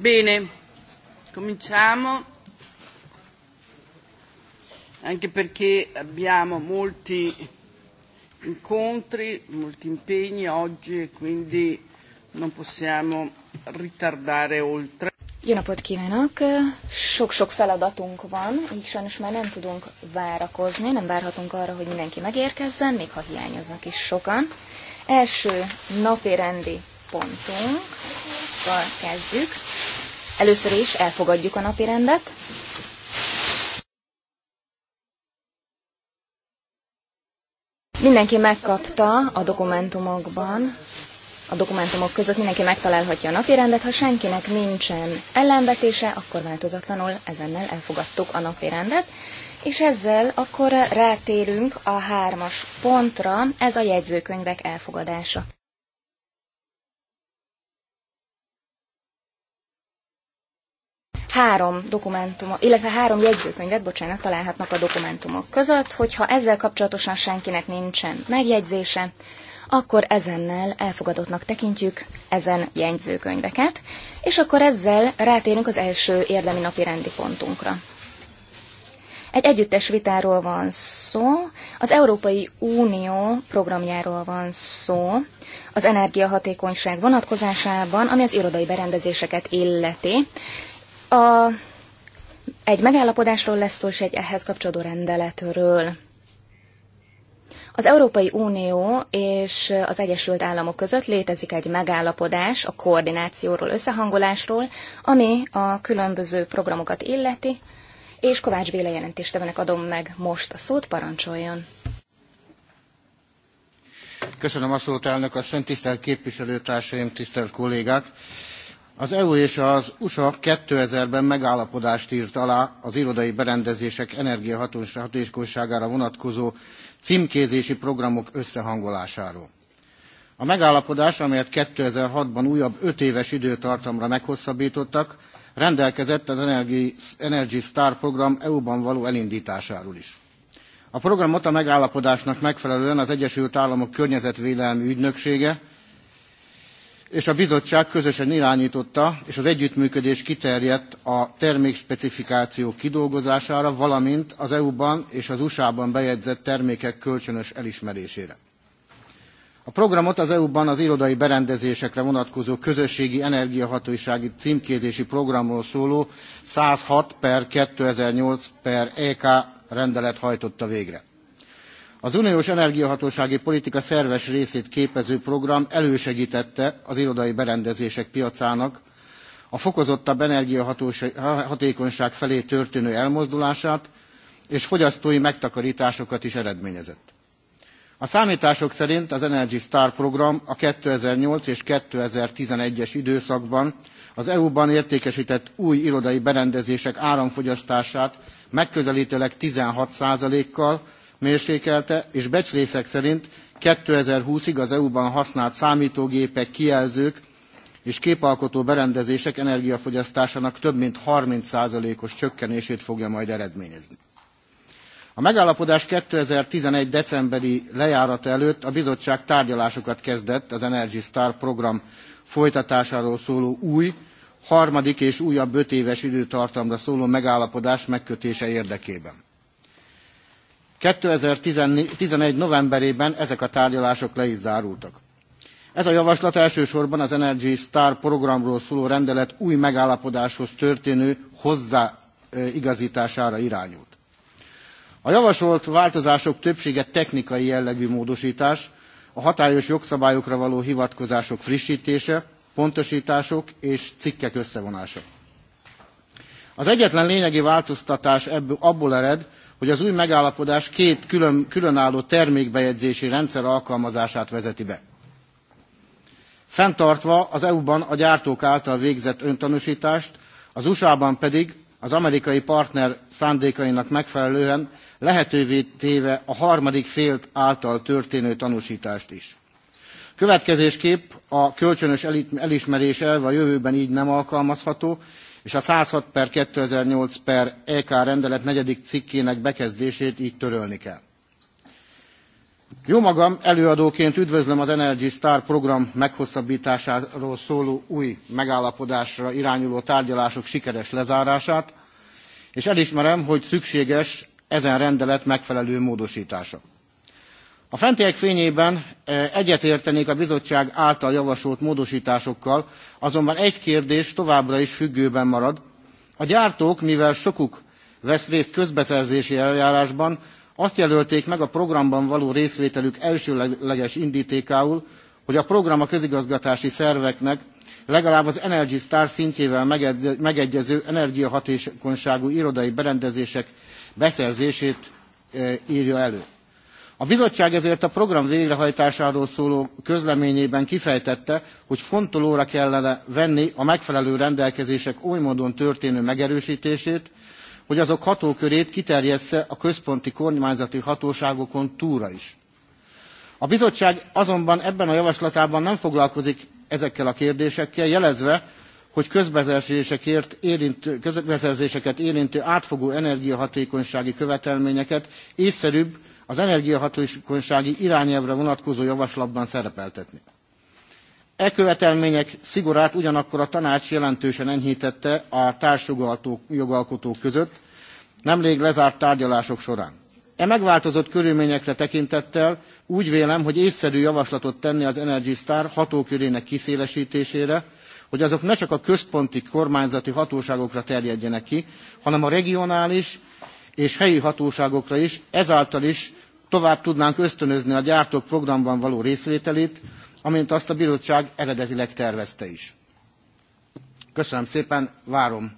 Bene, cominciamo, anche perché abbiamo molti incontri, molti impegni oggi e quindi non possiamo ritardare oltre. Jó napot kívánok! Sok-sok feladatunk van, így sajnos már nem tudunk várakozni, nem várhatunk arra, hogy mindenki megérkezzen, még ha hiányoznak is sokan. Első napi rendi pontunkkal kezdjük. Először is elfogadjuk a napirendet. Mindenki megkapta a dokumentumokban, a dokumentumok között mindenki megtalálhatja a napirendet. Ha senkinek nincsen ellenvetése, akkor változatlanul ezennel elfogadtuk a napirendet. És ezzel akkor rátérünk a hármas pontra, ez a jegyzőkönyvek elfogadása. három dokumentum, illetve három jegyzőkönyvet, bocsánat, találhatnak a dokumentumok között, hogyha ezzel kapcsolatosan senkinek nincsen megjegyzése, akkor ezennel elfogadottnak tekintjük ezen jegyzőkönyveket, és akkor ezzel rátérünk az első érdemi napi rendi pontunkra. Egy együttes vitáról van szó, az Európai Unió programjáról van szó, az energiahatékonyság vonatkozásában, ami az irodai berendezéseket illeti. A, egy megállapodásról lesz szó, és egy ehhez kapcsolódó rendeletről. Az Európai Unió és az Egyesült Államok között létezik egy megállapodás a koordinációról, összehangolásról, ami a különböző programokat illeti, és Kovács Béla jelentéstevenek adom meg most a szót, parancsoljon. Köszönöm a szót, elnök asszony, tisztelt képviselőtársaim, tisztelt kollégák! Az EU és az USA 2000-ben megállapodást írt alá az irodai berendezések energiahatékonyságára vonatkozó címkézési programok összehangolásáról. A megállapodás, amelyet 2006-ban újabb 5 éves időtartamra meghosszabbítottak, rendelkezett az Energy, Energy Star program EU-ban való elindításáról is. A programot a megállapodásnak megfelelően az Egyesült Államok Környezetvédelmi Ügynöksége, és a bizottság közösen irányította, és az együttműködés kiterjedt a termékspecifikáció kidolgozására, valamint az EU-ban és az USA-ban bejegyzett termékek kölcsönös elismerésére. A programot az EU-ban az irodai berendezésekre vonatkozó közösségi energiahatósági címkézési programról szóló 106 per 2008 per EK rendelet hajtotta végre. Az uniós energiahatósági politika szerves részét képező program elősegítette az irodai berendezések piacának a fokozottabb energiahatékonyság felé történő elmozdulását, és fogyasztói megtakarításokat is eredményezett. A számítások szerint az Energy Star program a 2008 és 2011-es időszakban az EU-ban értékesített új irodai berendezések áramfogyasztását megközelítőleg 16%-kal, mérsékelte, és becslések szerint 2020-ig az EU-ban használt számítógépek, kijelzők és képalkotó berendezések energiafogyasztásának több mint 30%-os csökkenését fogja majd eredményezni. A megállapodás 2011. decemberi lejárata előtt a bizottság tárgyalásokat kezdett az Energy Star program folytatásáról szóló új, harmadik és újabb öt éves időtartamra szóló megállapodás megkötése érdekében two thousand and eleven novemberében ezek a tárgyalások le is zárultak. ez a javaslat elsősorban az energy star programról szóló rendelet új megállapodáshoz történő hozzáigaztására irányult. a javasolt változások többsége technikai jellegű módostás a hatályos jogszabályokra való hivatkozások frisstése pontostások és cikkek összevonása. az egyetlen lényegi változtatás ebből, abból ered hogy az új megállapodás két külön, különálló termékbejegyzési rendszer alkalmazását vezeti be. Fenntartva az EU-ban a gyártók által végzett öntanúsítást, az USA-ban pedig az amerikai partner szándékainak megfelelően lehetővé téve a harmadik fél által történő tanúsítást is. Következésképp a kölcsönös elismerés elve a jövőben így nem alkalmazható, és a 106 per 2008 per EK rendelet negyedik cikkének bekezdését így törölni kell. Jómagam előadóként üdvözlöm az Energy Star program meghosszabbításáról szóló új megállapodásra irányuló tárgyalások sikeres lezárását, és elismerem, hogy szükséges ezen rendelet megfelelő módosítása. A fentiek fényében egyetértenék a bizottság által javasolt módosításokkal, azonban egy kérdés továbbra is függőben marad. A gyártók, mivel sokuk vesz részt közbeszerzési eljárásban, azt jelölték meg a programban való részvételük elsőleges indítékául, hogy a program a közigazgatási szerveknek legalább az Energy Star szintjével megegyező energiahatékonyságú irodai berendezések beszerzését írja elő a bizottság ezért a program végrehajtásáról szóló közleményében kifejtette hogy fontolóra kellene venni a megfelelő rendelkezések oly módon történő megerőstését hogy azok hatókörét kiterjessze a központi kormányzati hatóságokon túlra is. a bizottság azonban ebben a javaslatában nem foglalkozik ezekkel a kérdésekkel jelezve hogy közbeszerzésekért érintő, közbeszerzéseket érintő átfogó energiahatékonysági követelményeket észszerűbb az energiahatékonysági irányelvre vonatkozó javaslatban szerepeltetni. E követelmények szigorát ugyanakkor a tanács jelentősen enyhítette a társjogalkotók között, nemrég lezárt tárgyalások során. E megváltozott körülményekre tekintettel úgy vélem, hogy észszerű javaslatot tenni az Energy Star hatókörének kiszélesítésére, hogy azok ne csak a központi kormányzati hatóságokra terjedjenek ki, hanem a regionális és helyi hatóságokra is, ezáltal is tovább tudnánk ösztönözni a gyártók programban való részvételét, amint azt a bizottság eredetileg tervezte is. Köszönöm szépen, várom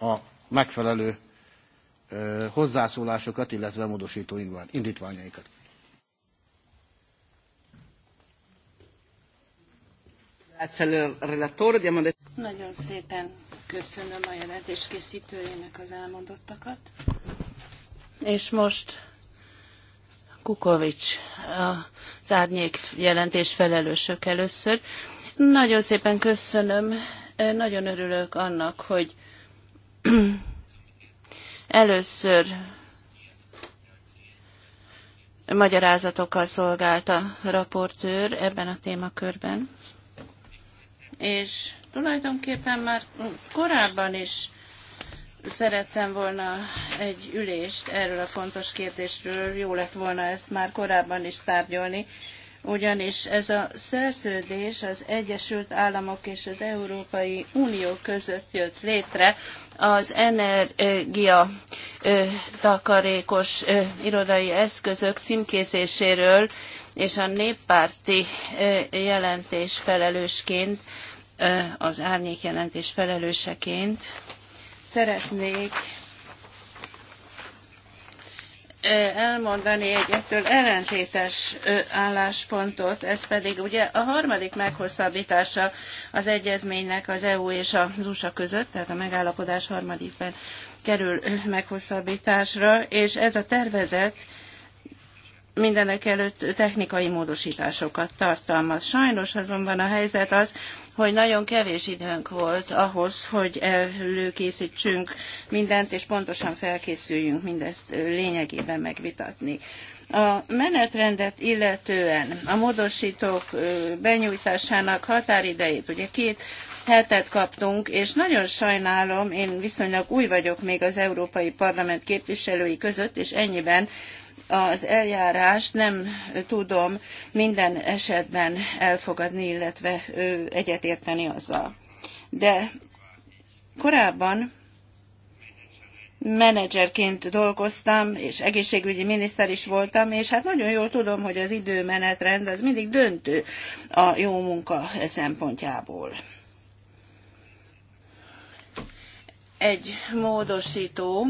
a megfelelő ö, hozzászólásokat, illetve módosító indítványaikat. Nagyon szépen Köszönöm a jelentés készítőjének az elmondottakat. És most Kukovics, az árnyék jelentés felelősök először. Nagyon szépen köszönöm, nagyon örülök annak, hogy először magyarázatokkal szolgált a raportőr ebben a témakörben, és Tulajdonképpen már korábban is szerettem volna egy ülést erről a fontos kérdésről, jó lett volna ezt már korábban is tárgyalni, ugyanis ez a szerződés az Egyesült Államok és az Európai Unió között jött létre az energia takarékos irodai eszközök címkézéséről és a néppárti jelentés felelősként az árnyékjelentés felelőseként szeretnék elmondani egy ettől ellentétes álláspontot, ez pedig ugye a harmadik meghosszabbítása az egyezménynek az EU és az USA között, tehát a megállapodás harmadikben kerül meghosszabbításra, és ez a tervezet mindenek előtt technikai módosításokat tartalmaz. Sajnos azonban a helyzet az, hogy nagyon kevés időnk volt ahhoz, hogy előkészítsünk mindent, és pontosan felkészüljünk mindezt lényegében megvitatni. A menetrendet illetően a módosítók benyújtásának határidejét, ugye két hetet kaptunk, és nagyon sajnálom, én viszonylag új vagyok még az Európai Parlament képviselői között, és ennyiben az eljárást nem tudom minden esetben elfogadni, illetve egyetérteni azzal. De korábban menedzserként dolgoztam, és egészségügyi miniszter is voltam, és hát nagyon jól tudom, hogy az időmenetrend az mindig döntő a jó munka szempontjából. Egy módosító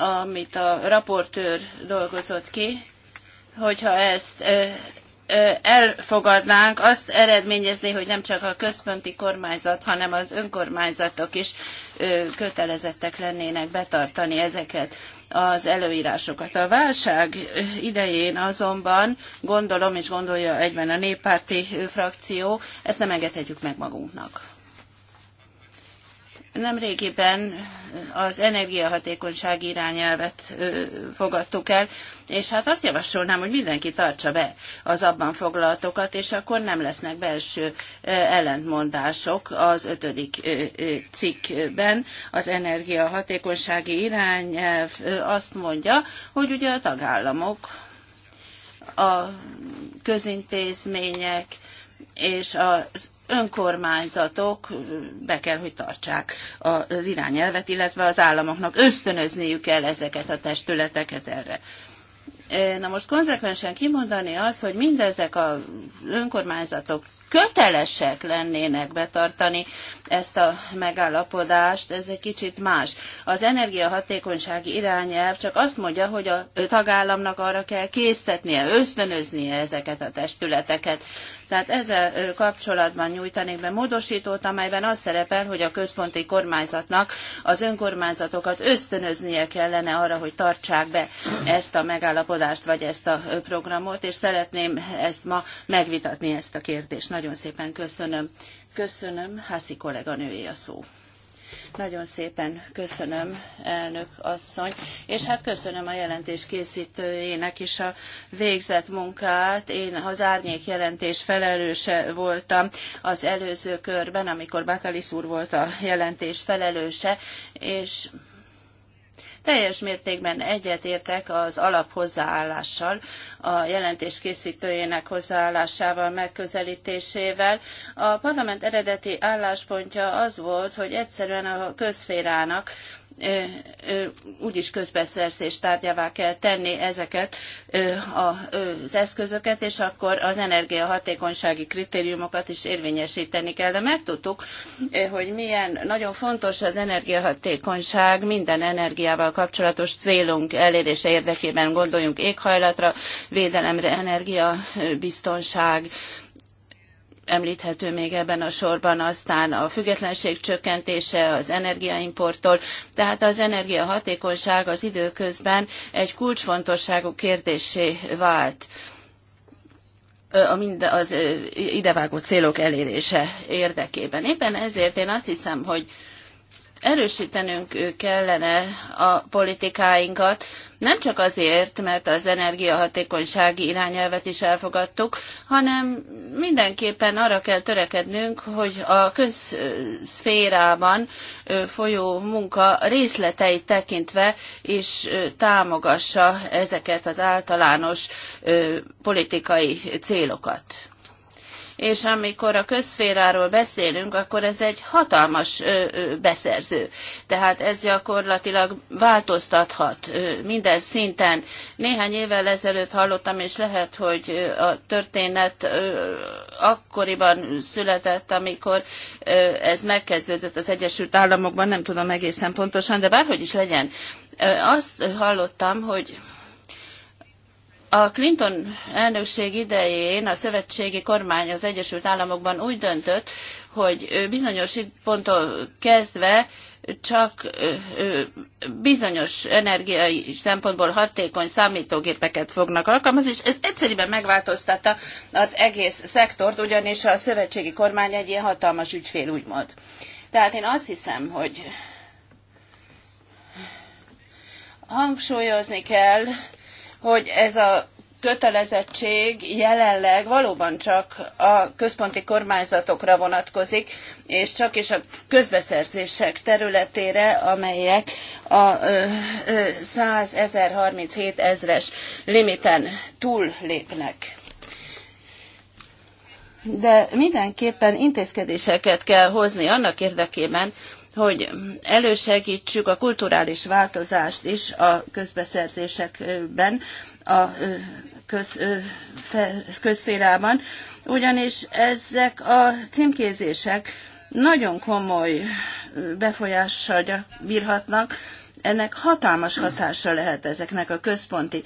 amit a raportőr dolgozott ki, hogyha ezt elfogadnánk, azt eredményezné, hogy nem csak a központi kormányzat, hanem az önkormányzatok is kötelezettek lennének betartani ezeket az előírásokat. A válság idején azonban gondolom, és gondolja egyben a néppárti frakció, ezt nem engedhetjük meg magunknak nem az energiahatékonyság irányelvet fogadtuk el, és hát azt javasolnám, hogy mindenki tartsa be az abban foglaltokat, és akkor nem lesznek belső ellentmondások az ötödik cikkben. Az energiahatékonysági irányelv azt mondja, hogy ugye a tagállamok, a közintézmények és az önkormányzatok be kell, hogy tartsák az irányelvet, illetve az államoknak ösztönözniük kell ezeket a testületeket erre. Na most konzekvensen kimondani az, hogy mindezek az önkormányzatok kötelesek lennének betartani ezt a megállapodást, ez egy kicsit más. Az energiahatékonysági irányelv csak azt mondja, hogy a tagállamnak arra kell késztetnie, ösztönöznie ezeket a testületeket. Tehát ezzel kapcsolatban nyújtanék be módosítót, amelyben az szerepel, hogy a központi kormányzatnak az önkormányzatokat ösztönöznie kellene arra, hogy tartsák be ezt a megállapodást, vagy ezt a programot, és szeretném ezt ma megvitatni, ezt a kérdést. Nagyon szépen köszönöm. Köszönöm, Hászi kolléganőé a szó. Nagyon szépen köszönöm, elnök asszony, és hát köszönöm a jelentés készítőjének is a végzett munkát. Én az árnyék jelentés felelőse voltam az előző körben, amikor Batalis úr volt a jelentés felelőse, és teljes mértékben egyetértek az alaphozzáállással, a jelentés készítőjének hozzáállásával, megközelítésével. A parlament eredeti álláspontja az volt, hogy egyszerűen a közférának úgyis közbeszerzés tárgyává kell tenni ezeket az eszközöket, és akkor az energiahatékonysági kritériumokat is érvényesíteni kell. De megtudtuk, hogy milyen nagyon fontos az energiahatékonyság minden energiával kapcsolatos célunk elérése érdekében gondoljunk éghajlatra, védelemre, energiabiztonság, említhető még ebben a sorban, aztán a függetlenség csökkentése az energiaimporttól, tehát az energiahatékonyság az időközben egy kulcsfontosságú kérdésé vált a mind az idevágó célok elérése érdekében. Éppen ezért én azt hiszem, hogy erősítenünk kellene a politikáinkat, nem csak azért, mert az energiahatékonysági irányelvet is elfogadtuk, hanem mindenképpen arra kell törekednünk, hogy a közszférában folyó munka részleteit tekintve is támogassa ezeket az általános politikai célokat és amikor a közféláról beszélünk, akkor ez egy hatalmas beszerző. Tehát ez gyakorlatilag változtathat minden szinten. Néhány évvel ezelőtt hallottam, és lehet, hogy a történet akkoriban született, amikor ez megkezdődött az Egyesült Államokban, nem tudom egészen pontosan, de bárhogy is legyen. Azt hallottam, hogy a Clinton elnökség idején a szövetségi kormány az Egyesült Államokban úgy döntött, hogy bizonyos ponttól kezdve csak bizonyos energiai szempontból hatékony számítógépeket fognak alkalmazni, és ez egyszerűen megváltoztatta az egész szektort, ugyanis a szövetségi kormány egy ilyen hatalmas ügyfél, úgymond. Tehát én azt hiszem, hogy hangsúlyozni kell, hogy ez a kötelezettség jelenleg valóban csak a központi kormányzatokra vonatkozik, és csak is a közbeszerzések területére, amelyek a 100.037 1037 ezres limiten túl lépnek. De mindenképpen intézkedéseket kell hozni annak érdekében, hogy elősegítsük a kulturális változást is a közbeszerzésekben, a köz, közszférában, ugyanis ezek a címkézések nagyon komoly befolyással bírhatnak, ennek hatalmas hatása lehet ezeknek a központi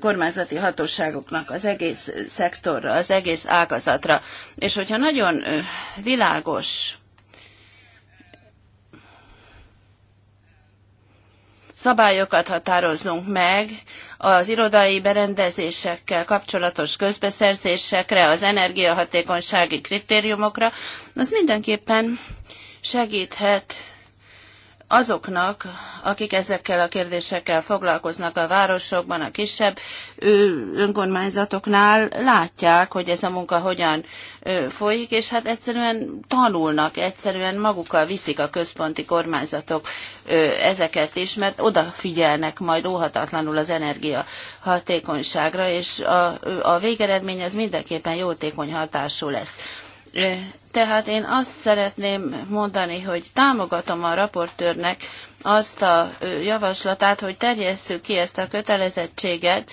kormányzati hatóságoknak az egész szektorra, az egész ágazatra. És hogyha nagyon világos szabályokat határozzunk meg az irodai berendezésekkel kapcsolatos közbeszerzésekre, az energiahatékonysági kritériumokra, az mindenképpen segíthet azoknak, akik ezekkel a kérdésekkel foglalkoznak a városokban, a kisebb önkormányzatoknál, látják, hogy ez a munka hogyan folyik, és hát egyszerűen tanulnak, egyszerűen magukkal viszik a központi kormányzatok ezeket is, mert odafigyelnek majd óhatatlanul az energia hatékonyságra, és a, a végeredmény az mindenképpen jótékony hatású lesz. Tehát én azt szeretném mondani, hogy támogatom a raportőrnek azt a javaslatát, hogy terjesszük ki ezt a kötelezettséget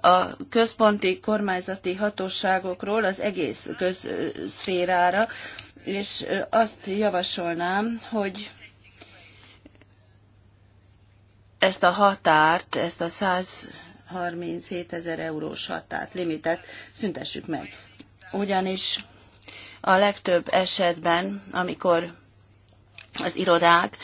a központi kormányzati hatóságokról az egész közszférára, és azt javasolnám, hogy ezt a határt, ezt a 137 ezer eurós határt, limitet szüntessük meg. Ugyanis a legtöbb esetben, amikor az irodák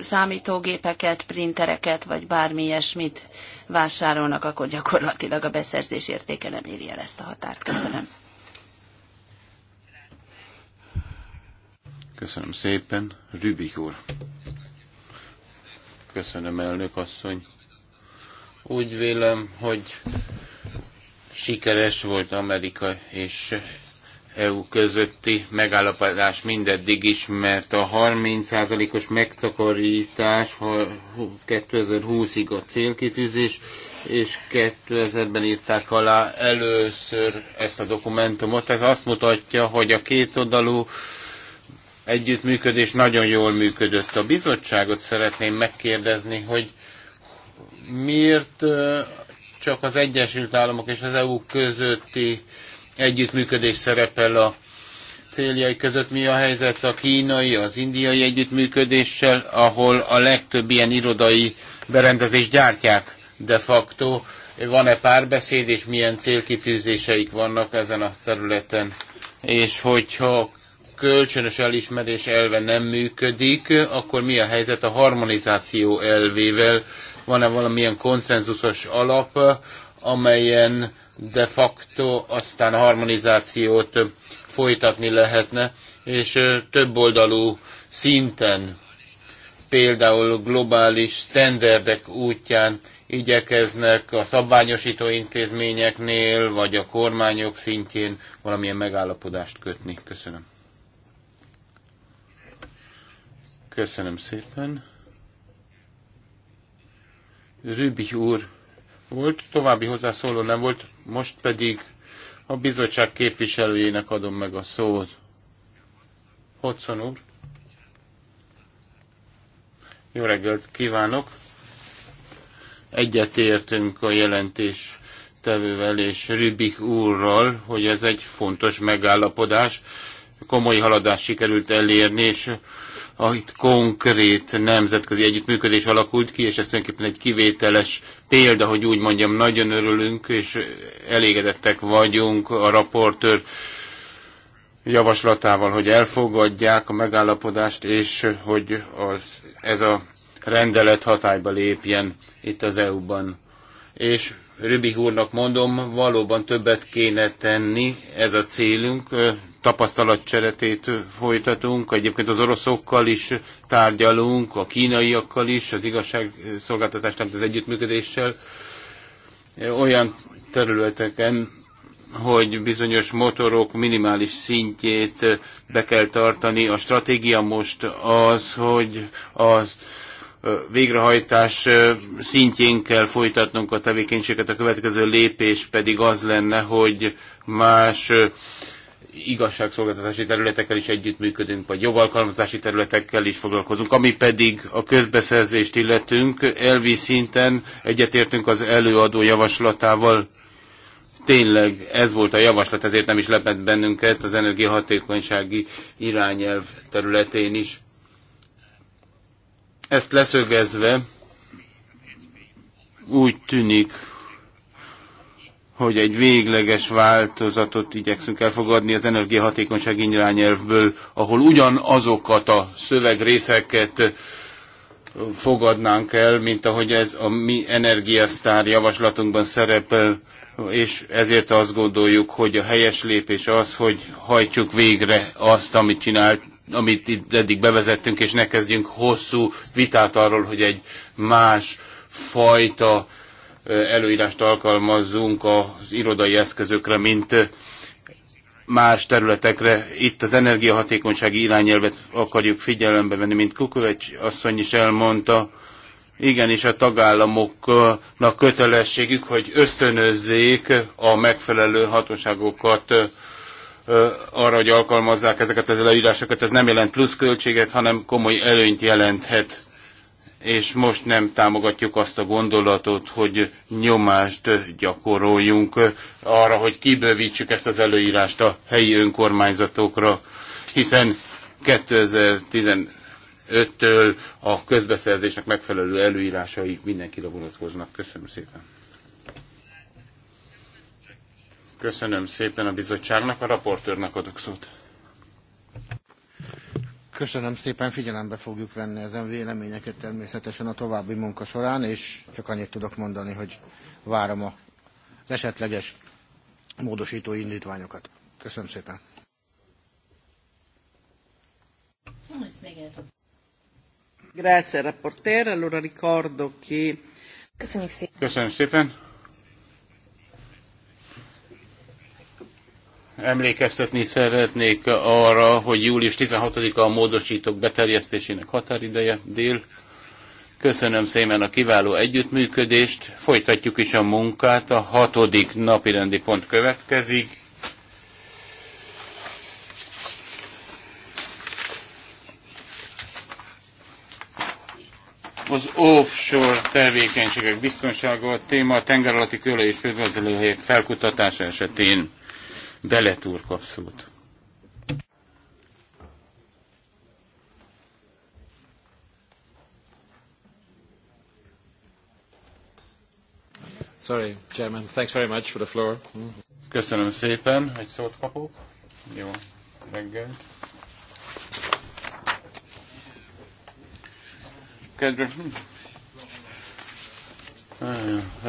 számítógépeket, printereket, vagy bármi ilyesmit vásárolnak, akkor gyakorlatilag a beszerzés értéke nem éri el ezt a határt. Köszönöm. Köszönöm szépen. Rübik úr. Köszönöm, elnök asszony. Úgy vélem, hogy sikeres volt Amerika, és EU közötti megállapodás mindeddig is, mert a 30%-os megtakarítás 2020-ig a célkitűzés, és 2000-ben írták alá először ezt a dokumentumot. Ez azt mutatja, hogy a kétoldalú együttműködés nagyon jól működött. A bizottságot szeretném megkérdezni, hogy miért csak az Egyesült Államok és az EU közötti együttműködés szerepel a céljai között. Mi a helyzet a kínai, az indiai együttműködéssel, ahol a legtöbb ilyen irodai berendezést gyártják de facto. Van-e párbeszéd, és milyen célkitűzéseik vannak ezen a területen? És hogyha kölcsönös elismerés elve nem működik, akkor mi a helyzet a harmonizáció elvével? Van-e valamilyen konszenzusos alap, amelyen de facto aztán a harmonizációt folytatni lehetne, és több oldalú szinten, például globális standardek útján igyekeznek a szabványosító intézményeknél, vagy a kormányok szintjén valamilyen megállapodást kötni. Köszönöm. Köszönöm szépen. Rübi úr volt, további hozzászóló nem volt, most pedig a bizottság képviselőjének adom meg a szót. Hodson úr. Jó reggelt kívánok! Egyetértünk a jelentés tevővel és Rübik úrral, hogy ez egy fontos megállapodás. Komoly haladást sikerült elérni, és itt konkrét nemzetközi együttműködés alakult ki, és ez tulajdonképpen egy kivételes példa, hogy úgy mondjam, nagyon örülünk, és elégedettek vagyunk a raportőr javaslatával, hogy elfogadják a megállapodást, és hogy az, ez a rendelet hatályba lépjen itt az EU-ban. És Rübik úrnak mondom, valóban többet kéne tenni, ez a célunk, tapasztalatcseretét folytatunk, egyébként az oroszokkal is tárgyalunk, a kínaiakkal is, az igazságszolgáltatás nem az együttműködéssel, olyan területeken, hogy bizonyos motorok minimális szintjét be kell tartani. A stratégia most az, hogy az végrehajtás szintjén kell folytatnunk a tevékenységet, a következő lépés pedig az lenne, hogy más igazságszolgáltatási területekkel is együttműködünk, vagy jogalkalmazási területekkel is foglalkozunk, ami pedig a közbeszerzést illetünk. Elvi szinten egyetértünk az előadó javaslatával. Tényleg ez volt a javaslat, ezért nem is lepett bennünket az energiahatékonysági irányelv területén is ezt leszögezve úgy tűnik, hogy egy végleges változatot igyekszünk elfogadni az energiahatékonyság irányelvből, ahol ugyanazokat a szövegrészeket fogadnánk el, mint ahogy ez a mi energiasztár javaslatunkban szerepel, és ezért azt gondoljuk, hogy a helyes lépés az, hogy hajtsuk végre azt, amit csinált, amit itt eddig bevezettünk, és ne kezdjünk hosszú vitát arról, hogy egy más fajta előírást alkalmazzunk az irodai eszközökre, mint más területekre. Itt az energiahatékonysági irányelvet akarjuk figyelembe venni, mint Kukovics asszony is elmondta. Igenis a tagállamoknak kötelességük, hogy ösztönözzék a megfelelő hatóságokat arra, hogy alkalmazzák ezeket az előírásokat, ez nem jelent plusz költséget, hanem komoly előnyt jelenthet. És most nem támogatjuk azt a gondolatot, hogy nyomást gyakoroljunk arra, hogy kibővítsük ezt az előírást a helyi önkormányzatokra, hiszen 2015-től a közbeszerzésnek megfelelő előírásai mindenkire vonatkoznak. Köszönöm szépen. Köszönöm szépen a bizottságnak, a raportőrnek adok szót. Köszönöm szépen, figyelembe fogjuk venni ezen véleményeket természetesen a további munka során, és csak annyit tudok mondani, hogy várom az esetleges módosító indítványokat. Köszönöm szépen. Grazie, rapporteur. Allora ricordo che... Köszönjük szépen. Köszönöm szépen. emlékeztetni szeretnék arra, hogy július 16-a a módosítók beterjesztésének határideje dél. Köszönöm szépen a kiváló együttműködést, folytatjuk is a munkát, a hatodik napirendi pont következik. Az offshore tevékenységek biztonsága a téma a tengeralatti köle és felkutatása esetén. Belet úr kap szót. Sorry, Chairman. Thanks very much for the floor. Mm. Köszönöm szépen, egy szót kapok. Jó reggel. Kedves,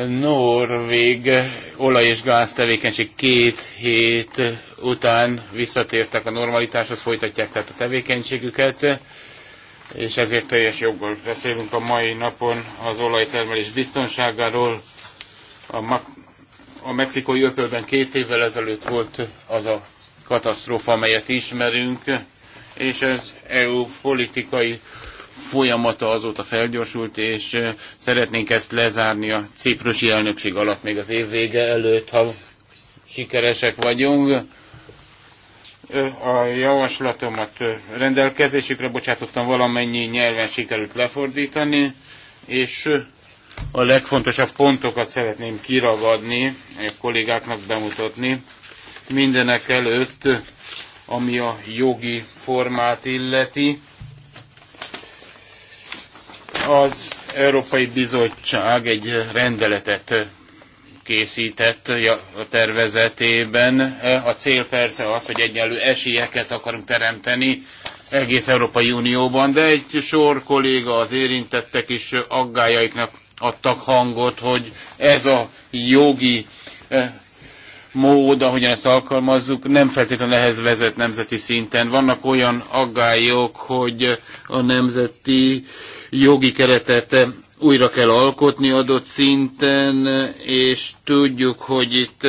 Norvég olaj- és gáz tevékenység két hét után visszatértek a normalitáshoz, folytatják tehát a tevékenységüket, és ezért teljes joggal beszélünk a mai napon az olajtermelés biztonságáról. A, ma- a mexikói öpölben két évvel ezelőtt volt az a katasztrófa, amelyet ismerünk, és az EU politikai folyamata azóta felgyorsult, és szeretnénk ezt lezárni a ciprusi elnökség alatt, még az év vége előtt, ha sikeresek vagyunk. A javaslatomat rendelkezésükre bocsátottam, valamennyi nyelven sikerült lefordítani, és a legfontosabb pontokat szeretném kiragadni, a kollégáknak bemutatni. Mindenek előtt, ami a jogi formát illeti, az Európai Bizottság egy rendeletet készített a tervezetében. A cél persze az, hogy egyenlő esélyeket akarunk teremteni egész Európai Unióban, de egy sor kolléga, az érintettek is aggájaiknak adtak hangot, hogy ez a jogi eh, mód, ahogyan ezt alkalmazzuk, nem feltétlenül ehhez vezet nemzeti szinten. Vannak olyan aggályok, hogy a nemzeti jogi keretet újra kell alkotni adott szinten, és tudjuk, hogy itt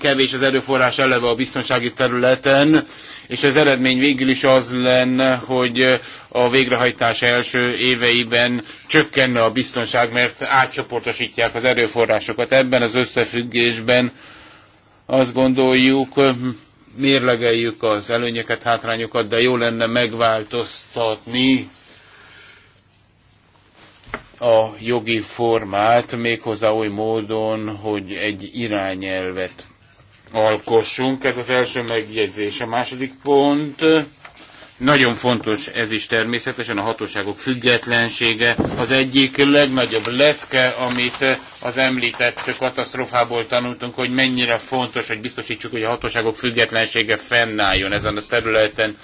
kevés az erőforrás eleve a biztonsági területen, és az eredmény végül is az lenne, hogy a végrehajtás első éveiben csökkenne a biztonság, mert átcsoportosítják az erőforrásokat. Ebben az összefüggésben azt gondoljuk, mérlegeljük az előnyeket, hátrányokat, de jó lenne megváltoztatni a jogi formát, méghozzá oly módon, hogy egy irányelvet alkossunk. Ez az első megjegyzés. A második pont, nagyon fontos ez is természetesen, a hatóságok függetlensége. Az egyik legnagyobb lecke, amit az említett katasztrofából tanultunk, hogy mennyire fontos, hogy biztosítsuk, hogy a hatóságok függetlensége fennálljon ezen a területen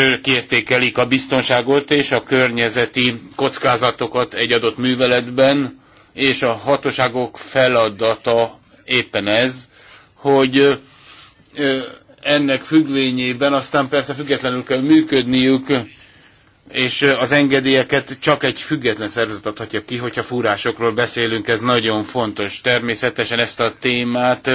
ők értékelik a biztonságot és a környezeti kockázatokat egy adott műveletben, és a hatóságok feladata éppen ez, hogy ennek függvényében aztán persze függetlenül kell működniük, és az engedélyeket csak egy független szervezet adhatja ki, hogyha fúrásokról beszélünk, ez nagyon fontos. Természetesen ezt a témát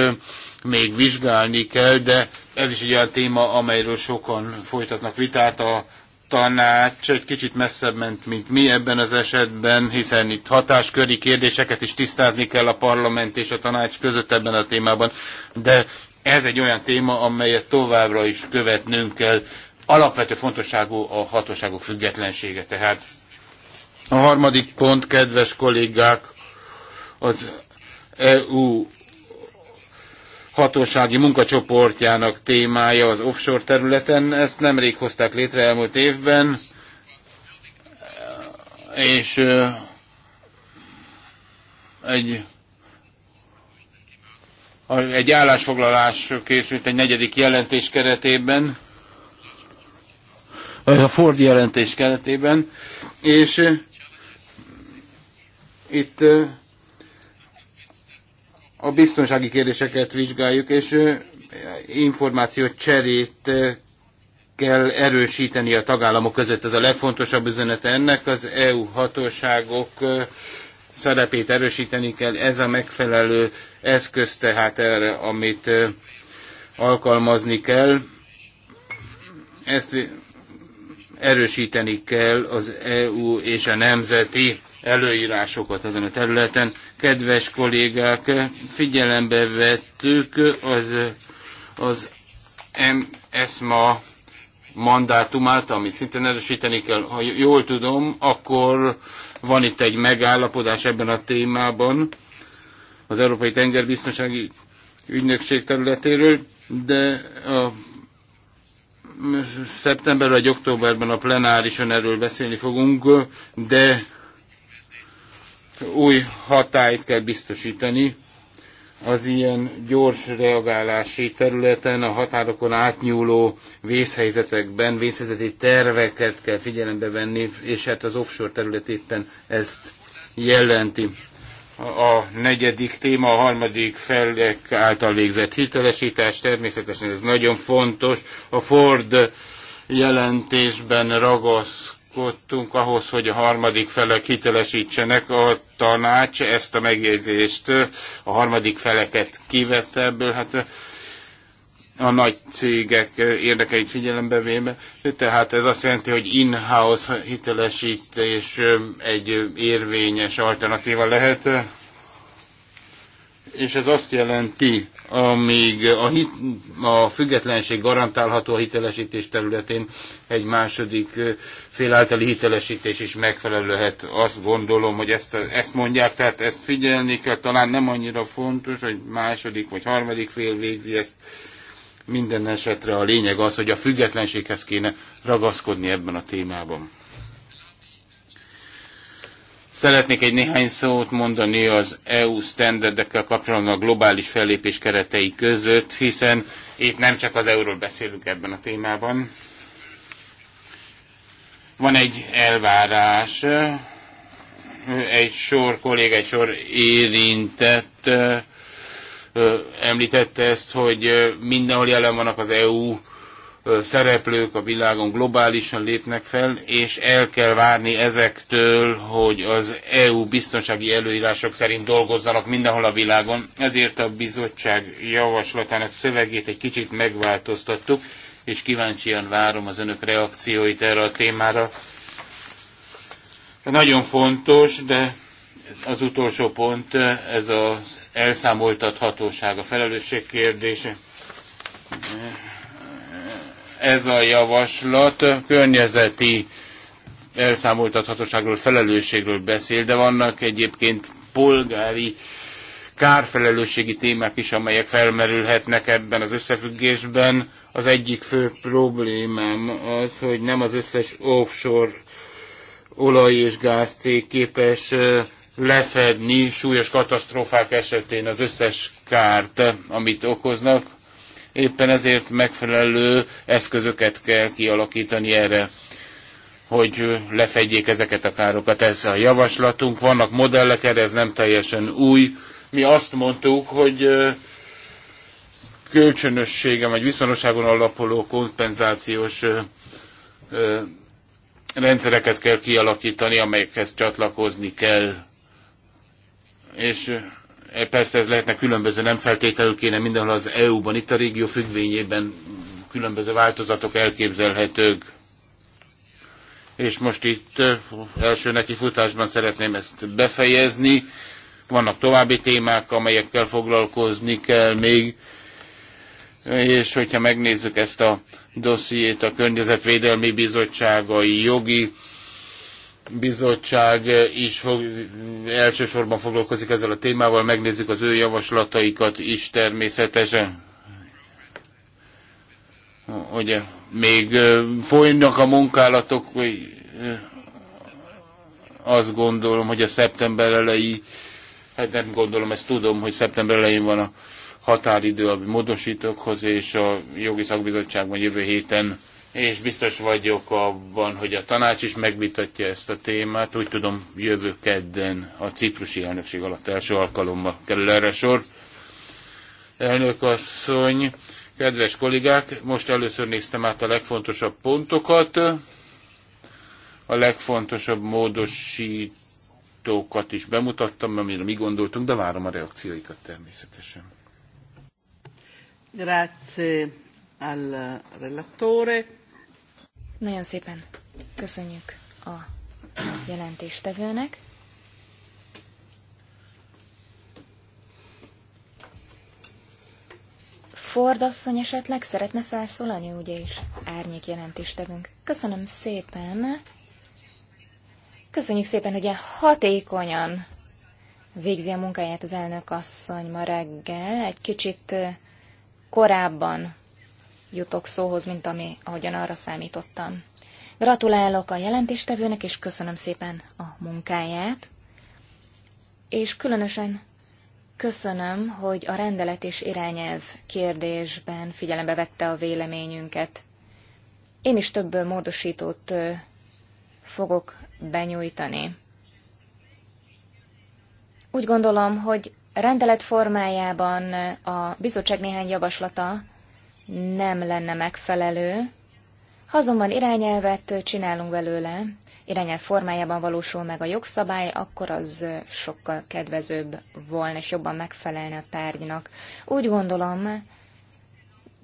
még vizsgálni kell, de ez is egy olyan téma, amelyről sokan folytatnak vitát. A tanács egy kicsit messzebb ment, mint mi ebben az esetben, hiszen itt hatásköri kérdéseket is tisztázni kell a parlament és a tanács között ebben a témában, de ez egy olyan téma, amelyet továbbra is követnünk kell. Alapvető fontosságú a hatóságok függetlensége tehát. A harmadik pont, kedves kollégák, az EU hatósági munkacsoportjának témája az offshore területen. Ezt nemrég hozták létre elmúlt évben, és egy, egy állásfoglalás készült egy negyedik jelentés keretében, a Ford jelentés keretében, és itt a biztonsági kérdéseket vizsgáljuk, és információ cserét kell erősíteni a tagállamok között. Ez a legfontosabb üzenete ennek. Az EU hatóságok szerepét erősíteni kell. Ez a megfelelő eszköz tehát erre, amit alkalmazni kell. Ezt erősíteni kell az EU és a nemzeti előírásokat ezen a területen kedves kollégák, figyelembe vettük az, az MSMA mandátumát, amit szintén erősíteni kell. Ha jól tudom, akkor van itt egy megállapodás ebben a témában az Európai Tengerbiztonsági Ügynökség területéről, de a szeptemberben vagy októberben a plenárison erről beszélni fogunk, de új hatályt kell biztosítani az ilyen gyors reagálási területen, a határokon átnyúló vészhelyzetekben vészhelyzeti terveket kell figyelembe venni, és hát az offshore terület éppen ezt jelenti. A negyedik téma, a harmadik felek által végzett hitelesítás, természetesen ez nagyon fontos. A Ford jelentésben ragaszkodik ragaszkodtunk ahhoz, hogy a harmadik felek hitelesítsenek. A tanács ezt a megjegyzést a harmadik feleket kivette ebből. Hát a nagy cégek érdekeit figyelembe véve. Tehát ez azt jelenti, hogy in-house hitelesítés egy érvényes alternatíva lehet és ez azt jelenti, amíg a, hit, a függetlenség garantálható a hitelesítés területén, egy második fél általi hitelesítés is megfelelő lehet. Azt gondolom, hogy ezt, ezt mondják, tehát ezt figyelni kell, talán nem annyira fontos, hogy második vagy harmadik fél végzi ezt. Minden esetre a lényeg az, hogy a függetlenséghez kéne ragaszkodni ebben a témában. Szeretnék egy néhány szót mondani az EU standardekkel kapcsolatban a globális fellépés keretei között, hiszen itt nem csak az EU-ról beszélünk ebben a témában. Van egy elvárás, egy sor kolléga, egy sor érintett említette ezt, hogy mindenhol jelen vannak az EU szereplők a világon globálisan lépnek fel, és el kell várni ezektől, hogy az EU biztonsági előírások szerint dolgozzanak mindenhol a világon. Ezért a bizottság javaslatának szövegét egy kicsit megváltoztattuk, és kíváncsian várom az önök reakcióit erre a témára. Nagyon fontos, de az utolsó pont, ez az elszámoltathatóság, a felelősség kérdése ez a javaslat környezeti elszámoltathatóságról, felelősségről beszél, de vannak egyébként polgári kárfelelősségi témák is, amelyek felmerülhetnek ebben az összefüggésben. Az egyik fő problémám az, hogy nem az összes offshore olaj- és gázcég képes lefedni súlyos katasztrófák esetén az összes kárt, amit okoznak. Éppen ezért megfelelő eszközöket kell kialakítani erre hogy lefedjék ezeket a károkat. Ez a javaslatunk, vannak modellek erre, ez nem teljesen új. Mi azt mondtuk, hogy kölcsönössége, vagy viszonosságon alapuló kompenzációs rendszereket kell kialakítani, amelyekhez csatlakozni kell. És E, persze ez lehetne különböző, nem feltételül kéne mindenhol az EU-ban, itt a régió függvényében különböző változatok elképzelhetők. És most itt első nekifutásban szeretném ezt befejezni. Vannak további témák, amelyekkel foglalkozni kell még. És hogyha megnézzük ezt a dossziét, a Környezetvédelmi bizottságai Jogi bizottság eh, is fog, elsősorban foglalkozik ezzel a témával, megnézzük az ő javaslataikat is természetesen. Ugye, még eh, folynak a munkálatok, hogy eh, azt gondolom, hogy a szeptember elejé, hát nem gondolom, ezt tudom, hogy szeptember elején van a határidő a módosítókhoz, és a jogi szakbizottságban jövő héten és biztos vagyok abban, hogy a tanács is megvitatja ezt a témát. Úgy tudom, jövő kedden a ciprusi elnökség alatt első alkalommal kerül erre sor. Elnök asszony, kedves kollégák, most először néztem át a legfontosabb pontokat, a legfontosabb módosítókat is bemutattam, amire mi gondoltunk, de várom a reakcióikat természetesen. Grazie al relatore. Nagyon szépen köszönjük a jelentéstevőnek. Ford asszony esetleg szeretne felszólalni, ugye is árnyék jelentéstevünk. Köszönöm szépen. Köszönjük szépen, hogy ilyen hatékonyan végzi a munkáját az elnök asszony ma reggel. Egy kicsit korábban jutok szóhoz, mint ami, ahogyan arra számítottam. Gratulálok a jelentéstevőnek, és köszönöm szépen a munkáját, és különösen köszönöm, hogy a rendelet és irányelv kérdésben figyelembe vette a véleményünket. Én is több módosítót fogok benyújtani. Úgy gondolom, hogy rendelet formájában a bizottság néhány javaslata nem lenne megfelelő, ha azonban irányelvet csinálunk belőle, irányelv formájában valósul meg a jogszabály, akkor az sokkal kedvezőbb volna, és jobban megfelelne a tárgynak. Úgy gondolom,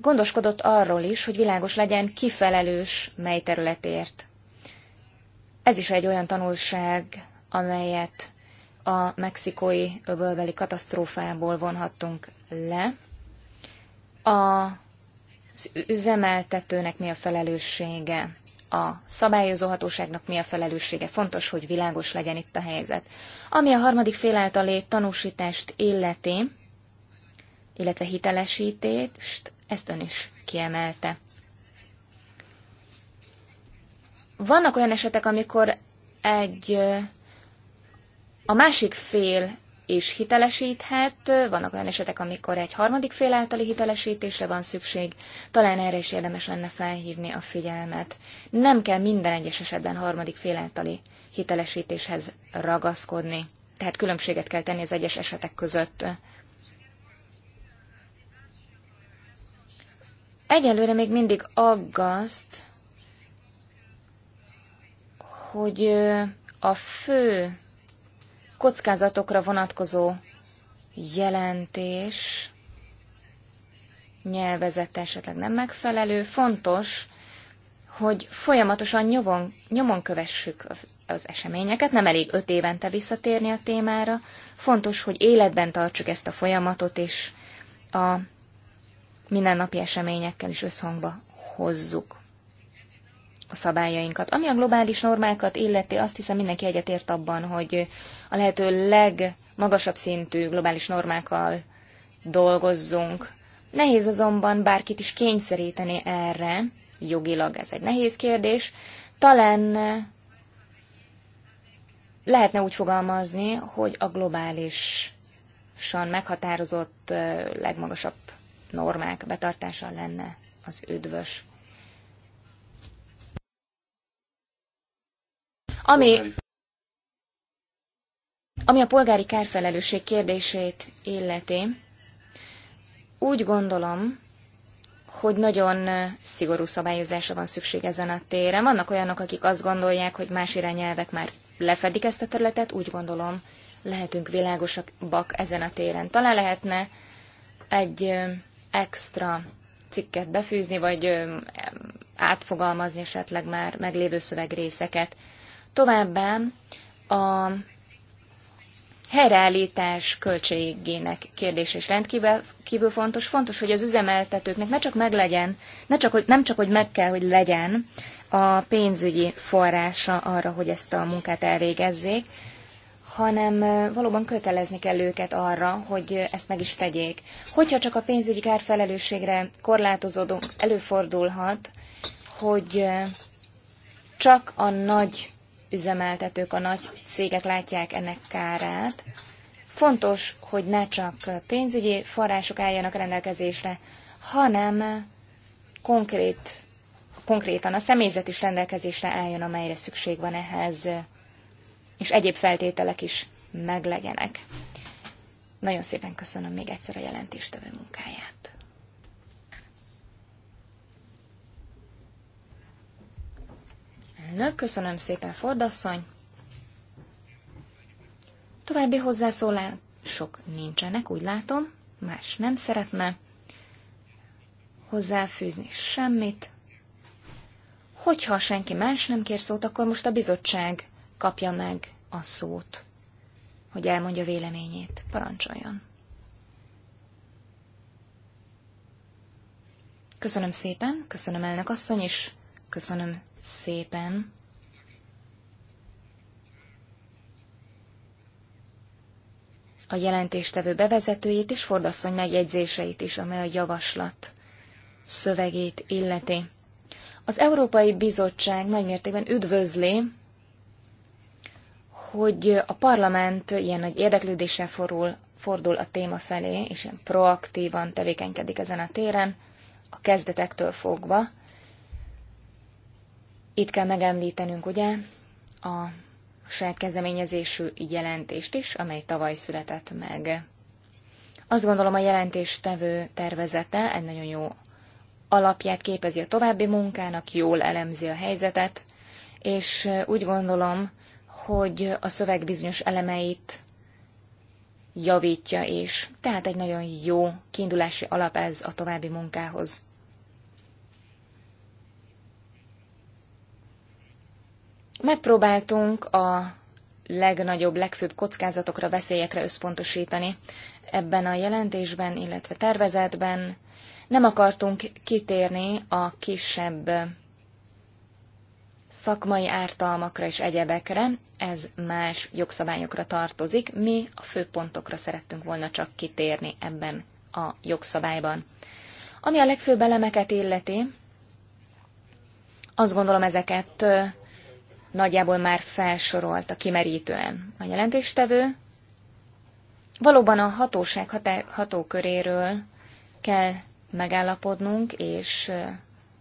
gondoskodott arról is, hogy világos legyen, kifelelős mely területért. Ez is egy olyan tanulság, amelyet a mexikói öbölbeli katasztrófából vonhattunk le. A az üzemeltetőnek mi a felelőssége, a szabályozóhatóságnak mi a felelőssége, fontos, hogy világos legyen itt a helyzet. Ami a harmadik fél általé tanúsítást illeti, illetve hitelesítést, ezt ön is kiemelte. Vannak olyan esetek, amikor egy a másik fél is hitelesíthet, vannak olyan esetek, amikor egy harmadik fél általi hitelesítésre van szükség, talán erre is érdemes lenne felhívni a figyelmet. Nem kell minden egyes esetben harmadik fél általi hitelesítéshez ragaszkodni, tehát különbséget kell tenni az egyes esetek között. Egyelőre még mindig aggaszt, hogy a fő kockázatokra vonatkozó jelentés nyelvezete esetleg nem megfelelő. Fontos, hogy folyamatosan nyomon, nyomon kövessük az eseményeket, nem elég öt évente visszatérni a témára. Fontos, hogy életben tartsuk ezt a folyamatot, és a mindennapi eseményekkel is összhangba hozzuk a szabályainkat. Ami a globális normákat illeti, azt hiszem mindenki egyetért abban, hogy a lehető legmagasabb szintű globális normákkal dolgozzunk. Nehéz azonban bárkit is kényszeríteni erre, jogilag ez egy nehéz kérdés. Talán eh, lehetne úgy fogalmazni, hogy a globálisan meghatározott eh, legmagasabb normák betartása lenne az üdvös. Ami, ami a polgári kárfelelősség kérdését illeti, úgy gondolom, hogy nagyon szigorú szabályozásra van szükség ezen a téren. Vannak olyanok, akik azt gondolják, hogy más irányelvek már lefedik ezt a területet, úgy gondolom, lehetünk világosabbak ezen a téren. Talán lehetne egy extra cikket befűzni, vagy átfogalmazni esetleg már meglévő szövegrészeket. Továbbá a helyreállítás költségének kérdés is rendkívül kívül fontos. Fontos, hogy az üzemeltetőknek ne csak meglegyen, ne csak, hogy, nem csak, hogy meg kell, hogy legyen a pénzügyi forrása arra, hogy ezt a munkát elvégezzék, hanem valóban kötelezni kell őket arra, hogy ezt meg is tegyék. Hogyha csak a pénzügyi kárfelelősségre korlátozódunk, előfordulhat, hogy csak a nagy üzemeltetők, a nagy cégek látják ennek kárát. Fontos, hogy ne csak pénzügyi források álljanak rendelkezésre, hanem konkrét, konkrétan a személyzet is rendelkezésre álljon, amelyre szükség van ehhez, és egyéb feltételek is meglegyenek. Nagyon szépen köszönöm még egyszer a jelentéstevő munkáját. Elnök, köszönöm szépen, Fordasszony. További hozzászólások nincsenek, úgy látom. Más nem szeretne hozzáfűzni semmit. Hogyha senki más nem kér szót, akkor most a bizottság kapja meg a szót, hogy elmondja véleményét. Parancsoljon. Köszönöm szépen, köszönöm elnök asszony, és köszönöm szépen. A jelentéstevő bevezetőjét és Fordasszony megjegyzéseit is, amely a javaslat szövegét illeti. Az Európai Bizottság nagymértékben üdvözli, hogy a parlament ilyen nagy érdeklődéssel forul, fordul a téma felé, és ilyen proaktívan tevékenykedik ezen a téren, a kezdetektől fogva, itt kell megemlítenünk ugye a saját kezdeményezésű jelentést is, amely tavaly született meg. Azt gondolom a jelentéstevő tervezete egy nagyon jó alapját képezi a további munkának, jól elemzi a helyzetet, és úgy gondolom, hogy a szöveg bizonyos elemeit javítja is. Tehát egy nagyon jó kiindulási alap ez a további munkához. Megpróbáltunk a legnagyobb, legfőbb kockázatokra, veszélyekre összpontosítani ebben a jelentésben, illetve tervezetben. Nem akartunk kitérni a kisebb szakmai ártalmakra és egyebekre, ez más jogszabályokra tartozik, mi a fő pontokra szerettünk volna csak kitérni ebben a jogszabályban. Ami a legfőbb elemeket illeti, azt gondolom ezeket nagyjából már felsorolta kimerítően a jelentéstevő. Valóban a hatóság hatóköréről kell megállapodnunk, és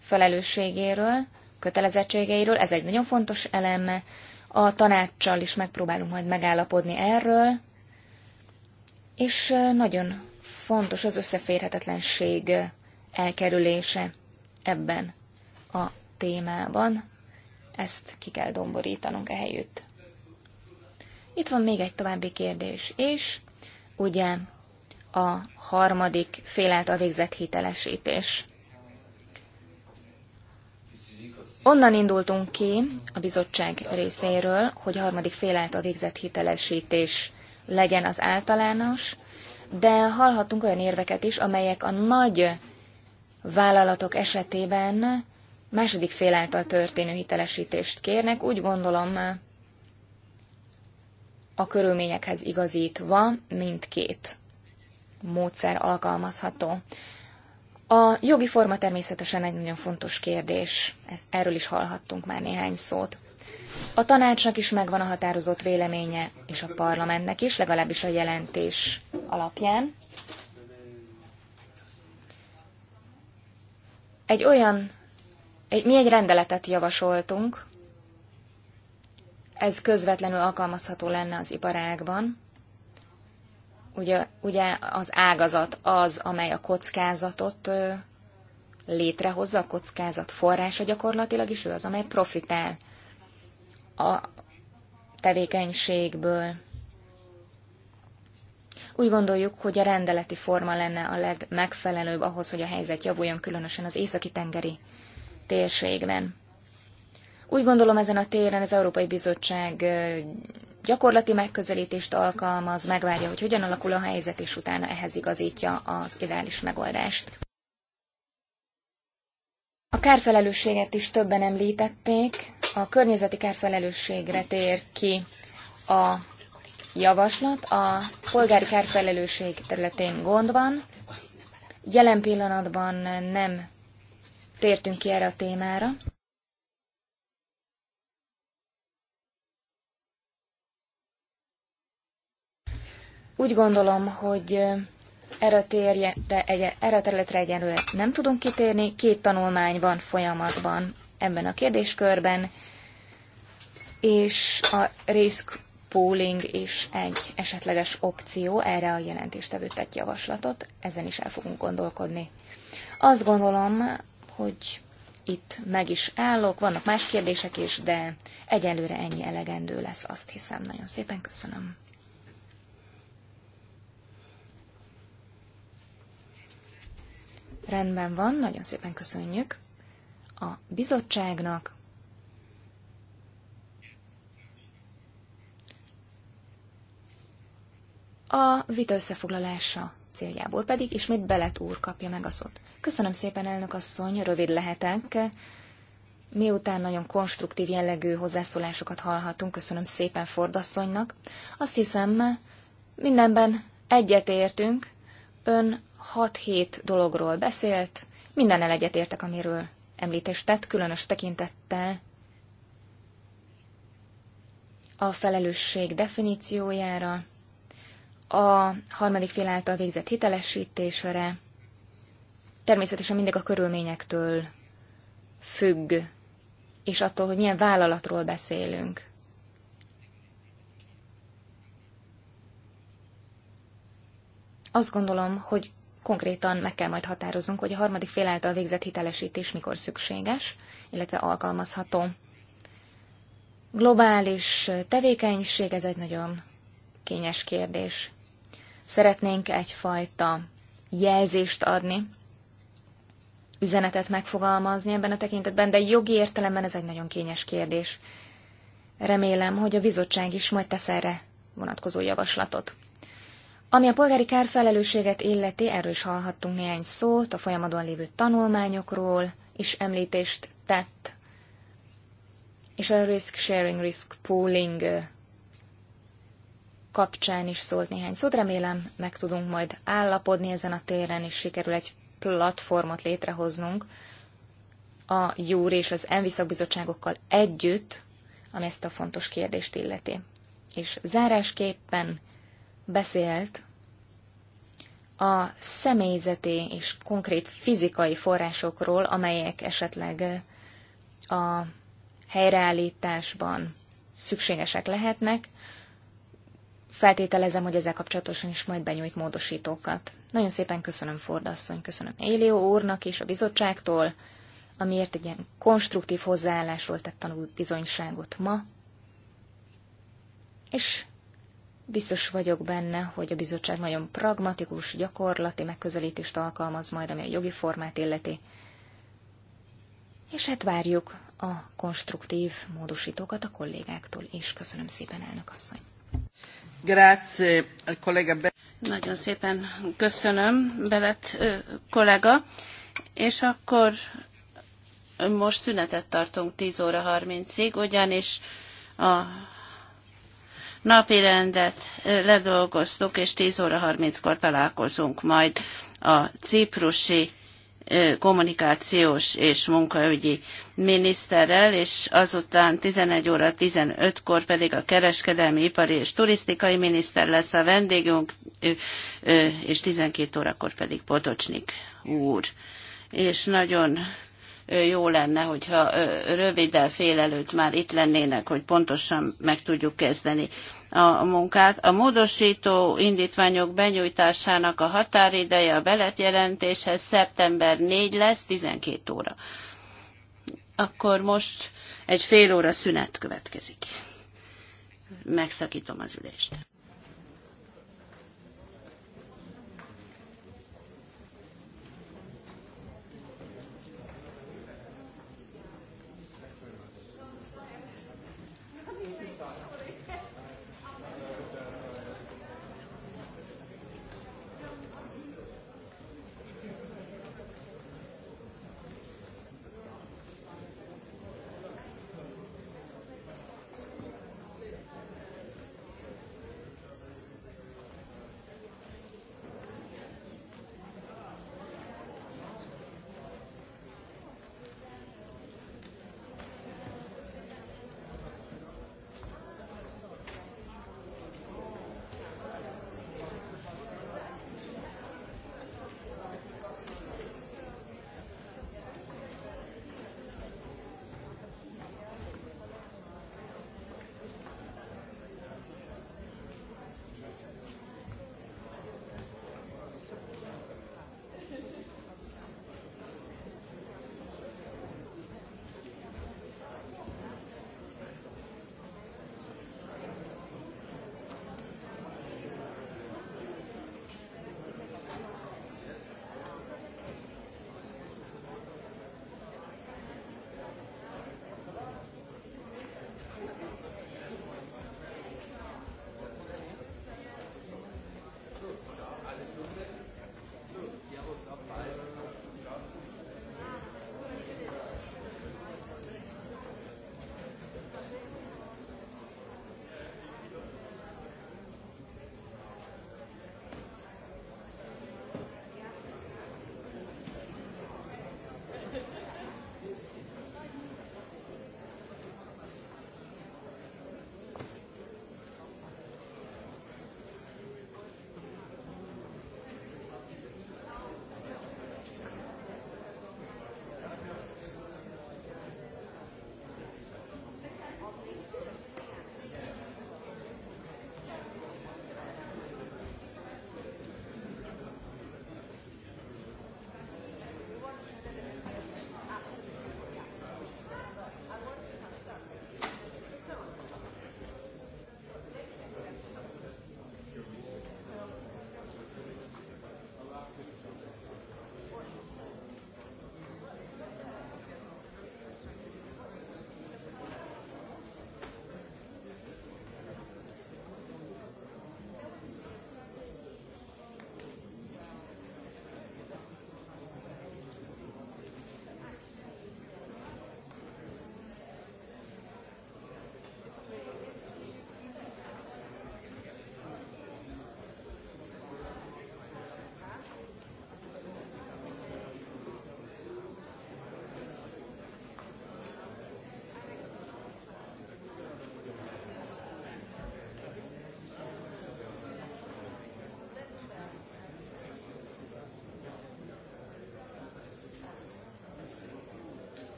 felelősségéről, kötelezettségeiről, ez egy nagyon fontos eleme. A tanácssal is megpróbálunk majd megállapodni erről, és nagyon fontos az összeférhetetlenség elkerülése ebben a témában. Ezt ki kell domborítanunk ehelyütt. Itt van még egy további kérdés, és ugye a harmadik félelt a végzett hitelesítés. Onnan indultunk ki a bizottság részéről, hogy a harmadik félelt a végzett hitelesítés legyen az általános, de hallhattunk olyan érveket is, amelyek a nagy vállalatok esetében második fél által történő hitelesítést kérnek, úgy gondolom a körülményekhez igazítva mindkét módszer alkalmazható. A jogi forma természetesen egy nagyon fontos kérdés, Ez, erről is hallhattunk már néhány szót. A tanácsnak is megvan a határozott véleménye, és a parlamentnek is, legalábbis a jelentés alapján. Egy olyan egy, mi egy rendeletet javasoltunk, ez közvetlenül alkalmazható lenne az iparágban. Ugye, ugye az ágazat az, amely a kockázatot ö, létrehozza, a kockázat forrása gyakorlatilag, is, ő az, amely profitál a tevékenységből. Úgy gondoljuk, hogy a rendeleti forma lenne a legmegfelelőbb ahhoz, hogy a helyzet javuljon, különösen az északi tengeri térségben. Úgy gondolom ezen a téren az Európai Bizottság gyakorlati megközelítést alkalmaz, megvárja, hogy hogyan alakul a helyzet, és utána ehhez igazítja az ideális megoldást. A kárfelelősséget is többen említették. A környezeti kárfelelősségre tér ki a javaslat. A polgári kárfelelősség területén gond van. Jelen pillanatban nem tértünk ki erre a témára. Úgy gondolom, hogy erre a, térje, de egy, erre a területre egyenlőre nem tudunk kitérni. Két tanulmány van folyamatban ebben a kérdéskörben, és a risk pooling is egy esetleges opció, erre a jelentéstevő tett javaslatot, ezen is el fogunk gondolkodni. Azt gondolom, hogy itt meg is állok. Vannak más kérdések is, de egyelőre ennyi elegendő lesz, azt hiszem. Nagyon szépen köszönöm. Rendben van, nagyon szépen köszönjük a bizottságnak. A vita összefoglalása céljából pedig ismét Belet úr kapja meg a szót. Köszönöm szépen, elnök asszony, rövid lehetek. Miután nagyon konstruktív jellegű hozzászólásokat hallhatunk, köszönöm szépen Fordasszonynak. Azt hiszem, mindenben egyetértünk. Ön 6-7 dologról beszélt, mindennel egyetértek, amiről említést tett, különös tekintettel a felelősség definíciójára, a harmadik fél által végzett hitelesítésre, természetesen mindig a körülményektől függ, és attól, hogy milyen vállalatról beszélünk. Azt gondolom, hogy konkrétan meg kell majd határoznunk, hogy a harmadik fél által végzett hitelesítés mikor szükséges, illetve alkalmazható. Globális tevékenység, ez egy nagyon kényes kérdés. Szeretnénk egyfajta jelzést adni üzenetet megfogalmazni ebben a tekintetben, de jogi értelemben ez egy nagyon kényes kérdés. Remélem, hogy a bizottság is majd tesz erre vonatkozó javaslatot. Ami a polgári kárfelelősséget illeti, erről is hallhattunk néhány szót, a folyamadon lévő tanulmányokról is említést tett, és a risk sharing, risk pooling kapcsán is szólt néhány szót. Remélem, meg tudunk majd állapodni ezen a téren, és sikerül egy platformot létrehoznunk a Júr és az Envi szakbizottságokkal együtt, ami ezt a fontos kérdést illeti. És zárásképpen beszélt a személyzeti és konkrét fizikai forrásokról, amelyek esetleg a helyreállításban szükségesek lehetnek. Feltételezem, hogy ezzel kapcsolatosan is majd benyújt módosítókat. Nagyon szépen köszönöm Ford asszony, köszönöm Élió úrnak és a bizottságtól, amiért egy ilyen konstruktív hozzáállásról tett tanul bizonyságot ma, és biztos vagyok benne, hogy a bizottság nagyon pragmatikus, gyakorlati megközelítést alkalmaz majd, ami a jogi formát illeti, és hát várjuk a konstruktív módosítókat a kollégáktól, és köszönöm szépen, elnök asszony. Nagyon szépen köszönöm, Belet kollega. És akkor most szünetet tartunk 10 óra 30-ig, ugyanis a napi rendet ledolgoztuk, és 10 óra 30-kor találkozunk majd a ciprusi kommunikációs és munkaügyi miniszterrel, és azután 11 óra 15-kor pedig a kereskedelmi, ipari és turisztikai miniszter lesz a vendégünk, és 12 órakor pedig Potocsnik úr. És nagyon jó lenne, hogyha röviddel fél előtt már itt lennének, hogy pontosan meg tudjuk kezdeni a munkát. A módosító indítványok benyújtásának a határideje a beletjelentéshez szeptember 4 lesz, 12 óra. Akkor most egy fél óra szünet következik. Megszakítom az ülést.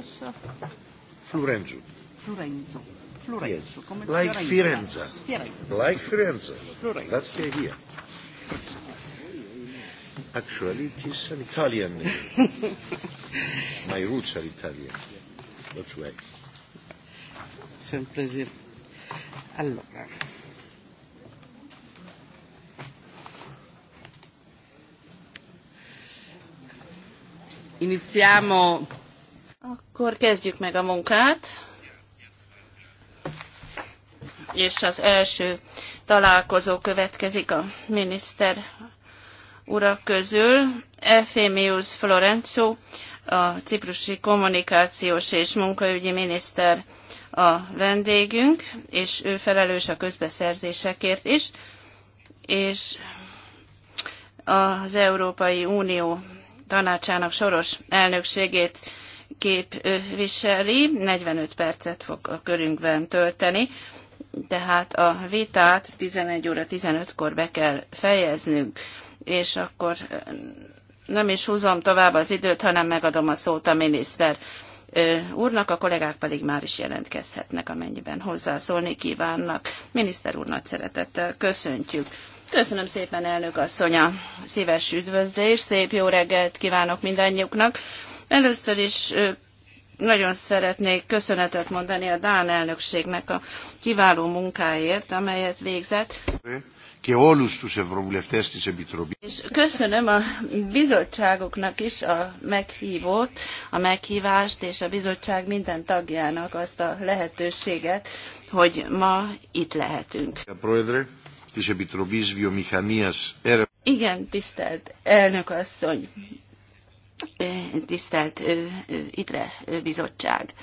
Furias? Florenzo. Florenzo. Florenzo. Yes. Like Firenze. Firenze. Like Firenze. Florenzo. That's the idea. Actually, it is an Italian name. My roots are Italian. That's why. It's a pleasure. Allora. Iniziamo akkor kezdjük meg a munkát. És az első találkozó következik a miniszter urak közül. Efémius Florenzo, a ciprusi kommunikációs és munkaügyi miniszter a vendégünk, és ő felelős a közbeszerzésekért is, és az Európai Unió tanácsának soros elnökségét képviseli, 45 percet fog a körünkben tölteni, tehát a vitát 11 óra 15-kor be kell fejeznünk, és akkor nem is húzom tovább az időt, hanem megadom a szót a miniszter úrnak, a kollégák pedig már is jelentkezhetnek, amennyiben hozzászólni kívánnak. Miniszter úr, nagy szeretettel köszöntjük. Köszönöm szépen, elnök asszony, a szíves üdvözlés, szép jó reggelt kívánok mindannyiuknak. Először is nagyon szeretnék köszönetet mondani a Dán elnökségnek a kiváló munkáért, amelyet végzett. És köszönöm a bizottságoknak is a meghívót, a meghívást, és a bizottság minden tagjának azt a lehetőséget, hogy ma itt lehetünk. Igen, tisztelt elnök asszony, tisztelt Idre bizottság,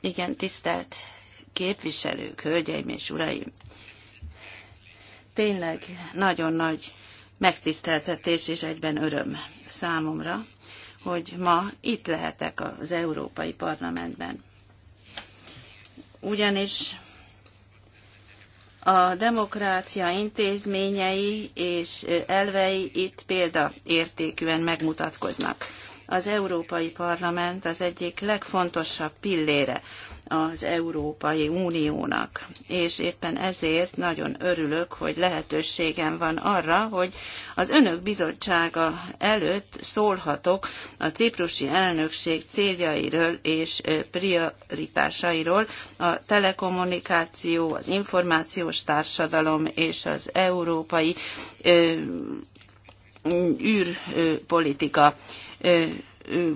igen, tisztelt képviselők, hölgyeim és uraim, tényleg nagyon nagy megtiszteltetés és egyben öröm számomra, hogy ma itt lehetek az Európai Parlamentben. Ugyanis a demokrácia intézményei és elvei itt példaértékűen megmutatkoznak. Az Európai Parlament az egyik legfontosabb pillére az Európai Uniónak. És éppen ezért nagyon örülök, hogy lehetőségem van arra, hogy az Önök bizottsága előtt szólhatok a ciprusi elnökség céljairól és prioritásairól, a telekommunikáció, az információs társadalom és az európai űrpolitika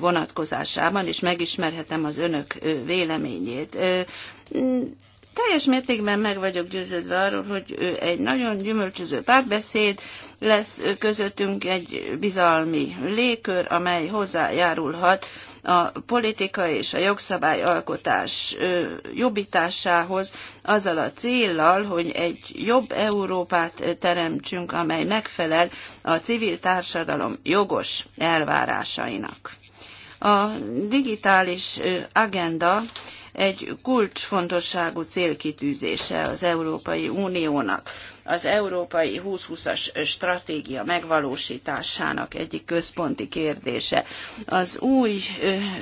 vonatkozásában, és megismerhetem az önök véleményét. Teljes mértékben meg vagyok győződve arról, hogy egy nagyon gyümölcsöző párbeszéd lesz közöttünk egy bizalmi légkör, amely hozzájárulhat a politika és a jogszabályalkotás jobbításához, azzal a céllal, hogy egy jobb Európát teremtsünk, amely megfelel a civil társadalom jogos elvárásainak. A digitális agenda egy kulcsfontosságú célkitűzése az Európai Uniónak, az Európai 2020-as stratégia megvalósításának egyik központi kérdése. Az új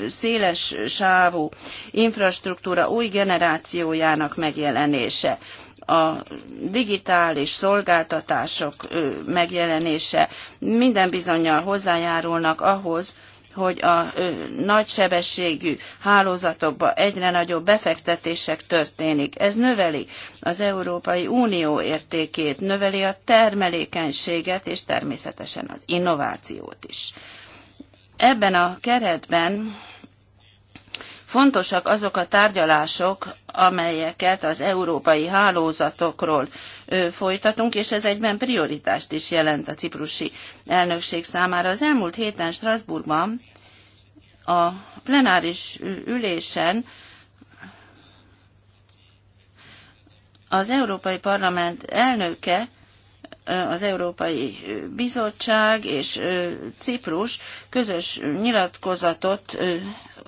széles sávú infrastruktúra új generációjának megjelenése a digitális szolgáltatások megjelenése minden bizonyal hozzájárulnak ahhoz, hogy a nagysebességű hálózatokba egyre nagyobb befektetések történik. Ez növeli az Európai Unió értékét, növeli a termelékenységet és természetesen az innovációt is. Ebben a keretben Fontosak azok a tárgyalások, amelyeket az európai hálózatokról folytatunk, és ez egyben prioritást is jelent a ciprusi elnökség számára. Az elmúlt héten Strasbourgban a plenáris ülésen az Európai Parlament elnöke az Európai Bizottság és Ciprus közös nyilatkozatot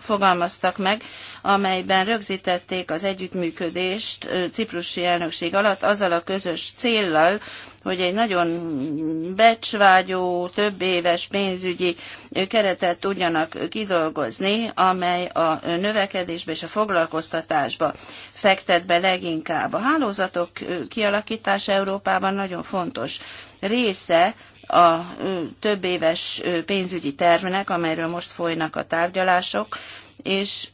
fogalmaztak meg, amelyben rögzítették az együttműködést ciprusi elnökség alatt azzal a közös céllal, hogy egy nagyon becsvágyó, több éves pénzügyi keretet tudjanak kidolgozni, amely a növekedésbe és a foglalkoztatásba fektet be leginkább. A hálózatok kialakítása Európában nagyon fontos része a több éves pénzügyi tervnek, amelyről most folynak a tárgyalások, és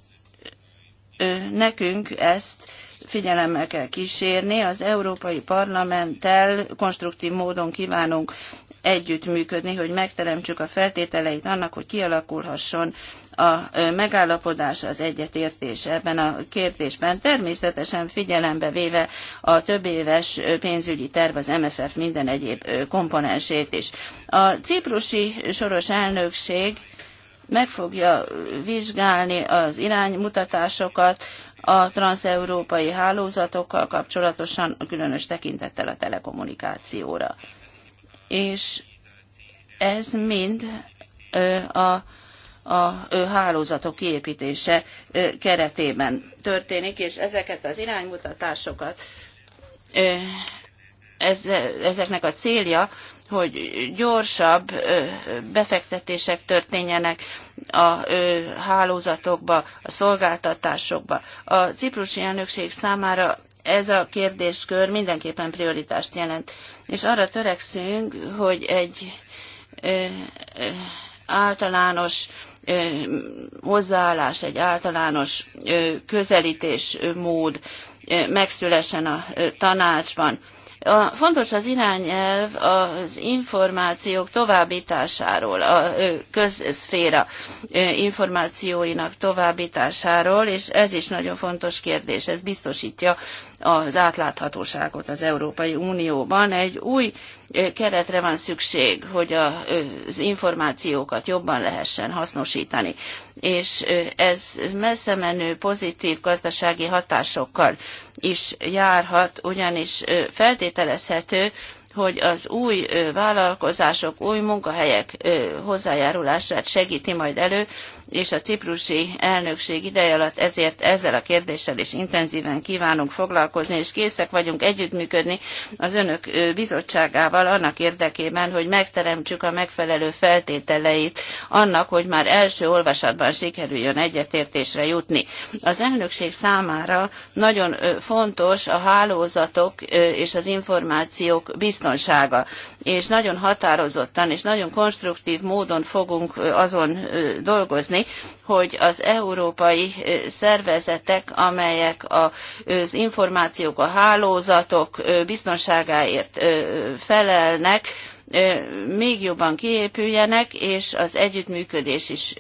nekünk ezt figyelemmel kell kísérni. Az Európai Parlamenttel konstruktív módon kívánunk együttműködni, hogy megteremtsük a feltételeit annak, hogy kialakulhasson a megállapodás, az egyetértés ebben a kérdésben, természetesen figyelembe véve a több éves pénzügyi terv, az MFF minden egyéb komponensét is. A ciprusi soros elnökség meg fogja vizsgálni az iránymutatásokat, a transeurópai hálózatokkal kapcsolatosan, különös tekintettel a telekommunikációra és ez mind a a hálózatok kiépítése keretében történik, és ezeket az iránymutatásokat, ez, ezeknek a célja, hogy gyorsabb befektetések történjenek a hálózatokba, a szolgáltatásokba. A ciprusi elnökség számára ez a kérdéskör mindenképpen prioritást jelent. És arra törekszünk, hogy egy általános hozzáállás, egy általános közelítés ö, megszülessen a tanácsban a, fontos az irányelv az információk továbbításáról, a közszféra információinak továbbításáról, és ez is nagyon fontos kérdés, ez biztosítja az átláthatóságot az Európai Unióban. Egy új keretre van szükség, hogy az információkat jobban lehessen hasznosítani és ez messze menő pozitív gazdasági hatásokkal is járhat, ugyanis feltételezhető, hogy az új vállalkozások, új munkahelyek hozzájárulását segíti majd elő, és a ciprusi elnökség ideje alatt ezért ezzel a kérdéssel is intenzíven kívánunk foglalkozni, és készek vagyunk együttműködni az önök bizottságával annak érdekében, hogy megteremtsük a megfelelő feltételeit annak, hogy már első olvasatban sikerüljön egyetértésre jutni. Az elnökség számára nagyon fontos a hálózatok és az információk biztonsága, és nagyon határozottan és nagyon konstruktív módon fogunk azon dolgozni, hangsúlyozni, hogy az európai szervezetek, amelyek az információk, a hálózatok biztonságáért felelnek, még jobban kiépüljenek, és az együttműködés is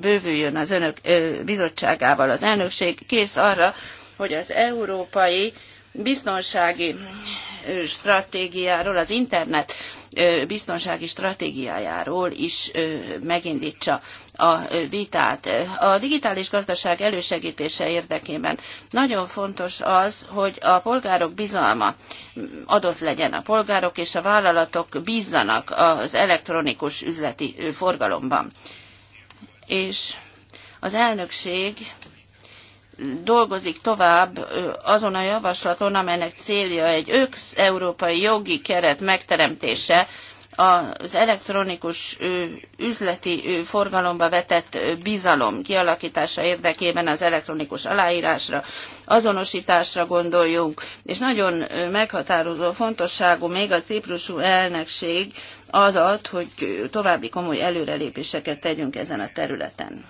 bővüljön az önök bizottságával. Az elnökség kész arra, hogy az európai biztonsági stratégiáról, az internet biztonsági stratégiájáról is megindítsa a vitát. A digitális gazdaság elősegítése érdekében nagyon fontos az, hogy a polgárok bizalma adott legyen. A polgárok és a vállalatok bízzanak az elektronikus üzleti forgalomban. És az elnökség dolgozik tovább azon a javaslaton, amelynek célja egy őksz európai jogi keret megteremtése az elektronikus üzleti forgalomba vetett bizalom kialakítása érdekében az elektronikus aláírásra, azonosításra gondoljunk, és nagyon meghatározó fontosságú még a ciprusú elnökség adat, hogy további komoly előrelépéseket tegyünk ezen a területen.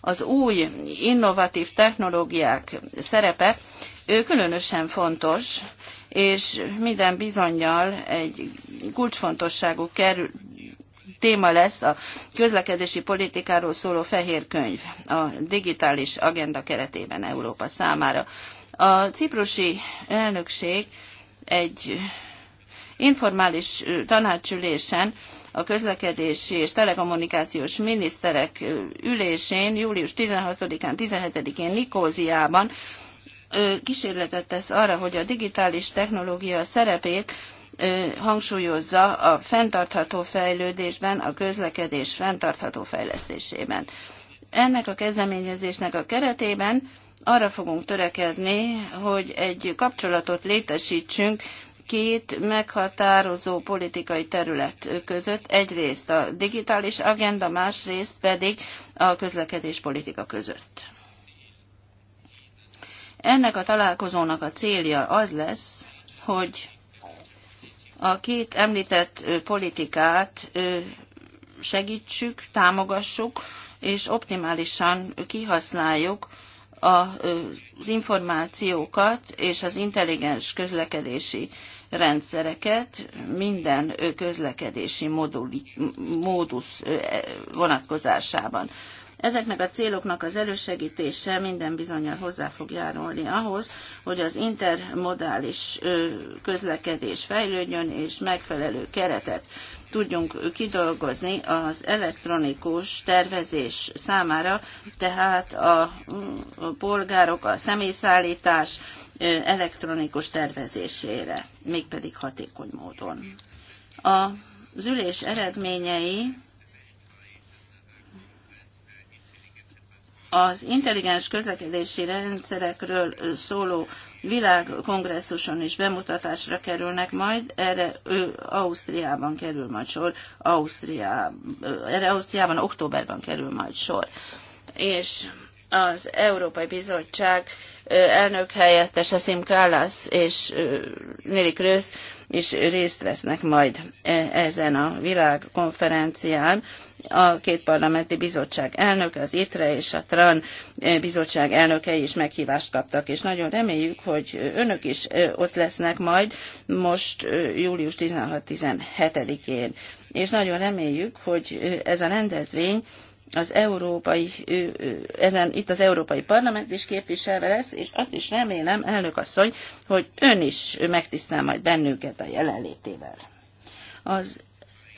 Az új innovatív technológiák szerepe különösen fontos, és minden bizonyal egy kulcsfontosságú kerül, téma lesz a közlekedési politikáról szóló fehér könyv a digitális agenda keretében Európa számára. A ciprusi elnökség egy informális tanácsülésen a közlekedési és telekommunikációs miniszterek ülésén július 16-án, 17-én Nikóziában kísérletet tesz arra, hogy a digitális technológia szerepét hangsúlyozza a fenntartható fejlődésben, a közlekedés fenntartható fejlesztésében. Ennek a kezdeményezésnek a keretében arra fogunk törekedni, hogy egy kapcsolatot létesítsünk két meghatározó politikai terület között, egyrészt a digitális agenda, másrészt pedig a közlekedés politika között. Ennek a találkozónak a célja az lesz, hogy a két említett politikát segítsük, támogassuk, és optimálisan kihasználjuk az információkat és az intelligens közlekedési rendszereket minden közlekedési moduli, módusz e, vonatkozásában. Ezeknek a céloknak az elősegítése minden bizonyal hozzá fog járulni ahhoz, hogy az intermodális közlekedés fejlődjön és megfelelő keretet tudjunk kidolgozni az elektronikus tervezés számára, tehát a polgárok a személyszállítás elektronikus tervezésére, mégpedig hatékony módon. A az ülés eredményei az intelligens közlekedési rendszerekről szóló világkongresszuson is bemutatásra kerülnek majd, erre ő Ausztriában kerül majd sor, Ausztriá, erre Ausztriában októberben kerül majd sor. És az Európai Bizottság elnök a Sim Kallas és Nili Krősz is részt vesznek majd ezen a világkonferencián. A két parlamenti bizottság elnöke, az ITRE és a TRAN bizottság elnökei is meghívást kaptak, és nagyon reméljük, hogy önök is ott lesznek majd most július 16-17-én. És nagyon reméljük, hogy ez a rendezvény az európai, ezen itt az Európai Parlament is képviselve lesz, és azt is remélem, elnök asszony, hogy ön is megtisztel majd bennünket a jelenlétével. Az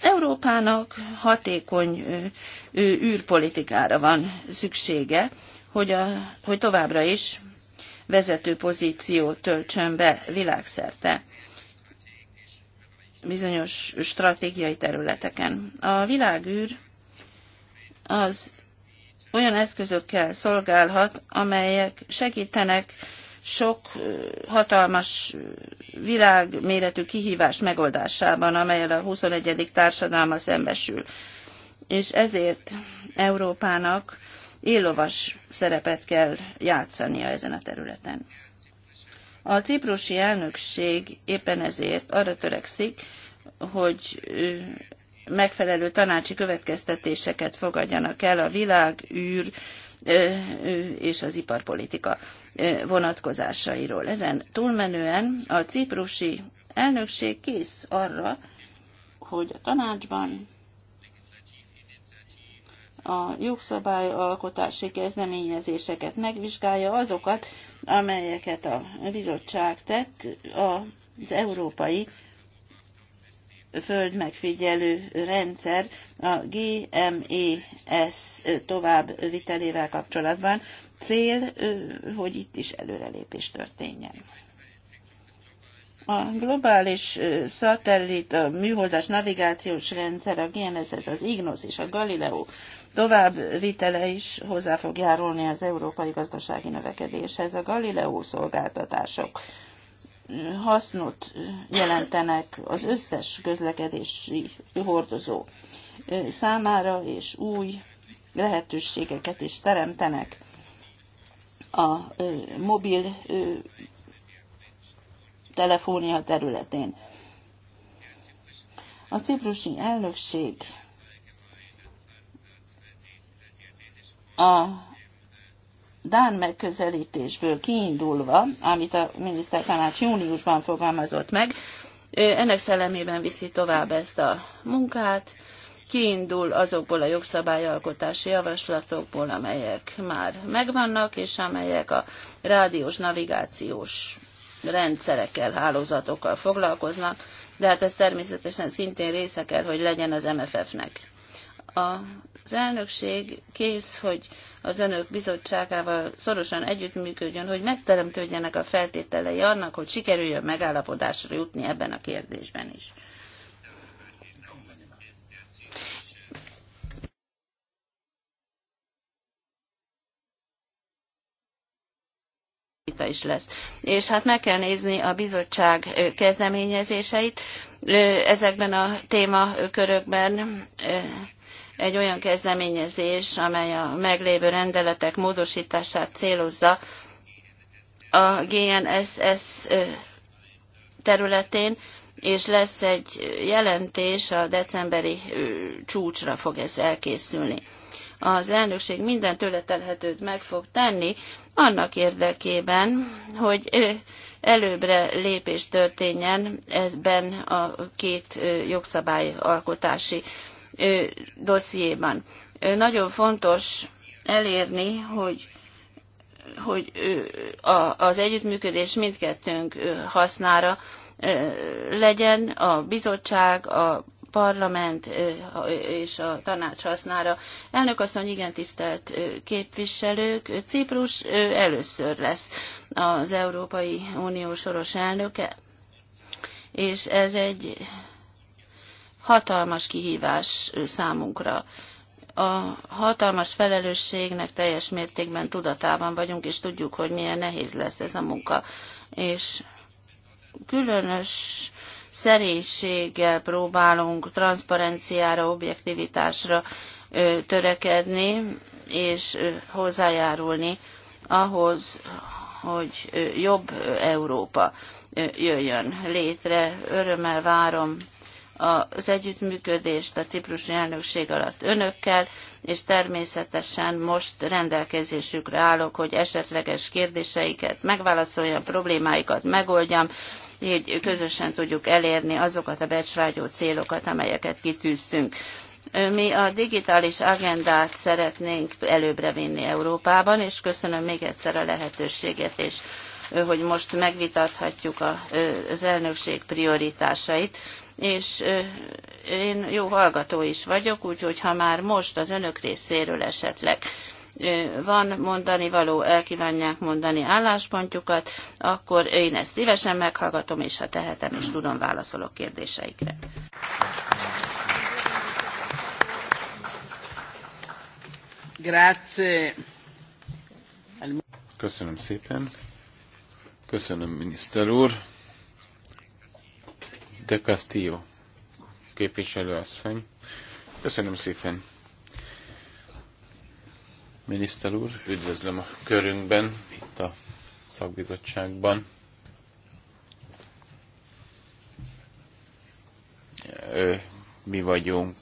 Európának hatékony űrpolitikára van szüksége, hogy, a, hogy továbbra is vezető pozíciót töltsön be világszerte bizonyos stratégiai területeken. A világűr az olyan eszközökkel szolgálhat, amelyek segítenek sok hatalmas világméretű kihívás megoldásában, amelyel a 21. társadalma szembesül. És ezért Európának éllovas szerepet kell játszania ezen a területen. A ciprusi elnökség éppen ezért arra törekszik, hogy megfelelő tanácsi következtetéseket fogadjanak el a világ, űr és az iparpolitika vonatkozásairól. Ezen túlmenően a ciprusi elnökség kész arra, hogy a tanácsban a jogszabályalkotási kezdeményezéseket megvizsgálja azokat, amelyeket a bizottság tett az európai Földmegfigyelő rendszer a GMES tovább vitelével kapcsolatban. Cél, hogy itt is előrelépés történjen. A globális szatellit, a műholdas navigációs rendszer, a GNSS, e az IGNOS és a Galileo tovább vitele is hozzá fog járulni az európai gazdasági növekedéshez. A Galileo szolgáltatások hasznot jelentenek az összes közlekedési hordozó számára, és új lehetőségeket is teremtenek a mobil telefónia területén. A ciprusi elnökség a Dán megközelítésből kiindulva, amit a tanács júniusban fogalmazott meg, ennek szellemében viszi tovább ezt a munkát, kiindul azokból a jogszabályalkotási javaslatokból, amelyek már megvannak, és amelyek a rádiós navigációs rendszerekkel, hálózatokkal foglalkoznak, de hát ez természetesen szintén része kell, hogy legyen az MFF-nek. A az elnökség kész, hogy az önök bizottságával szorosan együttműködjön, hogy megteremtődjenek a feltételei annak, hogy sikerüljön megállapodásra jutni ebben a kérdésben is. is lesz. És hát meg kell nézni a bizottság kezdeményezéseit ezekben a témakörökben egy olyan kezdeményezés, amely a meglévő rendeletek módosítását célozza a GNSS területén, és lesz egy jelentés, a decemberi csúcsra fog ez elkészülni. Az elnökség minden tőle telhetőt meg fog tenni, annak érdekében, hogy előbbre lépés történjen ebben a két jogszabályalkotási dossziéban. Nagyon fontos elérni, hogy hogy az együttműködés mindkettőnk hasznára legyen a bizottság, a parlament és a tanács hasznára. Elnök asszony, igen tisztelt képviselők, Ciprus először lesz az Európai Unió soros elnöke, és ez egy hatalmas kihívás számunkra. A hatalmas felelősségnek teljes mértékben tudatában vagyunk, és tudjuk, hogy milyen nehéz lesz ez a munka. És különös szerénységgel próbálunk transzparenciára, objektivitásra törekedni, és hozzájárulni ahhoz, hogy jobb Európa jöjjön létre. Örömmel várom az együttműködést a ciprusi elnökség alatt önökkel, és természetesen most rendelkezésükre állok, hogy esetleges kérdéseiket megválaszoljam, problémáikat megoldjam, így közösen tudjuk elérni azokat a becsvágyó célokat, amelyeket kitűztünk. Mi a digitális agendát szeretnénk előbbre vinni Európában, és köszönöm még egyszer a lehetőséget, és hogy most megvitathatjuk az elnökség prioritásait és én jó hallgató is vagyok, úgyhogy ha már most az önök részéről esetleg van mondani való, elkívánják mondani álláspontjukat, akkor én ezt szívesen meghallgatom, és ha tehetem, és tudom, válaszolok kérdéseikre. Grazie. Köszönöm szépen. Köszönöm, miniszter úr. De Castillo képviselőasszony. Köszönöm szépen. Miniszter úr, üdvözlöm a körünkben, itt a szakbizottságban. Mi vagyunk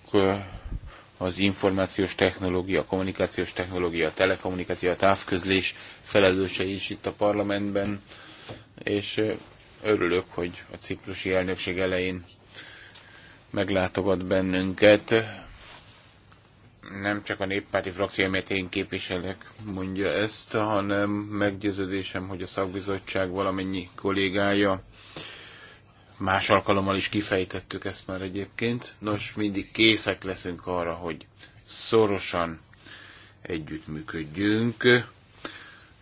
az információs technológia, kommunikációs technológia, telekommunikáció, távközlés felelősei is itt a parlamentben, és Örülök, hogy a ciprusi elnökség elején meglátogat bennünket. Nem csak a néppárti frakció, amelyet én képviselek, mondja ezt, hanem meggyőződésem, hogy a szakbizottság valamennyi kollégája más alkalommal is kifejtettük ezt már egyébként. Nos, mindig készek leszünk arra, hogy szorosan együttműködjünk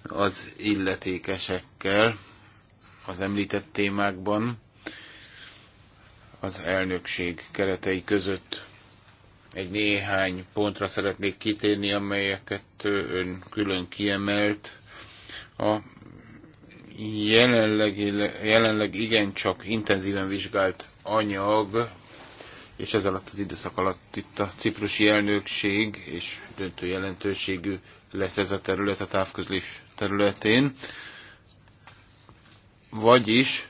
az illetékesekkel, az említett témákban az elnökség keretei között. Egy néhány pontra szeretnék kitérni, amelyeket ön külön kiemelt. A jelenleg, jelenleg igencsak intenzíven vizsgált anyag, és ez alatt az időszak alatt itt a ciprusi elnökség, és döntő jelentőségű lesz ez a terület a távközlés területén. Vagyis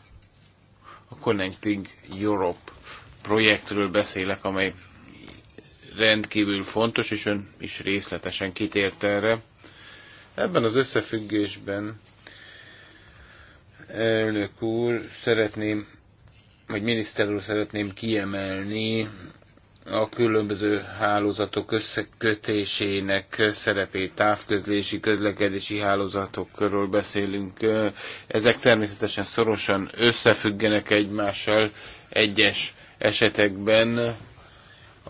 a Connecting Europe projektről beszélek, amely rendkívül fontos, és ön is részletesen kitért erre. Ebben az összefüggésben, elnök úr, szeretném, vagy miniszter úr, szeretném kiemelni a különböző hálózatok összekötésének szerepét, távközlési, közlekedési hálózatokról beszélünk. Ezek természetesen szorosan összefüggenek egymással egyes esetekben.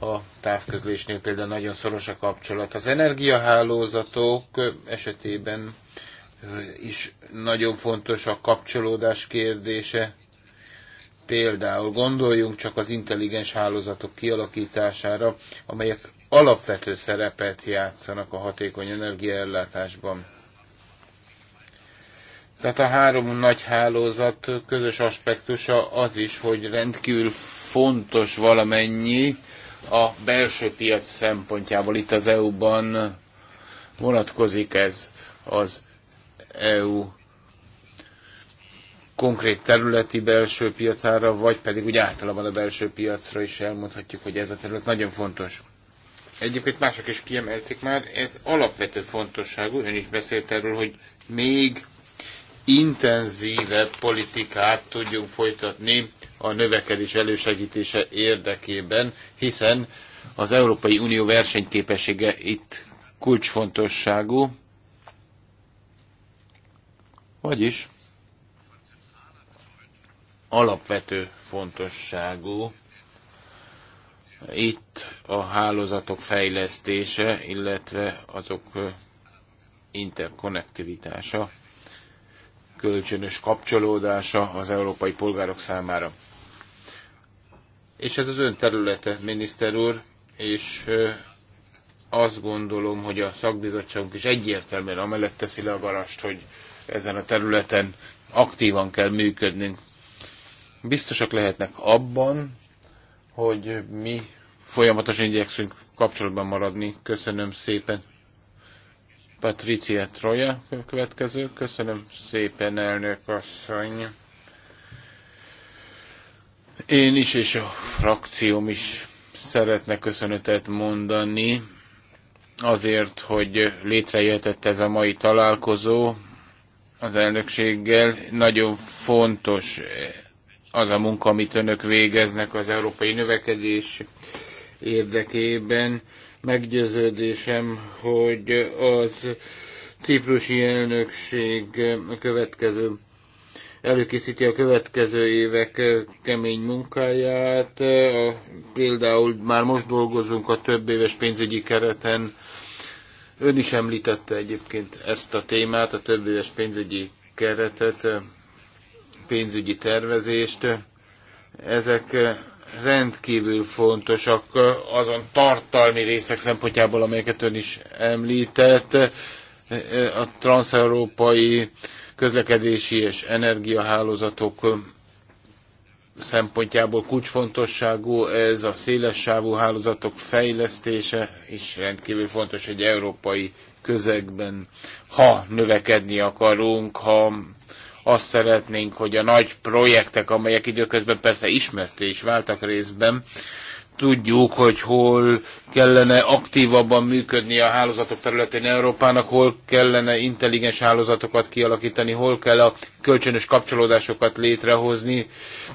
A távközlésnél például nagyon szoros a kapcsolat. Az energiahálózatok esetében is nagyon fontos a kapcsolódás kérdése Például gondoljunk csak az intelligens hálózatok kialakítására, amelyek alapvető szerepet játszanak a hatékony energiaellátásban. Tehát a három nagy hálózat közös aspektusa az is, hogy rendkívül fontos valamennyi a belső piac szempontjából. Itt az EU-ban vonatkozik ez az EU konkrét területi belső piacára, vagy pedig úgy általában a belső piacra is elmondhatjuk, hogy ez a terület nagyon fontos. Egyébként mások is kiemelték már, ez alapvető fontosságú, ön is beszélt erről, hogy még intenzívebb politikát tudjunk folytatni a növekedés elősegítése érdekében, hiszen az Európai Unió versenyképessége itt kulcsfontosságú. Vagyis alapvető fontosságú. Itt a hálózatok fejlesztése, illetve azok interkonnektivitása, kölcsönös kapcsolódása az európai polgárok számára. És ez az ön területe, miniszter úr, és azt gondolom, hogy a szakbizottságunk is egyértelműen amellett teszi le a garast, hogy ezen a területen aktívan kell működnünk biztosak lehetnek abban, hogy mi folyamatosan igyekszünk kapcsolatban maradni. Köszönöm szépen. Patricia Troja következő. Köszönöm szépen, elnök asszony. Én is és a frakcióm is szeretne köszönetet mondani azért, hogy létrejöhetett ez a mai találkozó az elnökséggel. Nagyon fontos az a munka, amit önök végeznek az európai növekedés érdekében. Meggyőződésem, hogy az ciprusi elnökség a következő előkészíti a következő évek kemény munkáját. Például már most dolgozunk a több éves pénzügyi kereten. Ön is említette egyébként ezt a témát, a több éves pénzügyi keretet pénzügyi tervezést. Ezek rendkívül fontosak azon tartalmi részek szempontjából, amelyeket ön is említett, a transeurópai közlekedési és energiahálózatok szempontjából kulcsfontosságú, ez a széles sávú hálózatok fejlesztése is rendkívül fontos egy európai közegben, ha növekedni akarunk, ha azt szeretnénk, hogy a nagy projektek, amelyek időközben persze ismerté is váltak részben, tudjuk, hogy hol kellene aktívabban működni a hálózatok területén Európának, hol kellene intelligens hálózatokat kialakítani, hol kell a kölcsönös kapcsolódásokat létrehozni.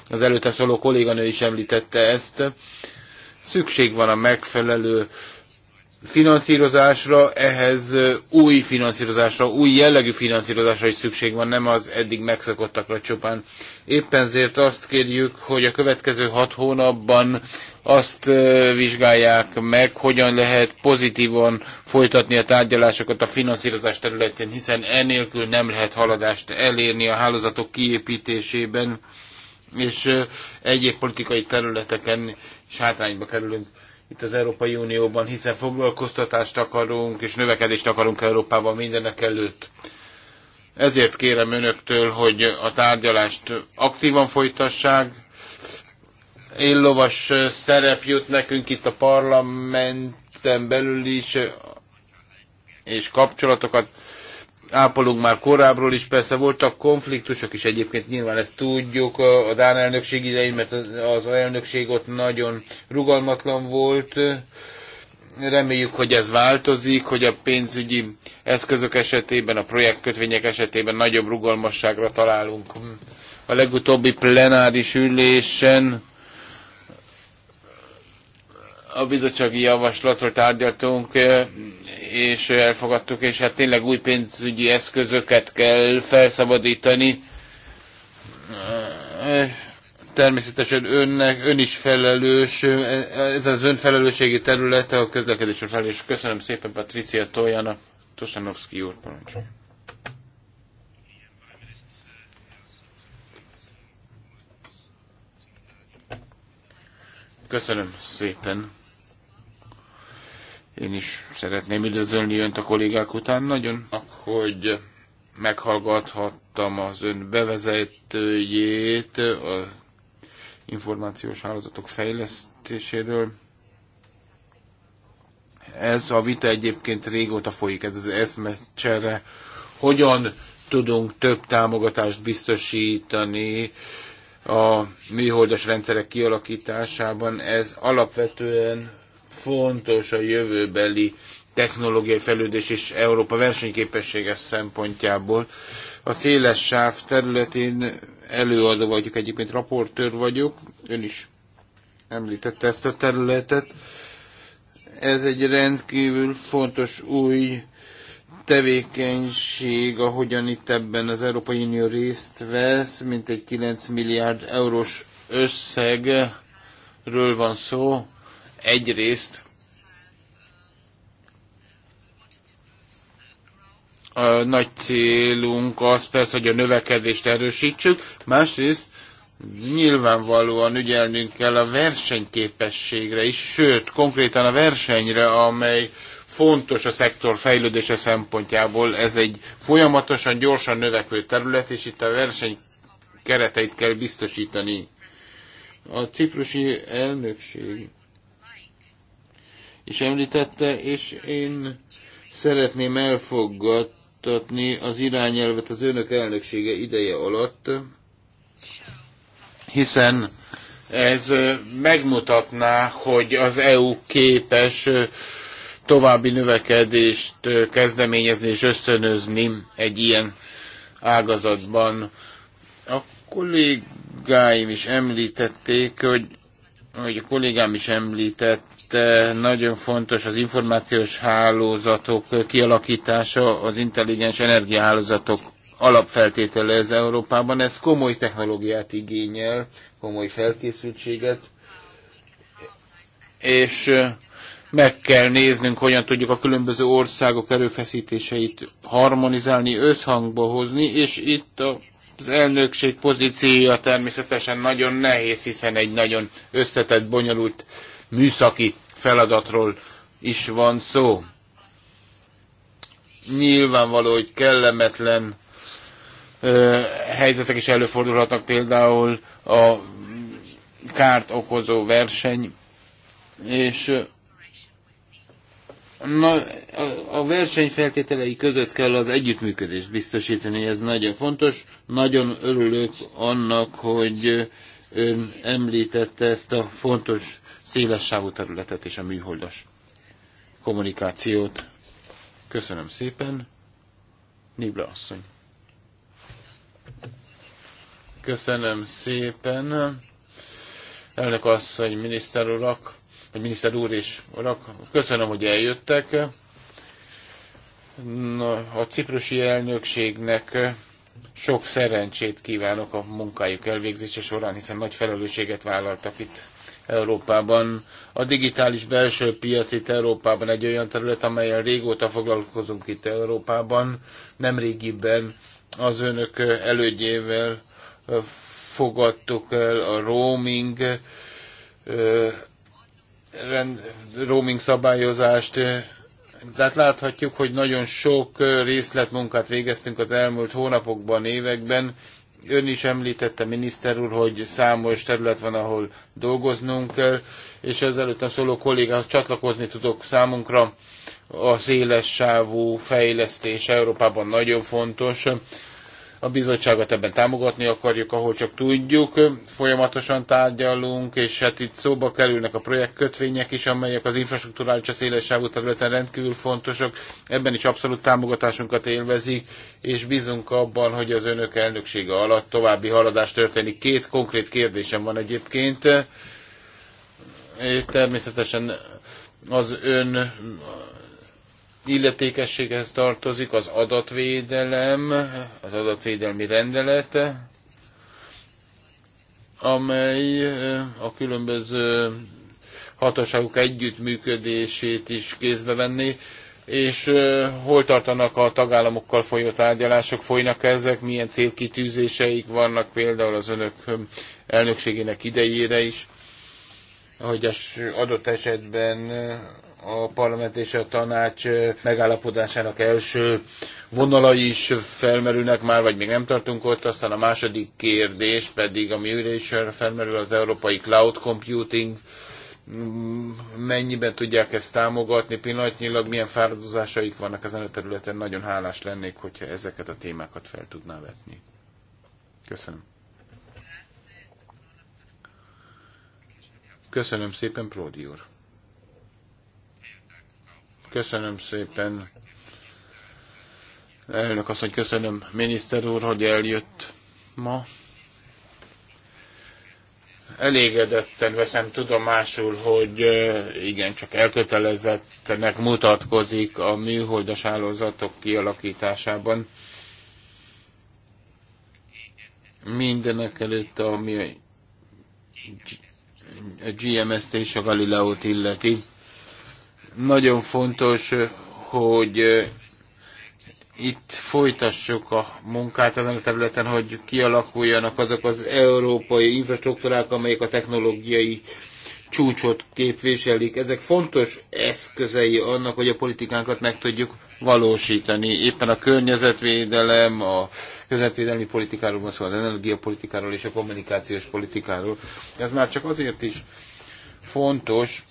Az előtte szóló kolléganő is említette ezt. Szükség van a megfelelő finanszírozásra, ehhez új finanszírozásra, új jellegű finanszírozásra is szükség van, nem az eddig megszokottakra csupán. Éppen ezért azt kérjük, hogy a következő hat hónapban azt vizsgálják meg, hogyan lehet pozitívan folytatni a tárgyalásokat a finanszírozás területén, hiszen enélkül nem lehet haladást elérni a hálózatok kiépítésében és egyéb politikai területeken is hátrányba kerülünk itt az Európai Unióban, hiszen foglalkoztatást akarunk, és növekedést akarunk Európában mindenek előtt. Ezért kérem önöktől, hogy a tárgyalást aktívan folytassák. Illovas szerep jut nekünk itt a parlamenten belül is, és kapcsolatokat ápolunk már korábbról is, persze voltak konfliktusok is egyébként, nyilván ezt tudjuk a Dán elnökség idején, mert az elnökség ott nagyon rugalmatlan volt. Reméljük, hogy ez változik, hogy a pénzügyi eszközök esetében, a projektkötvények esetében nagyobb rugalmasságra találunk. A legutóbbi plenáris ülésen a bizottsági javaslatról tárgyaltunk, és elfogadtuk, és hát tényleg új pénzügyi eszközöket kell felszabadítani. Természetesen önnek, ön is felelős, ez az önfelelősségi területe a közlekedésre fel, és köszönöm szépen Patricia Tojana, Tosanovszki úr parancs. Köszönöm szépen. Én is szeretném üdvözölni önt a kollégák után nagyon, hogy meghallgathattam az ön bevezetőjét a információs hálózatok fejlesztéséről. Ez a vita egyébként régóta folyik, ez az eszmecsere. Hogyan tudunk több támogatást biztosítani a műholdas rendszerek kialakításában? Ez alapvetően fontos a jövőbeli technológiai fejlődés és Európa versenyképessége szempontjából. A széles sáv területén előadó vagyok, egyébként raportőr vagyok, ön is említette ezt a területet. Ez egy rendkívül fontos új tevékenység, ahogyan itt ebben az Európai Unió részt vesz, mint egy 9 milliárd eurós összegről van szó, Egyrészt a nagy célunk az persze, hogy a növekedést erősítsük, másrészt nyilvánvalóan ügyelnünk kell a versenyképességre is, sőt, konkrétan a versenyre, amely fontos a szektor fejlődése szempontjából. Ez egy folyamatosan, gyorsan növekvő terület, és itt a verseny kereteit kell biztosítani. A ciprusi elnökség és említette, és én szeretném elfogadtatni az irányelvet az önök elnöksége ideje alatt, hiszen ez megmutatná, hogy az EU képes további növekedést kezdeményezni és ösztönözni egy ilyen ágazatban. A kollégáim is említették, hogy, hogy a kollégám is említett, Eh, nagyon fontos az információs hálózatok kialakítása, az intelligens energiahálózatok alapfeltétele ez Európában. Ez komoly technológiát igényel, komoly felkészültséget, és eh, meg kell néznünk, hogyan tudjuk a különböző országok erőfeszítéseit harmonizálni, összhangba hozni, és itt a az elnökség pozíciója természetesen nagyon nehéz, hiszen egy nagyon összetett, bonyolult műszaki feladatról is van szó. Nyilvánvaló, hogy kellemetlen ö, helyzetek is előfordulhatnak, például a kárt okozó verseny, és na, a verseny feltételei között kell az együttműködést biztosítani, ez nagyon fontos. Nagyon örülök annak, hogy ön említette ezt a fontos széles sávú területet és a műholdas kommunikációt. Köszönöm szépen. Nibla asszony. Köszönöm szépen. Elnök asszony, miniszter urak, vagy miniszter úr és urak, köszönöm, hogy eljöttek. A ciprusi elnökségnek sok szerencsét kívánok a munkájuk elvégzése során, hiszen nagy felelősséget vállaltak itt Európában. A digitális belső piac itt Európában egy olyan terület, amelyen régóta foglalkozunk itt Európában, Nem régiben az önök elődjével fogadtuk el a roaming rend, roaming szabályozást. Tehát láthatjuk, hogy nagyon sok részletmunkát végeztünk az elmúlt hónapokban, években, Ön is említette, miniszter úr, hogy számos terület van, ahol dolgoznunk kell, és az előttem szóló kollégához csatlakozni tudok számunkra. A széles sávú fejlesztés Európában nagyon fontos. A bizottságot ebben támogatni akarjuk, ahol csak tudjuk. Folyamatosan tárgyalunk, és hát itt szóba kerülnek a projektkötvények is, amelyek az infrastruktúrális a szélessávú területen rendkívül fontosak. Ebben is abszolút támogatásunkat élvezik, és bízunk abban, hogy az önök elnöksége alatt további haladás történik. Két konkrét kérdésem van egyébként. És természetesen az ön illetékességhez tartozik az adatvédelem, az adatvédelmi rendelet, amely eh, a különböző hatóságok együttműködését is kézbe venni, és eh, hol tartanak a tagállamokkal folyó tárgyalások, folynak ezek, milyen célkitűzéseik vannak például az önök eh, elnökségének idejére is, hogy az adott esetben a parlament és a tanács megállapodásának első vonalai is felmerülnek már, vagy még nem tartunk ott. Aztán a második kérdés pedig, ami újra is felmerül, az európai cloud computing mm, mennyiben tudják ezt támogatni, pillanatnyilag milyen fáradozásaik vannak ezen a területen. Nagyon hálás lennék, hogyha ezeket a témákat fel tudná vetni. Köszönöm. Köszönöm szépen, Pródi úr. Köszönöm szépen. Elnök hogy köszönöm miniszter úr, hogy eljött ma. Elégedetten veszem tudomásul, hogy igen, csak elkötelezettnek mutatkozik a műholdas állózatok kialakításában. Mindenek előtt, ami a GMS-t és a Galileót illeti nagyon fontos, hogy itt folytassuk a munkát ezen a területen, hogy kialakuljanak azok az európai infrastruktúrák, amelyek a technológiai csúcsot képviselik. Ezek fontos eszközei annak, hogy a politikánkat meg tudjuk valósítani. Éppen a környezetvédelem, a környezetvédelmi politikáról van szó, az energiapolitikáról és a kommunikációs politikáról. Ez már csak azért is fontos,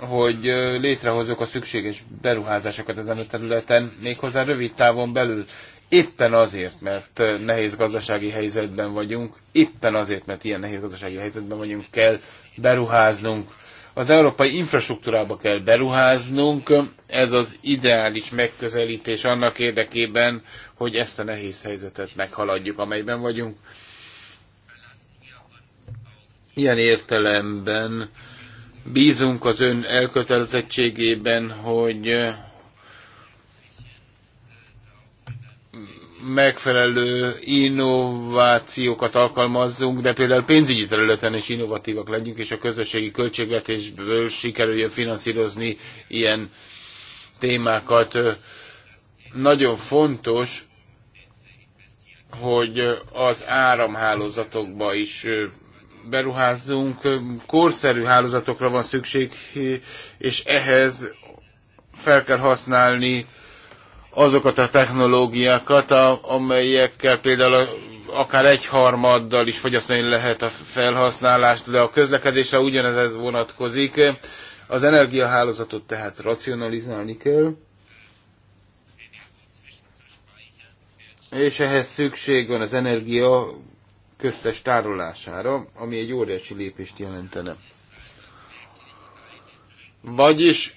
hogy létrehozok a szükséges beruházásokat ezen a területen, méghozzá rövid távon belül. Éppen azért, mert nehéz gazdasági helyzetben vagyunk, éppen azért, mert ilyen nehéz gazdasági helyzetben vagyunk, kell beruháznunk. Az európai infrastruktúrába kell beruháznunk, ez az ideális megközelítés annak érdekében, hogy ezt a nehéz helyzetet meghaladjuk, amelyben vagyunk. Ilyen értelemben Bízunk az ön elkötelezettségében, hogy megfelelő innovációkat alkalmazzunk, de például pénzügyi területen is innovatívak legyünk, és a közösségi költségvetésből sikerüljön finanszírozni ilyen témákat. Nagyon fontos, hogy az áramhálózatokba is beruházzunk, korszerű hálózatokra van szükség, és ehhez fel kell használni azokat a technológiákat, amelyekkel például akár egy harmaddal is fogyasztani lehet a felhasználást, de a közlekedésre ugyanez ez vonatkozik. Az energiahálózatot tehát racionalizálni kell. És ehhez szükség van az energia köztes tárolására, ami egy óriási lépést jelentene. Vagyis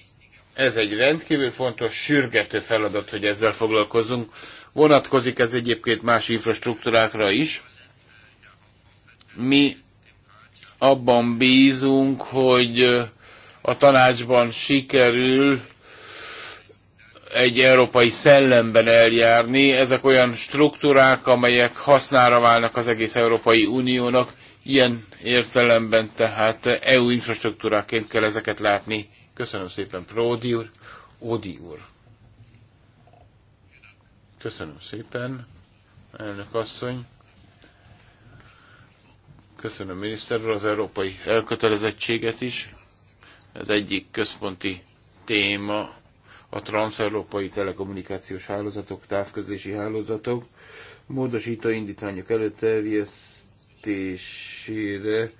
ez egy rendkívül fontos, sürgető feladat, hogy ezzel foglalkozunk. Vonatkozik ez egyébként más infrastruktúrákra is. Mi abban bízunk, hogy a tanácsban sikerül egy európai szellemben eljárni. Ezek olyan struktúrák, amelyek hasznára válnak az egész Európai Uniónak. Ilyen értelemben tehát EU infrastruktúráként kell ezeket látni. Köszönöm szépen, Pródi úr, Ódi úr. Köszönöm szépen, elnök asszony. Köszönöm miniszter úr az európai elkötelezettséget is. Ez egyik központi téma a transzeurópai telekommunikációs hálózatok, távközlési hálózatok, módosító indítványok előterjesztésére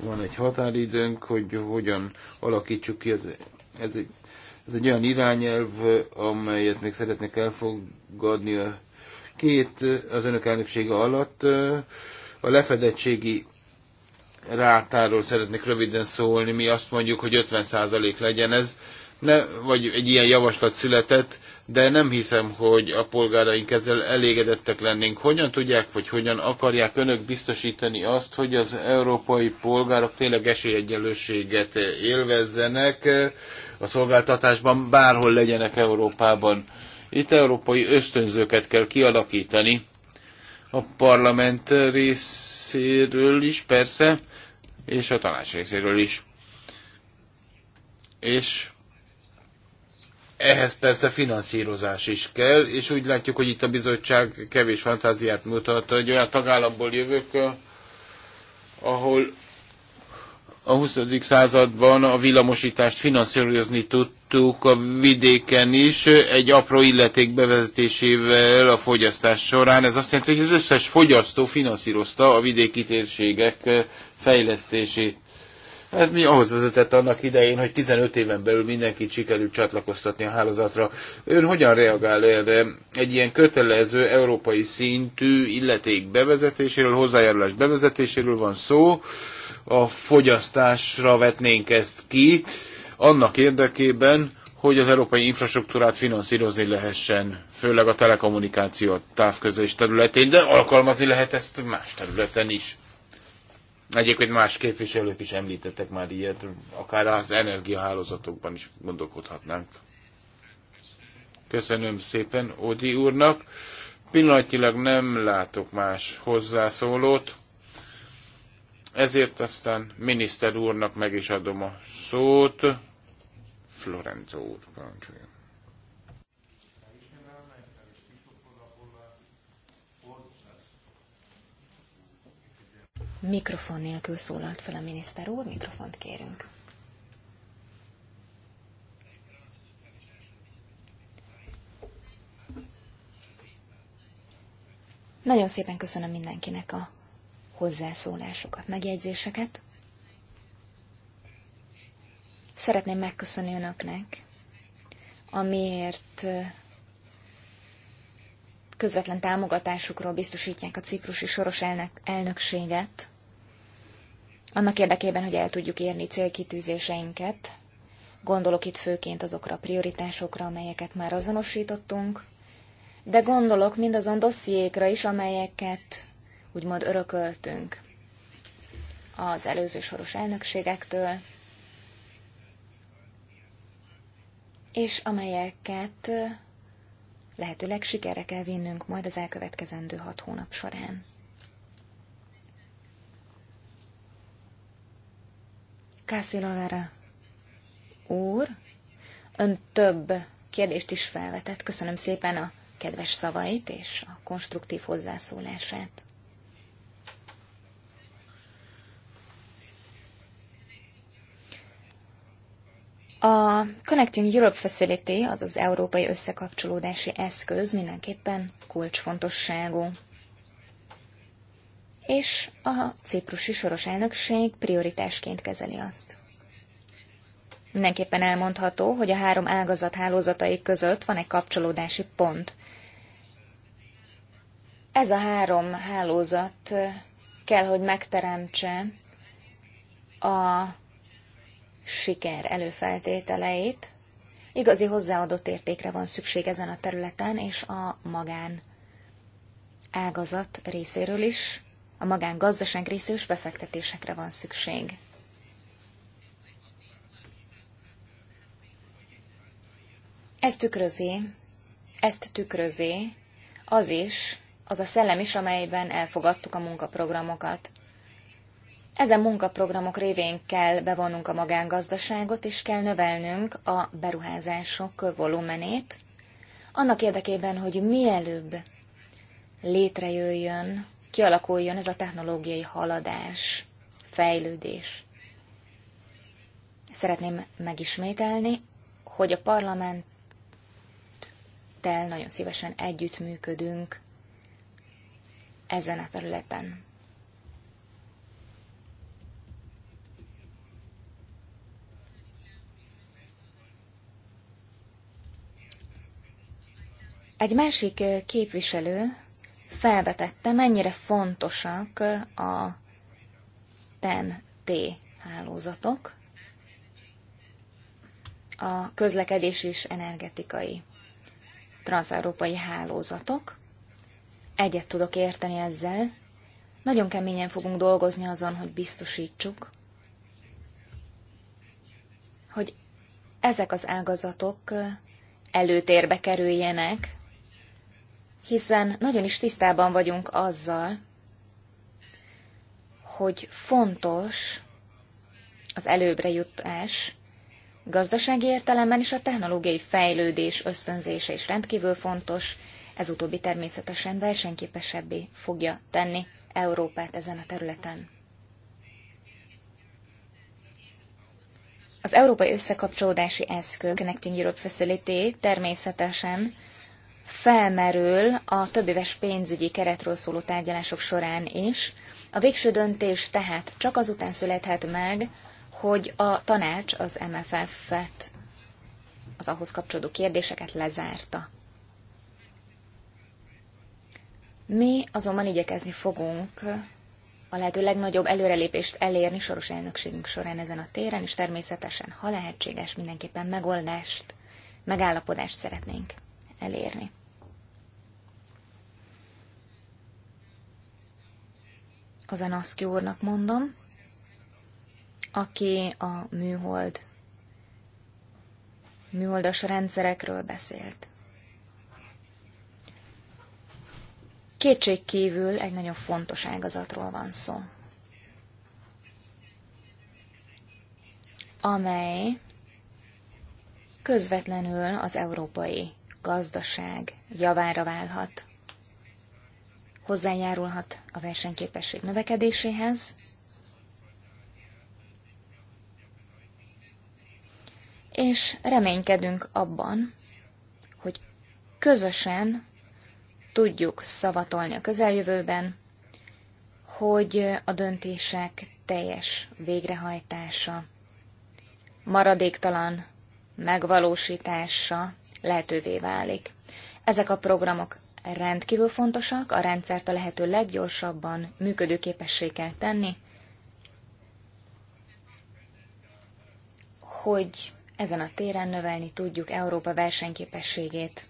van egy határidőnk, hogy hogyan alakítsuk ki. Ez, ez, egy, ez egy olyan irányelv, amelyet még szeretnék elfogadni a két az önök elnöksége alatt. A lefedettségi rátáról szeretnék röviden szólni. Mi azt mondjuk, hogy 50% legyen ez ne, vagy egy ilyen javaslat született, de nem hiszem, hogy a polgáraink ezzel elégedettek lennénk. Hogyan tudják, vagy hogyan akarják önök biztosítani azt, hogy az európai polgárok tényleg esélyegyenlőséget élvezzenek a szolgáltatásban, bárhol legyenek Európában. Itt európai ösztönzőket kell kialakítani. A parlament részéről is persze, és a tanács részéről is. És ehhez persze finanszírozás is kell, és úgy látjuk, hogy itt a bizottság kevés fantáziát mutat, hogy olyan tagállamból jövök, eh, ahol a 20. században a villamosítást finanszírozni tudtuk a vidéken is, egy apró illeték bevezetésével a fogyasztás során. Ez azt jelenti, hogy az összes fogyasztó finanszírozta a vidéki térségek eh, fejlesztését. Hát mi ahhoz vezetett annak idején, hogy 15 éven belül mindenkit sikerült csatlakoztatni a hálózatra. Ön hogyan reagál erre egy ilyen kötelező európai szintű illeték bevezetéséről, hozzájárulás bevezetéséről van szó, a fogyasztásra vetnénk ezt ki, annak érdekében, hogy az európai infrastruktúrát finanszírozni lehessen, főleg a telekommunikáció távközlés területén, de alkalmazni lehet ezt más területen is. Egyébként más képviselők is említettek már ilyet, akár az energiahálózatokban is gondolkodhatnánk. Köszönöm szépen Odi úrnak. Pillanatilag nem látok más hozzászólót, ezért aztán miniszter úrnak meg is adom a szót. Florenzo úr, parancsoljon. Mikrofon nélkül szólalt fel a miniszter úr, mikrofont kérünk. Nagyon szépen köszönöm mindenkinek a hozzászólásokat, megjegyzéseket. Szeretném megköszönni önöknek, amiért közvetlen támogatásukról biztosítják a ciprusi soros elnökséget annak érdekében, hogy el tudjuk érni célkitűzéseinket. Gondolok itt főként azokra a prioritásokra, amelyeket már azonosítottunk, de gondolok mindazon dossziékra is, amelyeket úgymond örököltünk az előző soros elnökségektől, és amelyeket lehetőleg sikerre kell vinnünk majd az elkövetkezendő hat hónap során. Kászilavera úr, ön több kérdést is felvetett. Köszönöm szépen a kedves szavait és a konstruktív hozzászólását. A Connecting Europe Facility, azaz Európai Összekapcsolódási Eszköz mindenképpen kulcsfontosságú és a ciprusi soros elnökség prioritásként kezeli azt. Mindenképpen elmondható, hogy a három ágazat hálózatai között van egy kapcsolódási pont. Ez a három hálózat kell, hogy megteremtse a siker előfeltételeit. Igazi hozzáadott értékre van szükség ezen a területen, és a magán ágazat részéről is a magán gazdaság részéről befektetésekre van szükség. Ez tükrözi, ezt tükrözi az is, az a szellem is, amelyben elfogadtuk a munkaprogramokat. Ezen munkaprogramok révén kell bevonnunk a magángazdaságot, és kell növelnünk a beruházások volumenét, annak érdekében, hogy mielőbb létrejöjjön kialakuljon ez a technológiai haladás, fejlődés. Szeretném megismételni, hogy a parlamenttel nagyon szívesen együttműködünk ezen a területen. Egy másik képviselő felvetette, mennyire fontosak a TEN-T hálózatok, a közlekedés és energetikai transzeurópai hálózatok. Egyet tudok érteni ezzel. Nagyon keményen fogunk dolgozni azon, hogy biztosítsuk, hogy ezek az ágazatok előtérbe kerüljenek hiszen nagyon is tisztában vagyunk azzal, hogy fontos az előbbre jutás, gazdasági értelemben is a technológiai fejlődés ösztönzése is rendkívül fontos, ez utóbbi természetesen versenyképesebbé fogja tenni Európát ezen a területen. Az Európai Összekapcsolódási Eszköz Connecting Europe Facility természetesen felmerül a többéves pénzügyi keretről szóló tárgyalások során is. A végső döntés tehát csak azután születhet meg, hogy a tanács az MFF-et, az ahhoz kapcsolódó kérdéseket lezárta. Mi azonban igyekezni fogunk a lehető legnagyobb előrelépést elérni soros elnökségünk során ezen a téren, és természetesen, ha lehetséges, mindenképpen megoldást, megállapodást szeretnénk elérni. az Anaszki úrnak mondom, aki a műhold, műholdas rendszerekről beszélt. Kétség kívül egy nagyon fontos ágazatról van szó, amely közvetlenül az európai gazdaság javára válhat hozzájárulhat a versenyképesség növekedéséhez, és reménykedünk abban, hogy közösen tudjuk szavatolni a közeljövőben, hogy a döntések teljes végrehajtása, maradéktalan megvalósítása lehetővé válik. Ezek a programok rendkívül fontosak, a rendszert a lehető leggyorsabban működőképessé kell tenni, hogy ezen a téren növelni tudjuk Európa versenyképességét.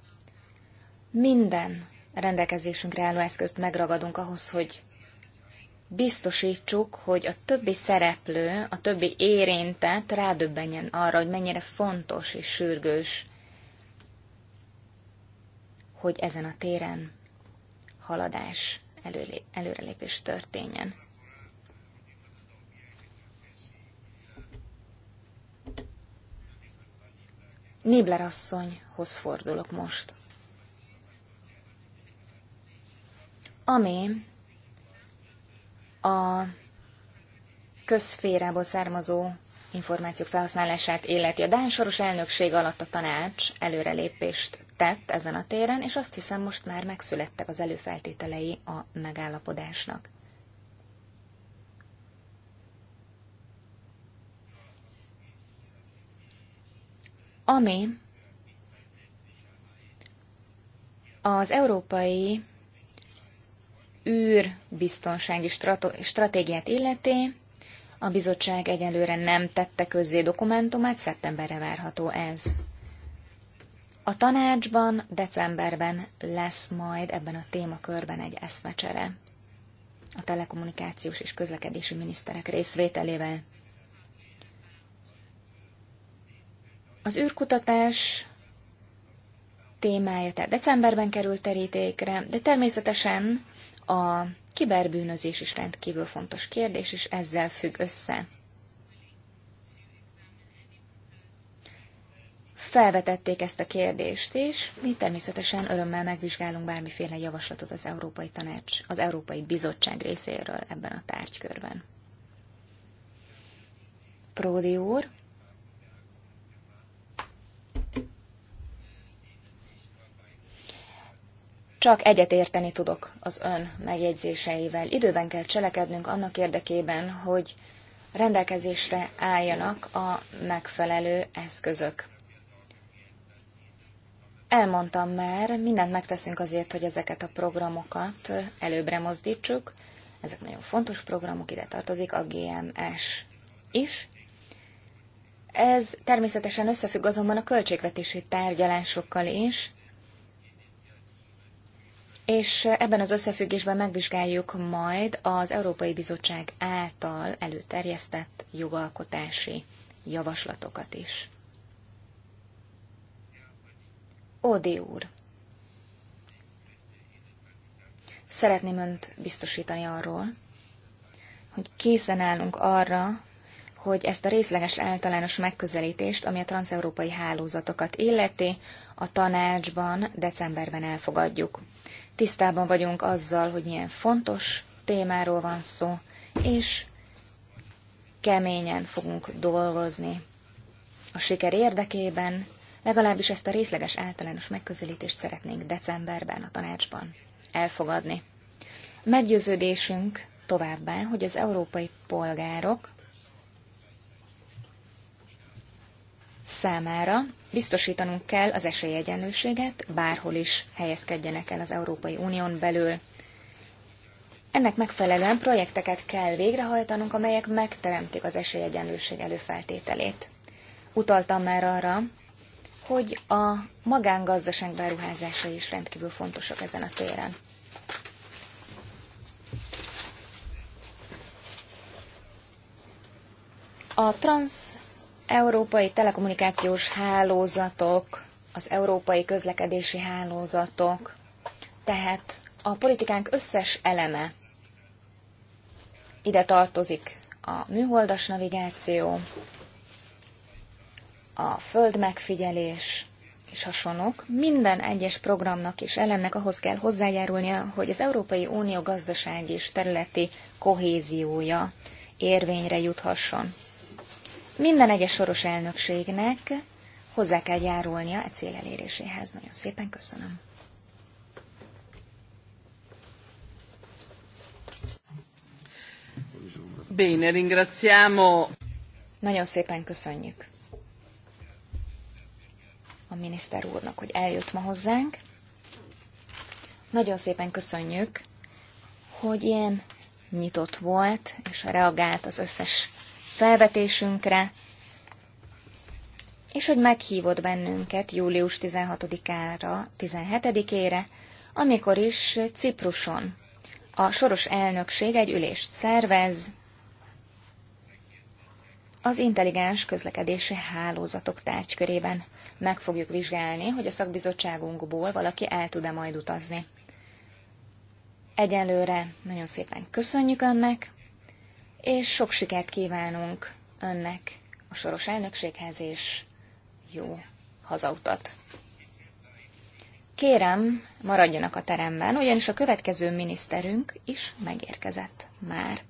Minden rendelkezésünkre álló eszközt megragadunk ahhoz, hogy biztosítsuk, hogy a többi szereplő, a többi érintett rádöbbenjen arra, hogy mennyire fontos és sürgős hogy ezen a téren haladás, előrelépés történjen. Nibler asszonyhoz fordulok most. Ami a közférából származó információk felhasználását illeti. A Dán soros elnökség alatt a tanács előrelépést tett ezen a téren, és azt hiszem most már megszülettek az előfeltételei a megállapodásnak. Ami az európai űrbiztonsági stratégiát illeti, a bizottság egyelőre nem tette közzé dokumentumát, szeptemberre várható ez. A tanácsban decemberben lesz majd ebben a témakörben egy eszmecsere a telekommunikációs és közlekedési miniszterek részvételével. Az űrkutatás témája tehát decemberben került terítékre, de természetesen a kiberbűnözés is rendkívül fontos kérdés, és ezzel függ össze felvetették ezt a kérdést, és mi természetesen örömmel megvizsgálunk bármiféle javaslatot az Európai Tanács, az Európai Bizottság részéről ebben a tárgykörben. Pródi úr. Csak egyet érteni tudok az ön megjegyzéseivel. Időben kell cselekednünk annak érdekében, hogy rendelkezésre álljanak a megfelelő eszközök. Elmondtam már, mindent megteszünk azért, hogy ezeket a programokat előbbre mozdítsuk. Ezek nagyon fontos programok, ide tartozik a GMS is. Ez természetesen összefügg azonban a költségvetési tárgyalásokkal is, és ebben az összefüggésben megvizsgáljuk majd az Európai Bizottság által előterjesztett jogalkotási javaslatokat is. Ódi úr! Szeretném önt biztosítani arról, hogy készen állunk arra, hogy ezt a részleges általános megközelítést, ami a transeurópai hálózatokat illeti, a tanácsban decemberben elfogadjuk. Tisztában vagyunk azzal, hogy milyen fontos témáról van szó, és keményen fogunk dolgozni. A siker érdekében Legalábbis ezt a részleges általános megközelítést szeretnénk decemberben a tanácsban elfogadni. Meggyőződésünk továbbá, hogy az európai polgárok számára biztosítanunk kell az esélyegyenlőséget, bárhol is helyezkedjenek el az Európai Unión belül. Ennek megfelelően projekteket kell végrehajtanunk, amelyek megteremtik az esélyegyenlőség előfeltételét. Utaltam már arra, hogy a magángazdaság beruházásai is rendkívül fontosak ezen a téren. A trans-európai telekommunikációs hálózatok, az európai közlekedési hálózatok, tehát a politikánk összes eleme ide tartozik a műholdas navigáció, a föld megfigyelés és hasonlók. Minden egyes programnak és elemnek ahhoz kell hozzájárulnia, hogy az Európai Unió gazdasági és területi kohéziója érvényre juthasson. Minden egyes soros elnökségnek hozzá kell járulnia e cél eléréséhez. Nagyon szépen köszönöm. Bene, ringraziamo. Nagyon szépen köszönjük a miniszter úrnak, hogy eljött ma hozzánk. Nagyon szépen köszönjük, hogy ilyen nyitott volt, és reagált az összes felvetésünkre, és hogy meghívott bennünket július 16-ára, 17-ére, amikor is Cipruson a soros elnökség egy ülést szervez az intelligens közlekedési hálózatok tárgykörében meg fogjuk vizsgálni, hogy a szakbizottságunkból valaki el tud-e majd utazni. Egyelőre nagyon szépen köszönjük önnek, és sok sikert kívánunk önnek a soros elnökséghez, és jó hazautat! Kérem, maradjanak a teremben, ugyanis a következő miniszterünk is megérkezett már.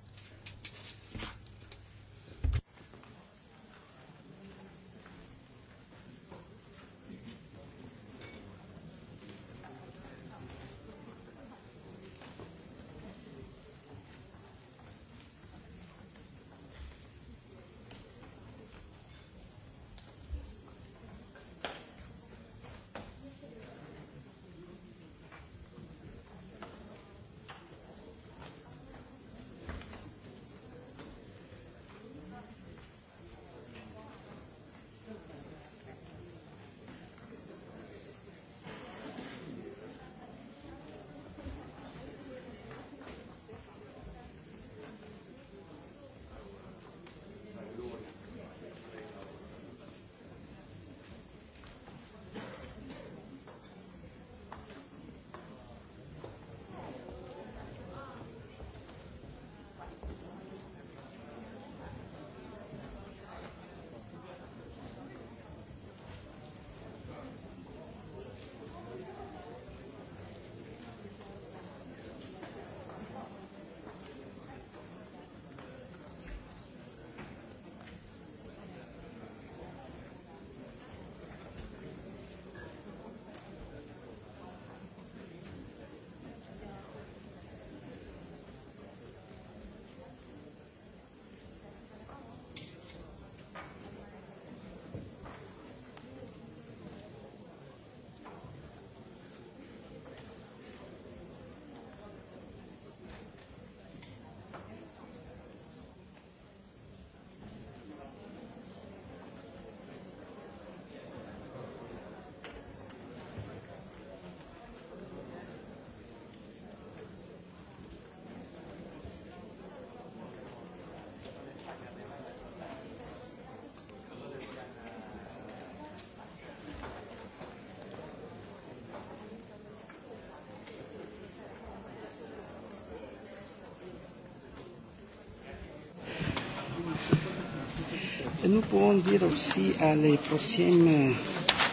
nous pouvons dire aussi à les prochaines. Euh,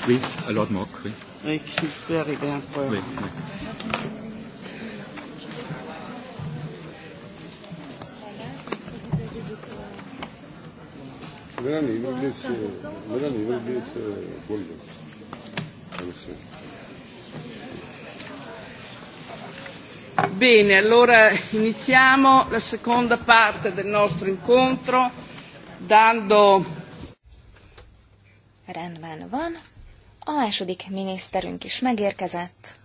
oui, à Lord Mock, oui. Oui, s'il peut arriver un peu. Oui, oui. Melanie, you will be uh, Melanie, you will be uh, Bene, allora iniziamo la seconda parte del nostro incontro dando... Rendben van. A második miniszterünk is megérkezett.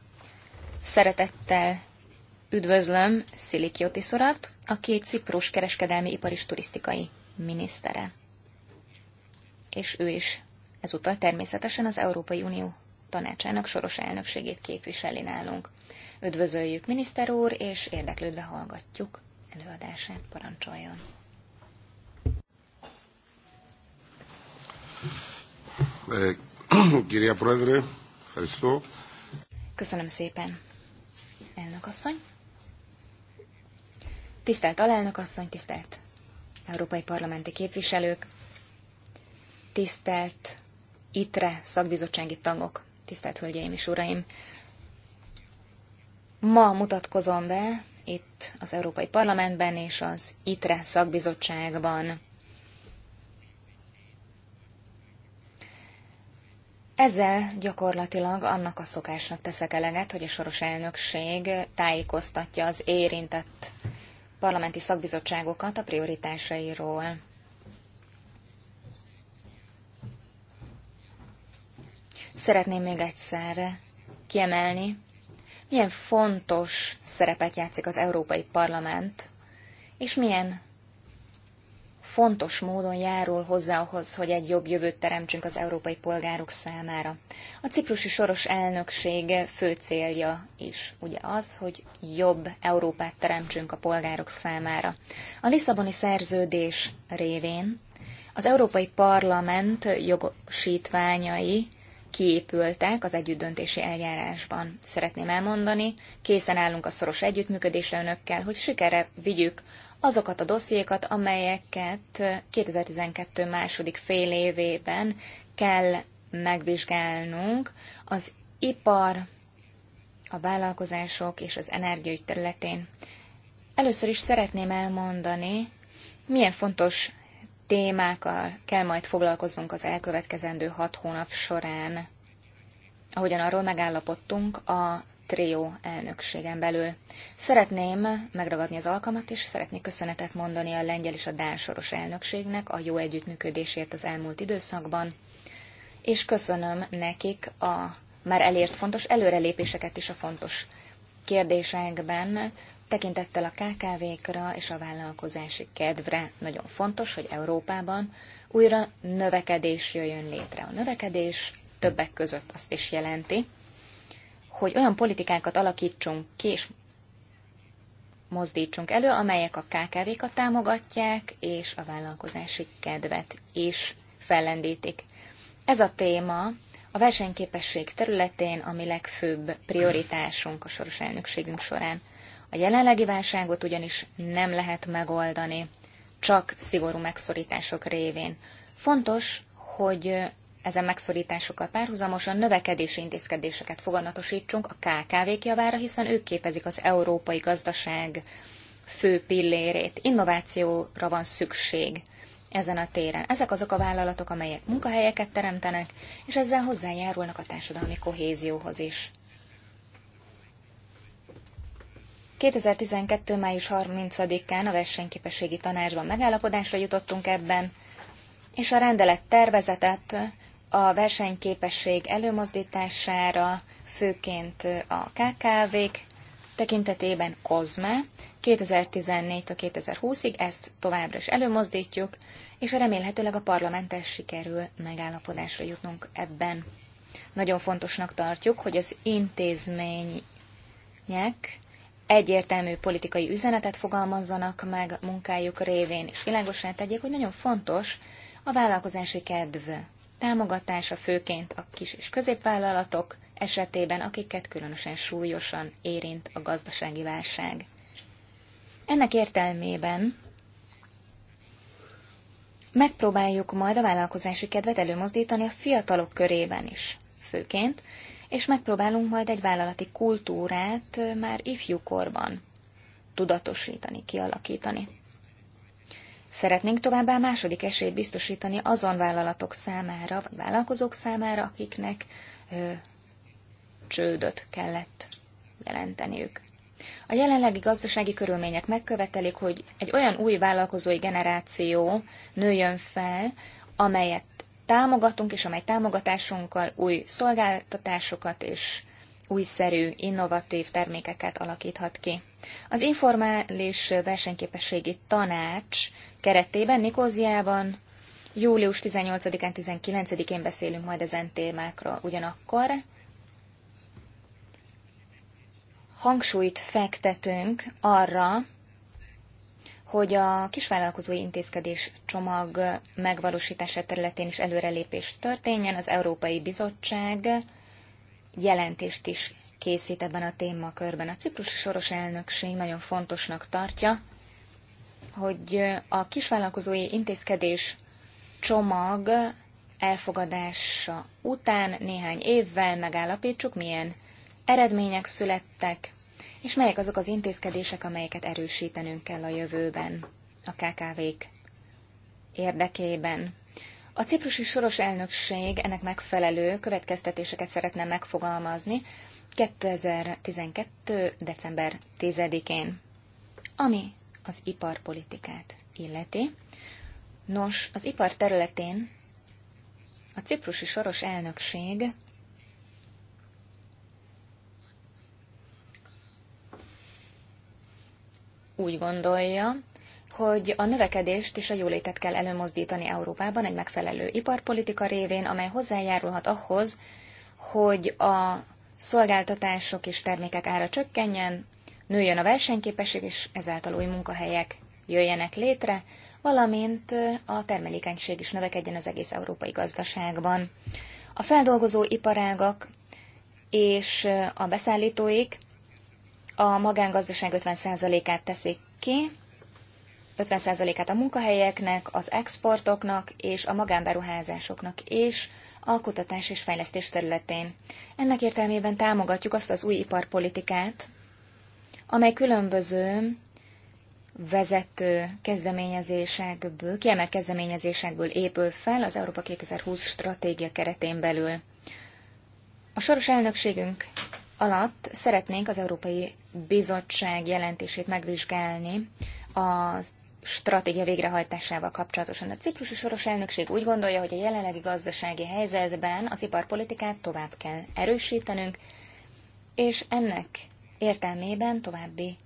Szeretettel üdvözlöm Szilik Jotiszorat, a két Ciprus kereskedelmi ipar és turisztikai minisztere. És ő is ezúttal természetesen az Európai Unió tanácsának soros elnökségét képviseli nálunk. Üdvözöljük miniszter úr, és érdeklődve hallgatjuk előadását, parancsoljon. Κυρία Πρόεδρε, ευχαριστώ. Köszönöm szépen, elnök asszony. Tisztelt alelnök asszony, tisztelt európai parlamenti képviselők, tisztelt ITRE szakbizottsági tagok, tisztelt hölgyeim és uraim. Ma mutatkozom be itt az Európai Parlamentben és az ITRE szakbizottságban Ezzel gyakorlatilag annak a szokásnak teszek eleget, hogy a soros elnökség tájékoztatja az érintett parlamenti szakbizottságokat a prioritásairól. Szeretném még egyszer kiemelni, milyen fontos szerepet játszik az Európai Parlament, és milyen fontos módon járul hozzá ahhoz, hogy egy jobb jövőt teremtsünk az európai polgárok számára. A ciprusi soros elnökség fő célja is ugye az, hogy jobb Európát teremtsünk a polgárok számára. A Lisszaboni szerződés révén az Európai Parlament jogosítványai kiépültek az együttdöntési eljárásban. Szeretném elmondani, készen állunk a szoros együttműködésre önökkel, hogy sikere vigyük azokat a dossziékat, amelyeket 2012 második fél évében kell megvizsgálnunk az ipar, a vállalkozások és az energiaügy területén. Először is szeretném elmondani, milyen fontos témákkal kell majd foglalkozzunk az elkövetkezendő hat hónap során. Ahogyan arról megállapodtunk, a trió elnökségen belül. Szeretném megragadni az alkalmat, és szeretnék köszönetet mondani a lengyel és a dán soros elnökségnek a jó együttműködésért az elmúlt időszakban, és köszönöm nekik a már elért fontos előrelépéseket is a fontos kérdésekben, tekintettel a KKV-kra és a vállalkozási kedvre. Nagyon fontos, hogy Európában újra növekedés jöjjön létre. A növekedés többek között azt is jelenti, hogy olyan politikákat alakítsunk ki és mozdítsunk elő, amelyek a KKV-kat támogatják, és a vállalkozási kedvet is fellendítik. Ez a téma a versenyképesség területén a mi legfőbb prioritásunk a soros elnökségünk során. A jelenlegi válságot ugyanis nem lehet megoldani, csak szigorú megszorítások révén. Fontos, hogy ezen megszorításokkal párhuzamosan növekedési intézkedéseket foganatosítsunk a KKV-k javára, hiszen ők képezik az európai gazdaság fő pillérét. Innovációra van szükség ezen a téren. Ezek azok a vállalatok, amelyek munkahelyeket teremtenek, és ezzel hozzájárulnak a társadalmi kohézióhoz is. 2012. május 30-án a versenyképességi tanácsban megállapodásra jutottunk ebben, és a rendelet tervezetet a versenyképesség előmozdítására, főként a KKV-k tekintetében COSME 2014-től 2020-ig, ezt továbbra is előmozdítjuk, és remélhetőleg a parlamenttel sikerül megállapodásra jutnunk ebben. Nagyon fontosnak tartjuk, hogy az intézmények egyértelmű politikai üzenetet fogalmazzanak meg munkájuk révén, és világosan tegyék, hogy nagyon fontos a vállalkozási kedv támogatása főként a kis és középvállalatok esetében, akiket különösen súlyosan érint a gazdasági válság. Ennek értelmében megpróbáljuk majd a vállalkozási kedvet előmozdítani a fiatalok körében is, főként, és megpróbálunk majd egy vállalati kultúrát már ifjúkorban tudatosítani, kialakítani. Szeretnénk továbbá második esélyt biztosítani azon vállalatok számára, vagy vállalkozók számára, akiknek ö, csődöt kellett jelenteniük. A jelenlegi gazdasági körülmények megkövetelik, hogy egy olyan új vállalkozói generáció nőjön fel, amelyet támogatunk, és amely támogatásunkkal új szolgáltatásokat és újszerű, innovatív termékeket alakíthat ki. Az informális versenyképességi tanács keretében Nikóziában július 18-án, 19-én beszélünk majd ezen témákról. Ugyanakkor hangsúlyt fektetünk arra, hogy a kisvállalkozói intézkedés csomag megvalósítása területén is előrelépés történjen. Az Európai Bizottság jelentést is készít ebben a témakörben. A ciprusi soros elnökség nagyon fontosnak tartja, hogy a kisvállalkozói intézkedés csomag elfogadása után néhány évvel megállapítsuk, milyen eredmények születtek, és melyek azok az intézkedések, amelyeket erősítenünk kell a jövőben, a KKV-k érdekében. A ciprusi soros elnökség ennek megfelelő következtetéseket szeretne megfogalmazni 2012. december 10-én, ami az iparpolitikát illeti. Nos, az ipar területén a ciprusi soros elnökség úgy gondolja, hogy a növekedést és a jólétet kell előmozdítani Európában egy megfelelő iparpolitika révén, amely hozzájárulhat ahhoz, hogy a szolgáltatások és termékek ára csökkenjen, nőjön a versenyképesség, és ezáltal új munkahelyek jöjjenek létre, valamint a termelékenység is növekedjen az egész európai gazdaságban. A feldolgozó iparágak és a beszállítóik a magángazdaság 50%-át teszik ki, 50%-át a munkahelyeknek, az exportoknak és a magánberuházásoknak és a kutatás és fejlesztés területén. Ennek értelmében támogatjuk azt az új iparpolitikát, amely különböző vezető kezdeményezésekből, kiemelt kezdeményezésekből épül fel az Európa 2020 stratégia keretén belül. A soros elnökségünk alatt szeretnénk az Európai Bizottság jelentését megvizsgálni az stratégia végrehajtásával kapcsolatosan. A ciprusi soros elnökség úgy gondolja, hogy a jelenlegi gazdasági helyzetben az iparpolitikát tovább kell erősítenünk, és ennek értelmében további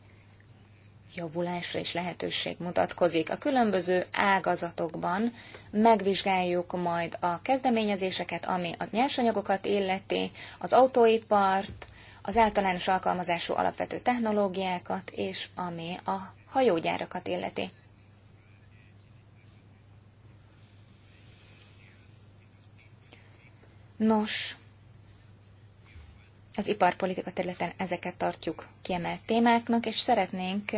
javulásra is lehetőség mutatkozik. A különböző ágazatokban megvizsgáljuk majd a kezdeményezéseket, ami a nyersanyagokat illeti, az autóipart, az általános alkalmazású alapvető technológiákat, és ami a hajógyárakat illeti. Nos, az iparpolitika területen ezeket tartjuk kiemelt témáknak, és szeretnénk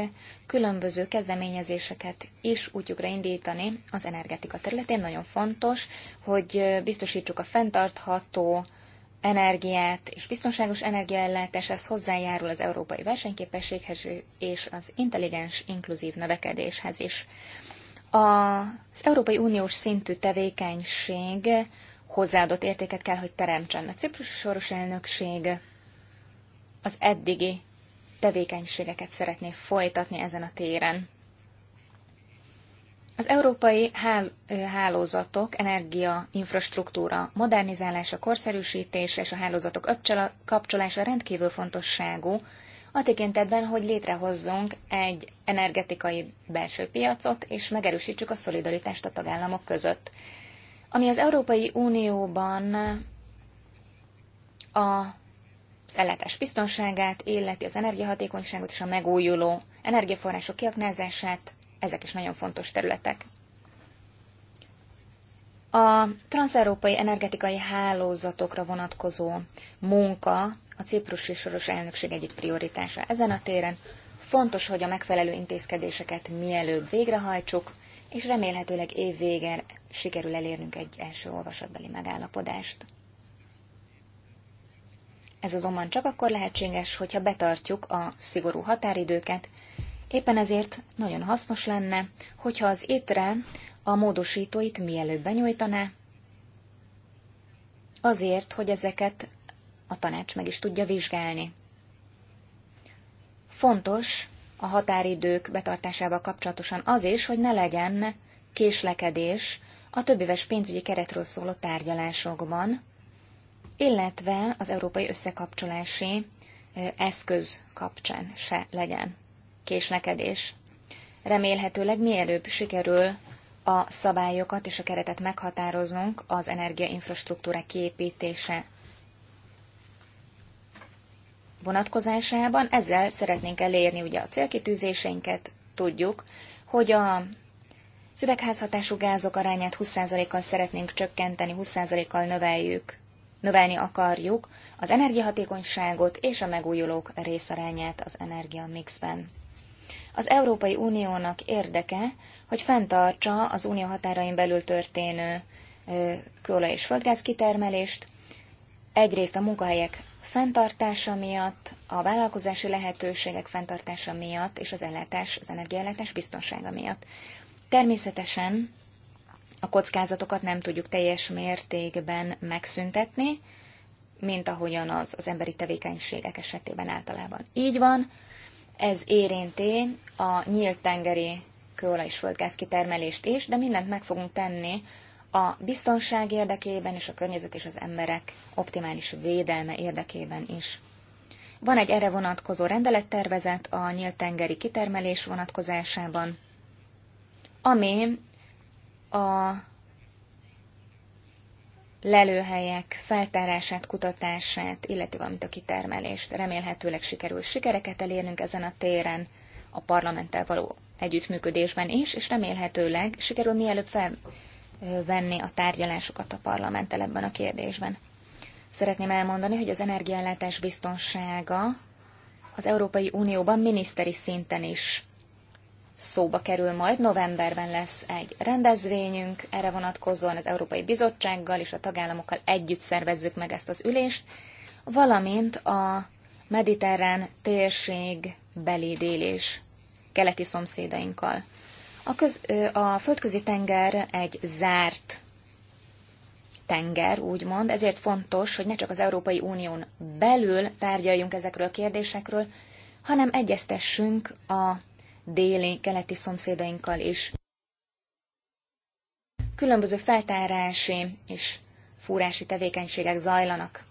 különböző kezdeményezéseket is útjukra indítani az energetika területén. Nagyon fontos, hogy biztosítsuk a fenntartható energiát és biztonságos energiaellátás, ez hozzájárul az európai versenyképességhez és az intelligens, inkluzív növekedéshez is. Az Európai Uniós szintű tevékenység hozzáadott értéket kell, hogy teremtsen. A ciprusi soros elnökség az eddigi tevékenységeket szeretné folytatni ezen a téren. Az európai hál- hálózatok, energia, infrastruktúra modernizálása, korszerűsítés és a hálózatok kapcsolása rendkívül fontosságú, a tekintetben, hogy létrehozzunk egy energetikai belső piacot, és megerősítsük a szolidaritást a tagállamok között. Ami az Európai Unióban a az ellátás biztonságát, illeti az energiahatékonyságot és a megújuló energiaforrások kiaknázását, ezek is nagyon fontos területek. A transzeurópai energetikai hálózatokra vonatkozó munka a ciprusi soros elnökség egyik prioritása. Ezen a téren fontos, hogy a megfelelő intézkedéseket mielőbb végrehajtsuk, és remélhetőleg év sikerül elérnünk egy első olvasatbeli megállapodást. Ez azonban csak akkor lehetséges, hogyha betartjuk a szigorú határidőket, éppen ezért nagyon hasznos lenne, hogyha az étre a módosítóit mielőbb benyújtaná, azért, hogy ezeket a tanács meg is tudja vizsgálni. Fontos a határidők betartásával kapcsolatosan az is, hogy ne legyen késlekedés a többéves pénzügyi keretről szóló tárgyalásokban, illetve az európai összekapcsolási eszköz kapcsán se legyen késlekedés. Remélhetőleg mielőbb sikerül a szabályokat és a keretet meghatároznunk az energiainfrastruktúra kiépítése vonatkozásában. Ezzel szeretnénk elérni ugye a célkitűzéseinket, tudjuk, hogy a Szüvegházhatású gázok arányát 20%-kal szeretnénk csökkenteni, 20%-kal növeljük, növelni akarjuk az energiahatékonyságot és a megújulók részarányát az energia mixben. Az Európai Uniónak érdeke, hogy fenntartsa az unió határain belül történő kőolaj és földgáz kitermelést, egyrészt a munkahelyek fenntartása miatt, a vállalkozási lehetőségek fenntartása miatt és az ellátás, az energiaellátás biztonsága miatt. Természetesen a kockázatokat nem tudjuk teljes mértékben megszüntetni, mint ahogyan az az emberi tevékenységek esetében általában így van. Ez érinti a nyílt tengeri kőolaj és földgáz kitermelést is, de mindent meg fogunk tenni a biztonság érdekében és a környezet és az emberek optimális védelme érdekében is. Van egy erre vonatkozó rendelettervezet a nyílt tengeri kitermelés vonatkozásában, ami a lelőhelyek feltárását, kutatását, illetve valamint a kitermelést. Remélhetőleg sikerül sikereket elérnünk ezen a téren, a parlamenttel való együttműködésben is, és remélhetőleg sikerül mielőbb felvenni a tárgyalásokat a parlamenttel ebben a kérdésben. Szeretném elmondani, hogy az energiaellátás biztonsága az Európai Unióban miniszteri szinten is szóba kerül majd. Novemberben lesz egy rendezvényünk, erre vonatkozóan az Európai Bizottsággal és a tagállamokkal együtt szervezzük meg ezt az ülést, valamint a mediterrán térség belédélés keleti szomszédainkkal. A, köz, a földközi tenger egy zárt tenger, úgymond, ezért fontos, hogy ne csak az Európai Unión belül tárgyaljunk ezekről a kérdésekről, hanem egyeztessünk a déli, keleti szomszédainkkal is. Különböző feltárási és fúrási tevékenységek zajlanak.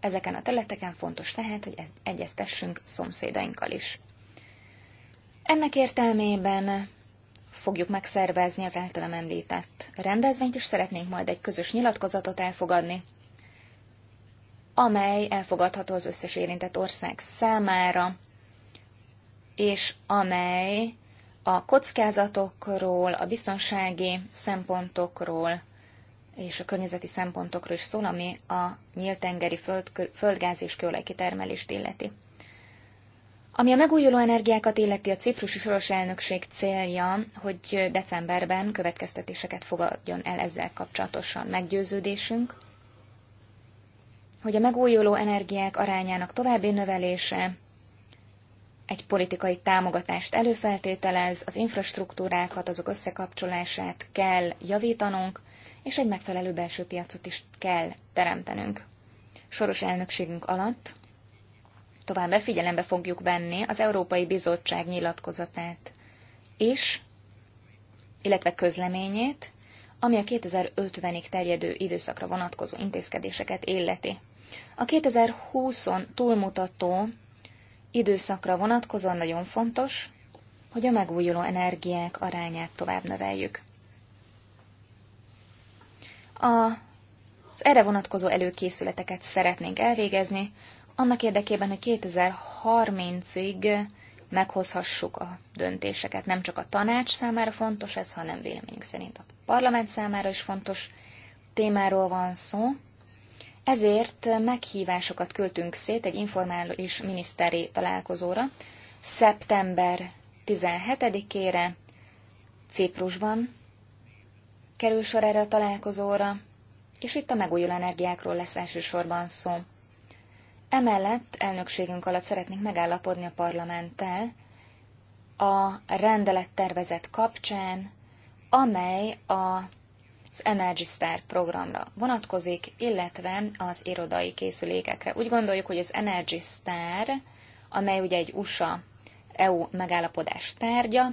Ezeken a területeken fontos tehát, hogy ezt egyeztessünk szomszédainkkal is. Ennek értelmében fogjuk megszervezni az általam említett rendezvényt, és szeretnénk majd egy közös nyilatkozatot elfogadni, amely elfogadható az összes érintett ország számára, és amely a kockázatokról, a biztonsági szempontokról és a környezeti szempontokról is szól, ami a nyíltengeri föld, földgáz és kőolajkitermelést illeti. Ami a megújuló energiákat illeti a ciprusi soros elnökség célja, hogy decemberben következtetéseket fogadjon el ezzel kapcsolatosan meggyőződésünk, hogy a megújuló energiák arányának további növelése egy politikai támogatást előfeltételez, az infrastruktúrákat, azok összekapcsolását kell javítanunk, és egy megfelelő belső piacot is kell teremtenünk. Soros elnökségünk alatt továbbá figyelembe fogjuk venni az Európai Bizottság nyilatkozatát is, illetve közleményét, ami a 2050-ig terjedő időszakra vonatkozó intézkedéseket illeti. A 2020-on túlmutató időszakra vonatkozóan nagyon fontos, hogy a megújuló energiák arányát tovább növeljük. Az erre vonatkozó előkészületeket szeretnénk elvégezni, annak érdekében, hogy 2030-ig meghozhassuk a döntéseket. Nem csak a tanács számára fontos ez, hanem véleményünk szerint a parlament számára is fontos témáról van szó, ezért meghívásokat költünk szét egy informális miniszteri találkozóra, szeptember 17-ére Ciprusban kerül sor erre a találkozóra, és itt a megújuló energiákról lesz elsősorban szó. Emellett elnökségünk alatt szeretnénk megállapodni a parlamenttel a rendelettervezet kapcsán, amely a az Energy Star programra vonatkozik, illetve az irodai készülékekre. Úgy gondoljuk, hogy az Energy Star, amely ugye egy USA-EU e megállapodás tárgya,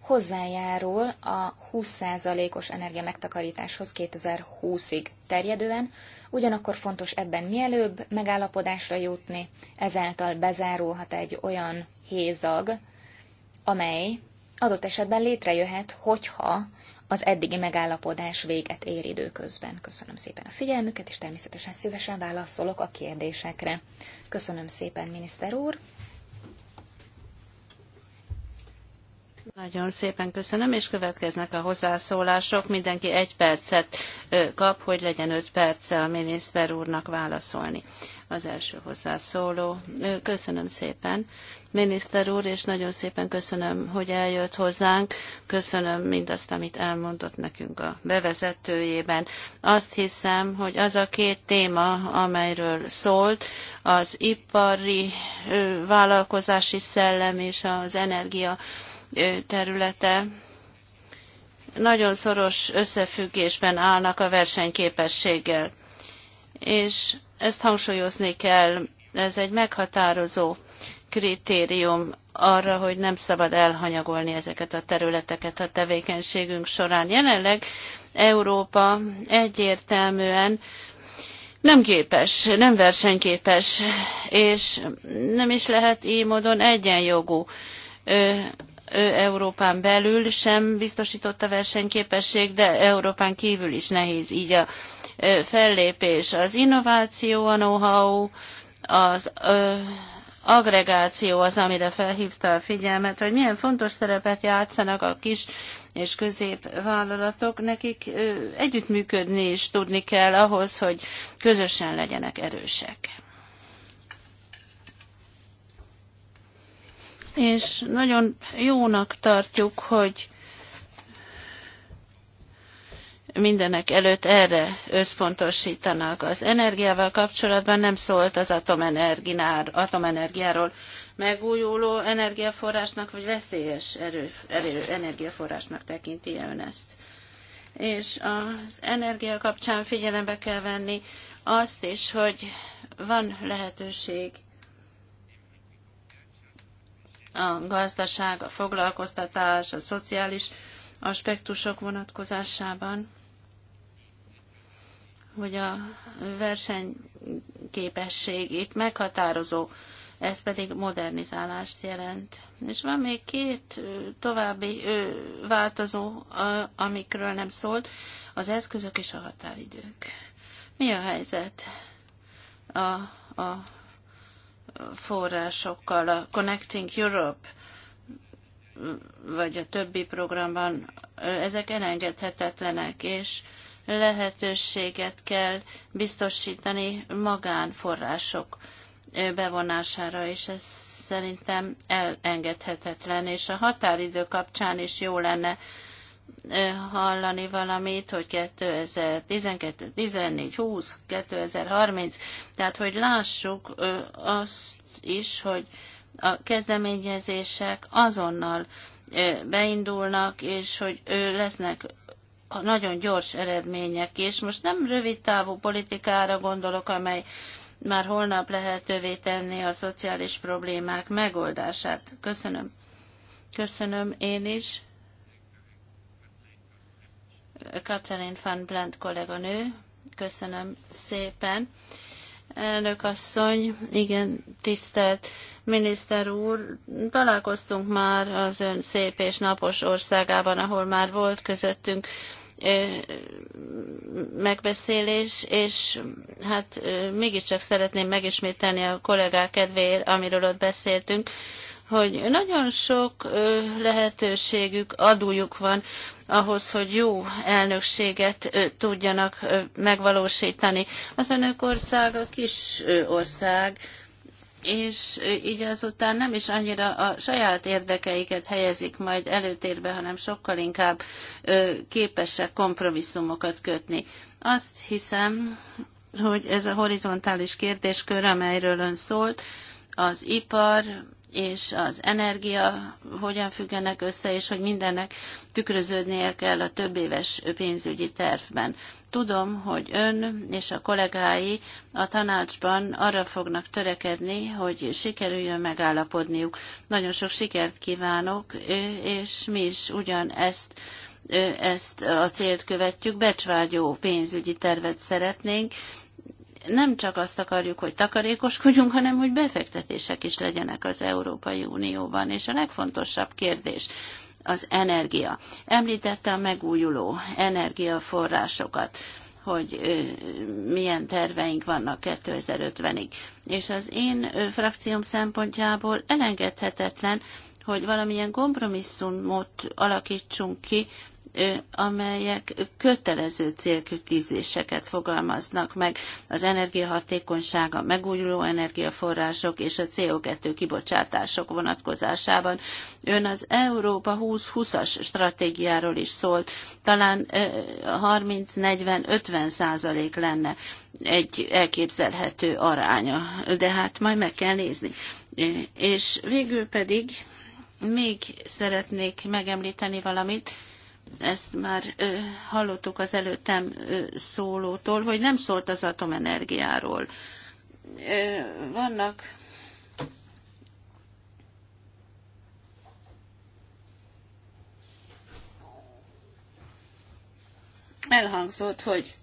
hozzájárul a 20%-os energia megtakarításhoz 2020-ig terjedően, ugyanakkor fontos ebben mielőbb megállapodásra jutni, ezáltal bezárulhat egy olyan hézag, amely adott esetben létrejöhet, hogyha az eddigi megállapodás véget ér időközben. Köszönöm szépen a figyelmüket, és természetesen szívesen válaszolok a kérdésekre. Köszönöm szépen, miniszter úr! Nagyon szépen köszönöm, és következnek a hozzászólások. Mindenki egy percet kap, hogy legyen öt perce a miniszter úrnak válaszolni. Az első hozzászóló. Köszönöm szépen. Miniszter úr, és nagyon szépen köszönöm, hogy eljött hozzánk. Köszönöm mindazt, amit elmondott nekünk a bevezetőjében. Azt hiszem, hogy az a két téma, amelyről szólt, az ipari vállalkozási szellem és az energia területe nagyon szoros összefüggésben állnak a versenyképességgel. És ezt hangsúlyozni kell, ez egy meghatározó kritérium arra, hogy nem szabad elhanyagolni ezeket a területeket a tevékenységünk során. Jelenleg Európa egyértelműen nem képes, nem versenyképes, és nem is lehet így módon egyenjogú Európán belül sem biztosított a versenyképesség, de Európán kívül is nehéz így a fellépés. Az innováció, a know-how, az ö, agregáció az, amire felhívta a figyelmet, hogy milyen fontos szerepet játszanak a kis és középvállalatok, nekik ö, együttműködni is tudni kell ahhoz, hogy közösen legyenek erősek. és nagyon jónak tartjuk, hogy mindenek előtt erre összpontosítanak. Az energiával kapcsolatban nem szólt az atomenergiáról megújuló energiaforrásnak, vagy veszélyes erő, erő, energiaforrásnak tekinti ön ezt. És az energia kapcsán figyelembe kell venni azt is, hogy van lehetőség a gazdaság, a foglalkoztatás, a szociális aspektusok vonatkozásában, hogy a versenyképesség itt meghatározó, ez pedig modernizálást jelent. És van még két további változó, amikről nem szólt, az eszközök és a határidők. Mi a helyzet a, a forrásokkal, a Connecting Europe vagy a többi programban, ezek elengedhetetlenek, és lehetőséget kell biztosítani magánforrások bevonására, és ez szerintem elengedhetetlen, és a határidő kapcsán is jó lenne hallani valamit, hogy 2012, 14, 20, 2030, tehát hogy lássuk azt is, hogy a kezdeményezések azonnal beindulnak, és hogy lesznek nagyon gyors eredmények is. Most nem rövid távú politikára gondolok, amely már holnap lehetővé tenni a szociális problémák megoldását. Köszönöm. Köszönöm én is. Katalin van Blant kolléganő. Köszönöm szépen. Elnök asszony, igen, tisztelt miniszter úr, találkoztunk már az ön szép és napos országában, ahol már volt közöttünk megbeszélés, és hát mégiscsak szeretném megismételni a kollégák kedvéért, amiről ott beszéltünk hogy nagyon sok lehetőségük, adójuk van ahhoz, hogy jó elnökséget tudjanak megvalósítani. Az önök ország a kis ország, és így azután nem is annyira a saját érdekeiket helyezik majd előtérbe, hanem sokkal inkább képesek kompromisszumokat kötni. Azt hiszem, hogy ez a horizontális kérdéskör, amelyről ön szólt, az ipar, és az energia hogyan függenek össze, és hogy mindennek tükröződnie kell a több éves pénzügyi tervben. Tudom, hogy ön és a kollégái a tanácsban arra fognak törekedni, hogy sikerüljön megállapodniuk. Nagyon sok sikert kívánok, és mi is ezt ezt a célt követjük, becsvágyó pénzügyi tervet szeretnénk, nem csak azt akarjuk, hogy takarékoskodjunk, hanem hogy befektetések is legyenek az Európai Unióban. És a legfontosabb kérdés az energia. Említette a megújuló energiaforrásokat hogy milyen terveink vannak 2050-ig. És az én frakcióm szempontjából elengedhetetlen, hogy valamilyen kompromisszumot alakítsunk ki amelyek kötelező célkütőzéseket fogalmaznak meg az energiahatékonysága, megújuló energiaforrások és a CO2 kibocsátások vonatkozásában. Ön az Európa 2020-as stratégiáról is szólt, talán 30-40-50 százalék lenne egy elképzelhető aránya, de hát majd meg kell nézni. És végül pedig még szeretnék megemlíteni valamit, ezt már hallottuk az előttem szólótól, hogy nem szólt az atomenergiáról. vannak elhangzott, hogy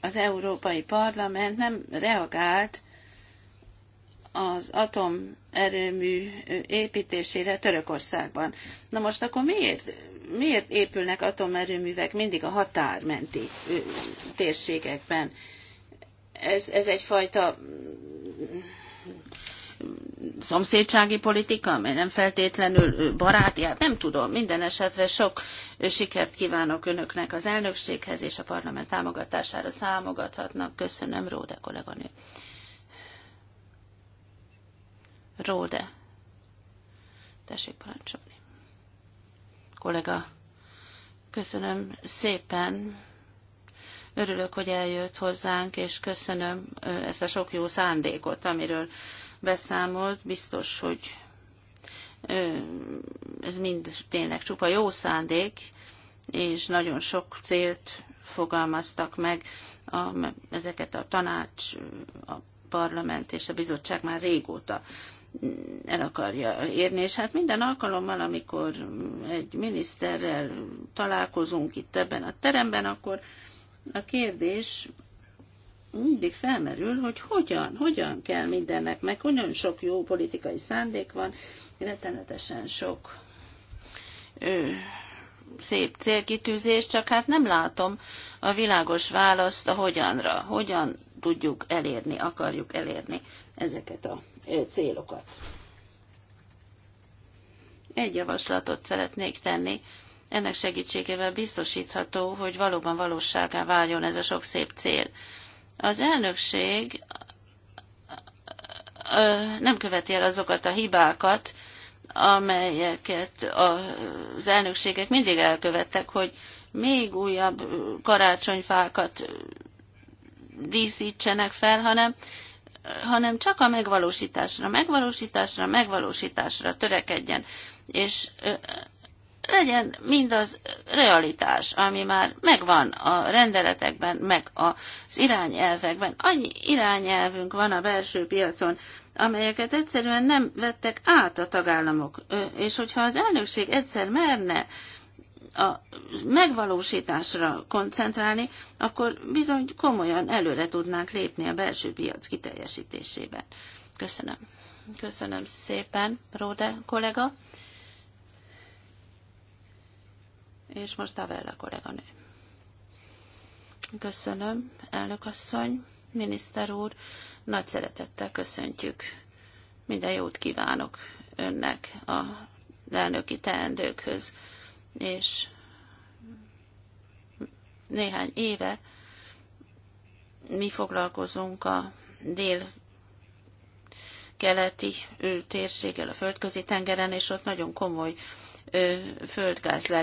az Európai Parlament nem reagált az atomerőmű építésére Törökországban. Na most akkor miért, miért épülnek atomerőművek mindig a határmenti térségekben? Ez, ez egyfajta mm, szomszédsági politika, mert nem feltétlenül baráti, hát nem tudom, minden esetre sok sikert kívánok önöknek az elnökséghez és a parlament támogatására számogathatnak. Köszönöm, Róde kolléganő. Róde. Tessék parancsolni. Kollega, köszönöm szépen. Örülök, hogy eljött hozzánk, és köszönöm ezt a sok jó szándékot, amiről beszámolt. Biztos, hogy ez mind tényleg csupa jó szándék, és nagyon sok célt fogalmaztak meg, a, ezeket a tanács, a parlament és a bizottság már régóta el akarja érni, és hát minden alkalommal, amikor egy miniszterrel találkozunk itt ebben a teremben, akkor a kérdés mindig felmerül, hogy hogyan, hogyan kell mindennek, meg nagyon sok jó politikai szándék van, rettenetesen sok ö, szép célkitűzés, csak hát nem látom a világos választ a hogyanra, hogyan tudjuk elérni, akarjuk elérni ezeket a célokat. Egy javaslatot szeretnék tenni. Ennek segítségével biztosítható, hogy valóban valóságá váljon ez a sok szép cél. Az elnökség nem követi el azokat a hibákat, amelyeket az elnökségek mindig elkövettek, hogy még újabb karácsonyfákat díszítsenek fel, hanem hanem csak a megvalósításra, megvalósításra, megvalósításra törekedjen, és legyen mindaz realitás, ami már megvan a rendeletekben, meg az irányelvekben. Annyi irányelvünk van a belső piacon, amelyeket egyszerűen nem vettek át a tagállamok. És hogyha az elnökség egyszer merne, a megvalósításra koncentrálni, akkor bizony komolyan előre tudnánk lépni a belső piac kiteljesítésében. Köszönöm. Köszönöm szépen, Róde kollega. És most a Vella kolléganő. Köszönöm, elnök asszony, miniszter úr, nagy szeretettel köszöntjük. Minden jót kívánok önnek a elnöki teendőkhöz és néhány éve mi foglalkozunk a dél keleti térséggel a földközi tengeren, és ott nagyon komoly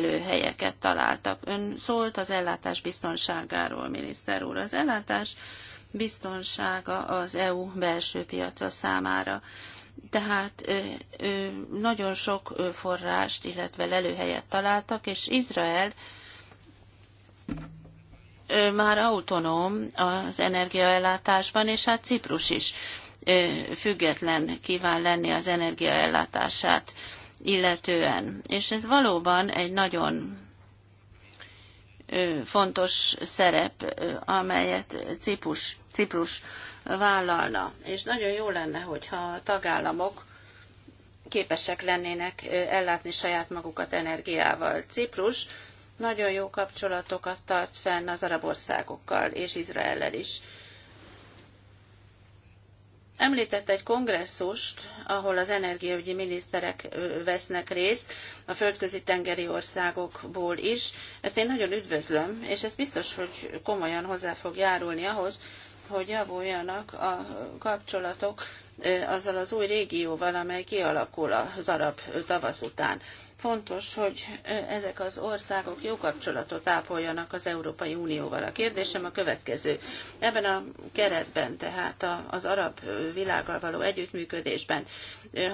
helyeket találtak. Ön szólt az ellátás biztonságáról, miniszter úr. Az ellátás biztonsága az EU belső piaca számára tehát nagyon sok forrást, illetve lelőhelyet találtak, és Izrael már autonóm az energiaellátásban, és hát Ciprus is független kíván lenni az energiaellátását illetően. És ez valóban egy nagyon fontos szerep, amelyet Ciprus, Ciprus vállalna. És nagyon jó lenne, hogyha a tagállamok képesek lennének ellátni saját magukat energiával. Ciprus nagyon jó kapcsolatokat tart fenn az arab országokkal és Izraellel is. Említett egy kongresszust, ahol az energiaügyi miniszterek vesznek részt, a földközi tengeri országokból is. Ezt én nagyon üdvözlöm, és ez biztos, hogy komolyan hozzá fog járulni ahhoz, hogy javuljanak a kapcsolatok azzal az új régióval, amely kialakul az arab tavasz után. Fontos, hogy ezek az országok jó kapcsolatot ápoljanak az Európai Unióval. A kérdésem a következő. Ebben a keretben, tehát az arab világgal való együttműködésben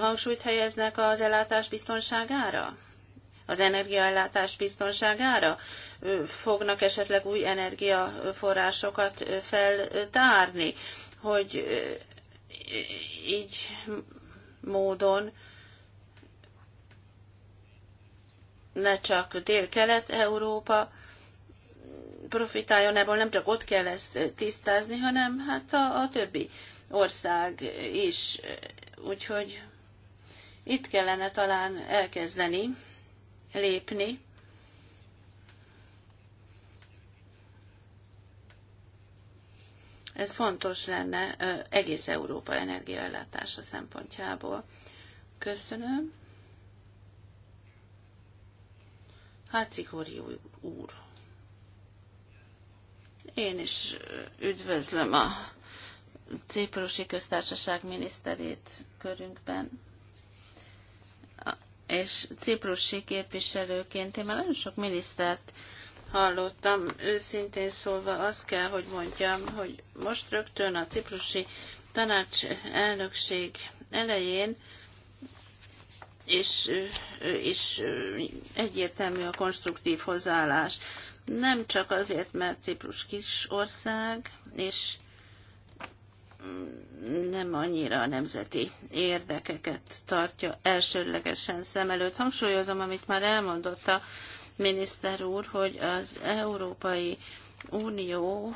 hangsúlyt helyeznek az ellátás biztonságára? az energiaellátás biztonságára? Fognak esetleg új energiaforrásokat feltárni, hogy így módon ne csak Dél-Kelet-Európa profitáljon ebből, nem csak ott kell ezt tisztázni, hanem hát a, a többi ország is. Úgyhogy itt kellene talán elkezdeni lépni. Ez fontos lenne egész Európa energiaellátása szempontjából. Köszönöm. Hácikori úr. Én is üdvözlöm a Ciprusi Köztársaság miniszterét körünkben és ciprusi képviselőként én már nagyon sok minisztert hallottam. Őszintén szólva azt kell, hogy mondjam, hogy most rögtön a ciprusi tanács elnökség elején és, és egyértelmű a konstruktív hozzáállás. Nem csak azért, mert Ciprus kis ország, és nem annyira a nemzeti érdekeket tartja elsődlegesen szem előtt. Hangsúlyozom, amit már elmondott a miniszter úr, hogy az Európai Unió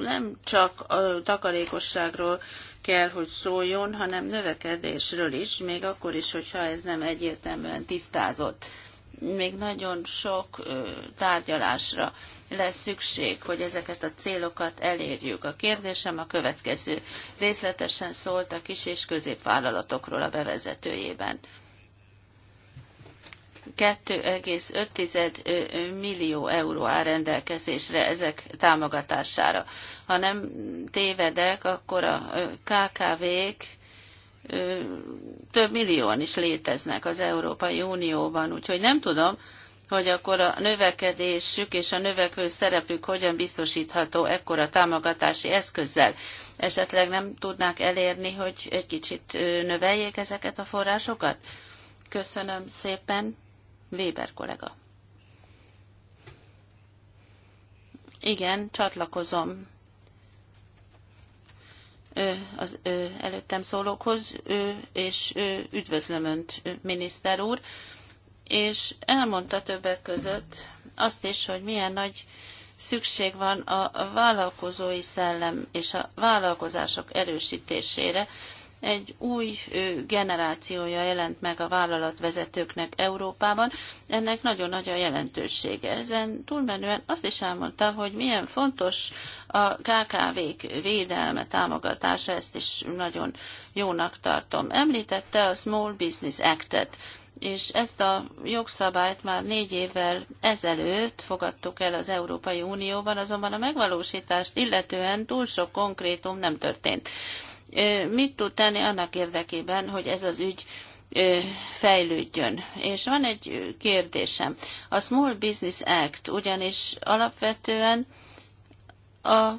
nem csak a takarékosságról kell, hogy szóljon, hanem növekedésről is, még akkor is, hogyha ez nem egyértelműen tisztázott. Még nagyon sok tárgyalásra lesz szükség, hogy ezeket a célokat elérjük. A kérdésem a következő. Részletesen szólt a kis és középvállalatokról a bevezetőjében. 2,5 millió euró áll rendelkezésre ezek támogatására. Ha nem tévedek, akkor a KKV-k több millióan is léteznek az Európai Unióban, úgyhogy nem tudom, hogy akkor a növekedésük és a növekvő szerepük hogyan biztosítható ekkora támogatási eszközzel. Esetleg nem tudnák elérni, hogy egy kicsit növeljék ezeket a forrásokat? Köszönöm szépen, Weber kollega. Igen, csatlakozom az előttem szólókhoz, és üdvözlöm Önt, miniszter úr és elmondta többek között azt is, hogy milyen nagy szükség van a vállalkozói szellem és a vállalkozások erősítésére. Egy új generációja jelent meg a vállalatvezetőknek Európában, ennek nagyon nagy a jelentősége. Ezen túlmenően azt is elmondta, hogy milyen fontos a KKV-k védelme, támogatása, ezt is nagyon jónak tartom. Említette a Small Business Act-et, és ezt a jogszabályt már négy évvel ezelőtt fogadtuk el az Európai Unióban, azonban a megvalósítást illetően túl sok konkrétum nem történt. Mit tud tenni annak érdekében, hogy ez az ügy fejlődjön. És van egy kérdésem. A Small Business Act ugyanis alapvetően a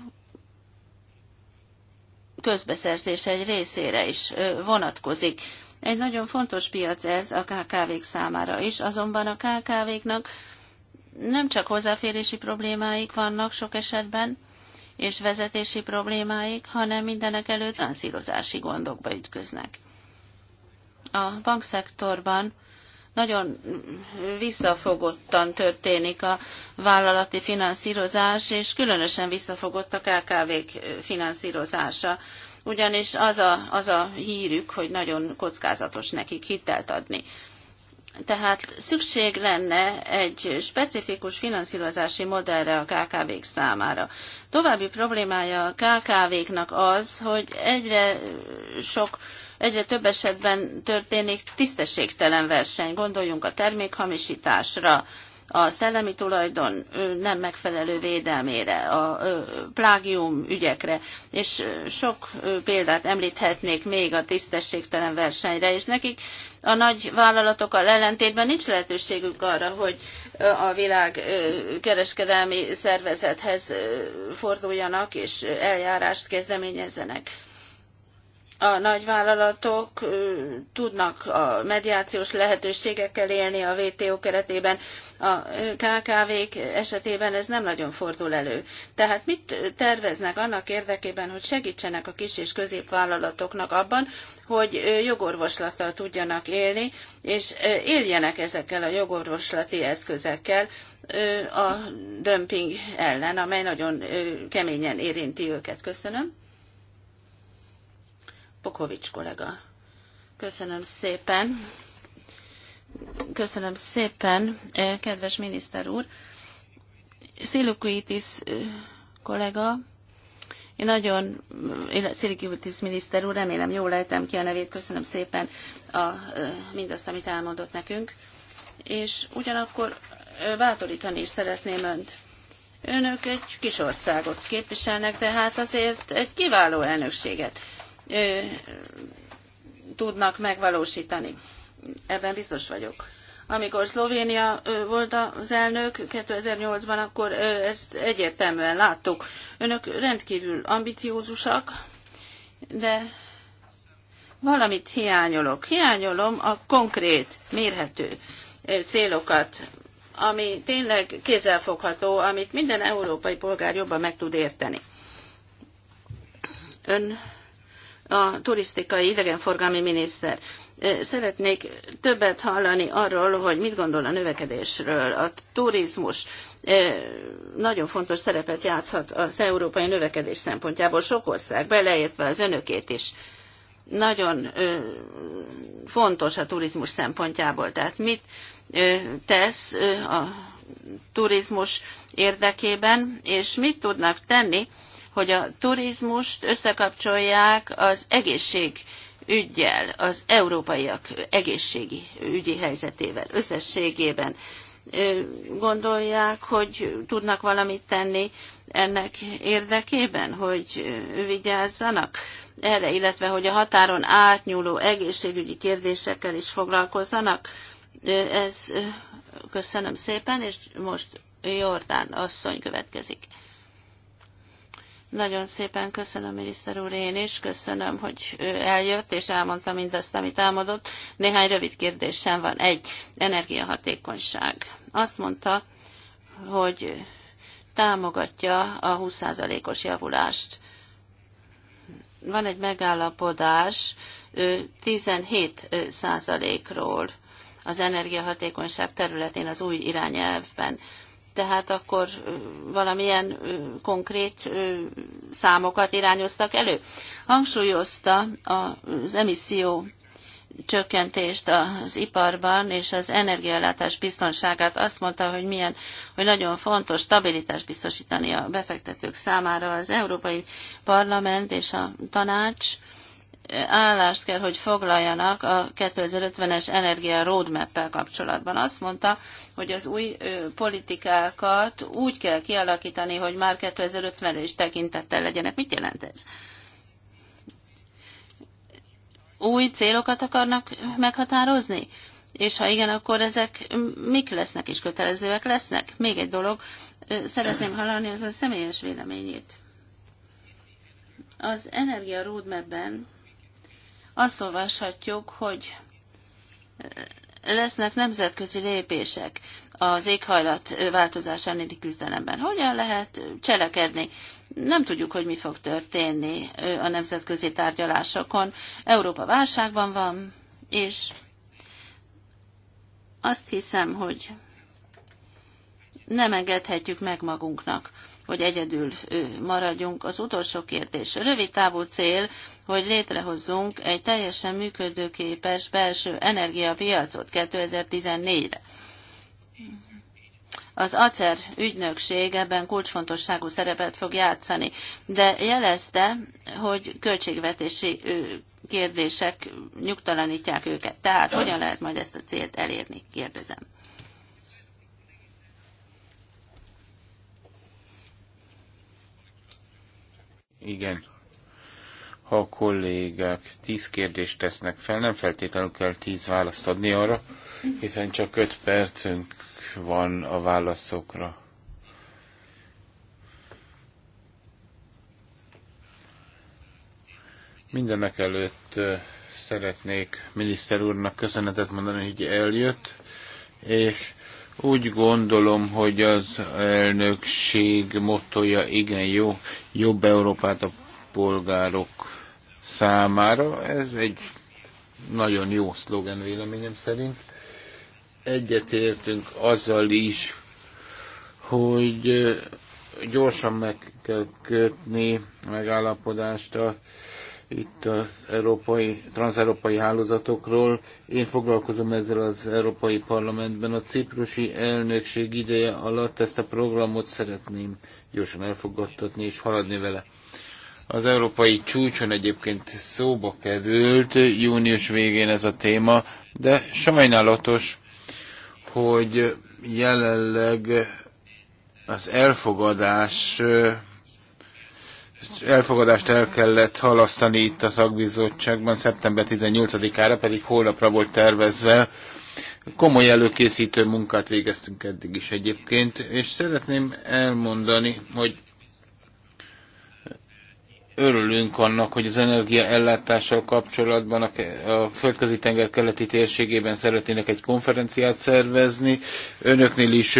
közbeszerzés egy részére is vonatkozik egy nagyon fontos piac ez a KKV-k számára is, azonban a KKV-knak nem csak hozzáférési problémáik vannak sok esetben, és vezetési problémáik, hanem mindenek előtt finanszírozási gondokba ütköznek. A bankszektorban nagyon visszafogottan történik a vállalati finanszírozás, és különösen visszafogott a KKV-k finanszírozása ugyanis az a, az a hírük, hogy nagyon kockázatos nekik hitelt adni. Tehát szükség lenne egy specifikus finanszírozási modellre a KKV-k számára. További problémája a KKV-knak az, hogy egyre sok egyre több esetben történik tisztességtelen verseny. Gondoljunk a termékhamisításra, a szellemi tulajdon nem megfelelő védelmére, a plágium ügyekre, és sok példát említhetnék még a tisztességtelen versenyre, és nekik a nagy vállalatokkal ellentétben nincs lehetőségük arra, hogy a világ kereskedelmi szervezethez forduljanak és eljárást kezdeményezzenek a nagyvállalatok tudnak a mediációs lehetőségekkel élni a WTO keretében, a KKV-k esetében ez nem nagyon fordul elő. Tehát mit terveznek annak érdekében, hogy segítsenek a kis és középvállalatoknak abban, hogy jogorvoslattal tudjanak élni, és éljenek ezekkel a jogorvoslati eszközekkel a dömping ellen, amely nagyon keményen érinti őket. Köszönöm. Pokovics kollega. Köszönöm szépen. Köszönöm szépen, eh, kedves miniszter úr. Szilukuitis eh, kollega, én nagyon, eh, Szilikivitisz miniszter úr, remélem jól lejtem ki a nevét, köszönöm szépen a, mindazt, amit elmondott nekünk. És ugyanakkor bátorítani is szeretném önt. Önök egy kis országot képviselnek, de hát azért egy kiváló elnökséget ö, tudnak megvalósítani ebben biztos vagyok. Amikor Szlovénia volt az elnök 2008-ban, akkor ezt egyértelműen láttuk. Önök rendkívül ambiciózusak, de valamit hiányolok. Hiányolom a konkrét, mérhető célokat, ami tényleg kézzelfogható, amit minden európai polgár jobban meg tud érteni. Ön a turisztikai idegenforgalmi miniszter. Szeretnék többet hallani arról, hogy mit gondol a növekedésről. A turizmus nagyon fontos szerepet játszhat az európai növekedés szempontjából sok ország, beleértve az önökét is nagyon fontos a turizmus szempontjából. Tehát mit tesz a turizmus érdekében, és mit tudnak tenni, hogy a turizmust összekapcsolják az egészség ügyjel, az európaiak egészségi ügyi helyzetével összességében gondolják, hogy tudnak valamit tenni ennek érdekében, hogy vigyázzanak erre, illetve hogy a határon átnyúló egészségügyi kérdésekkel is foglalkozzanak. Ez köszönöm szépen, és most Jordán asszony következik. Nagyon szépen köszönöm, miniszter úr, én is. Köszönöm, hogy eljött és elmondta mindazt, amit elmondott. Néhány rövid kérdésem van. Egy, energiahatékonyság. Azt mondta, hogy támogatja a 20%-os javulást. Van egy megállapodás 17%-ról az energiahatékonyság területén az új irányelvben tehát akkor valamilyen konkrét számokat irányoztak elő. Hangsúlyozta az emisszió csökkentést az iparban és az energiállátás biztonságát. Azt mondta, hogy milyen, hogy nagyon fontos stabilitást biztosítani a befektetők számára. Az Európai Parlament és a tanács állást kell, hogy foglaljanak a 2050-es energia roadmap-el kapcsolatban. Azt mondta, hogy az új politikákat úgy kell kialakítani, hogy már 2050-re is tekintettel legyenek. Mit jelent ez? Új célokat akarnak meghatározni? És ha igen, akkor ezek mik lesznek és kötelezőek lesznek? Még egy dolog, szeretném hallani az a személyes véleményét. Az Energia Roadmap-ben azt olvashatjuk, hogy lesznek nemzetközi lépések az éghajlat változás elleni küzdelemben. Hogyan lehet cselekedni? Nem tudjuk, hogy mi fog történni a nemzetközi tárgyalásokon. Európa válságban van, és azt hiszem, hogy nem engedhetjük meg magunknak hogy egyedül maradjunk. Az utolsó kérdés. Rövid távú cél, hogy létrehozzunk egy teljesen működőképes belső energiapiacot 2014-re. Az ACER ügynökség ebben kulcsfontosságú szerepet fog játszani, de jelezte, hogy költségvetési kérdések nyugtalanítják őket. Tehát hogyan lehet majd ezt a célt elérni, kérdezem. Igen. Ha a kollégák tíz kérdést tesznek fel, nem feltétlenül kell tíz választ adni arra, hiszen csak öt percünk van a válaszokra. Mindenek előtt szeretnék miniszter úrnak köszönetet mondani, hogy eljött, és úgy gondolom, hogy az elnökség mottoja igen jó, jobb Európát a polgárok számára. Ez egy nagyon jó szlogen véleményem szerint. Egyetértünk azzal is, hogy gyorsan meg kell kötni megállapodást a itt az európai, transzeurópai hálózatokról. Én foglalkozom ezzel az Európai Parlamentben. A ciprusi elnökség ideje alatt ezt a programot szeretném gyorsan elfogadtatni és haladni vele. Az európai csúcson egyébként szóba került június végén ez a téma, de sajnálatos, hogy jelenleg az elfogadás elfogadást el kellett halasztani itt a szakbizottságban, szeptember 18-ára, pedig holnapra volt tervezve. Komoly előkészítő munkát végeztünk eddig is egyébként, és szeretném elmondani, hogy örülünk annak, hogy az energiaellátással kapcsolatban a, a földközi tenger keleti térségében szeretnének egy konferenciát szervezni. Önöknél is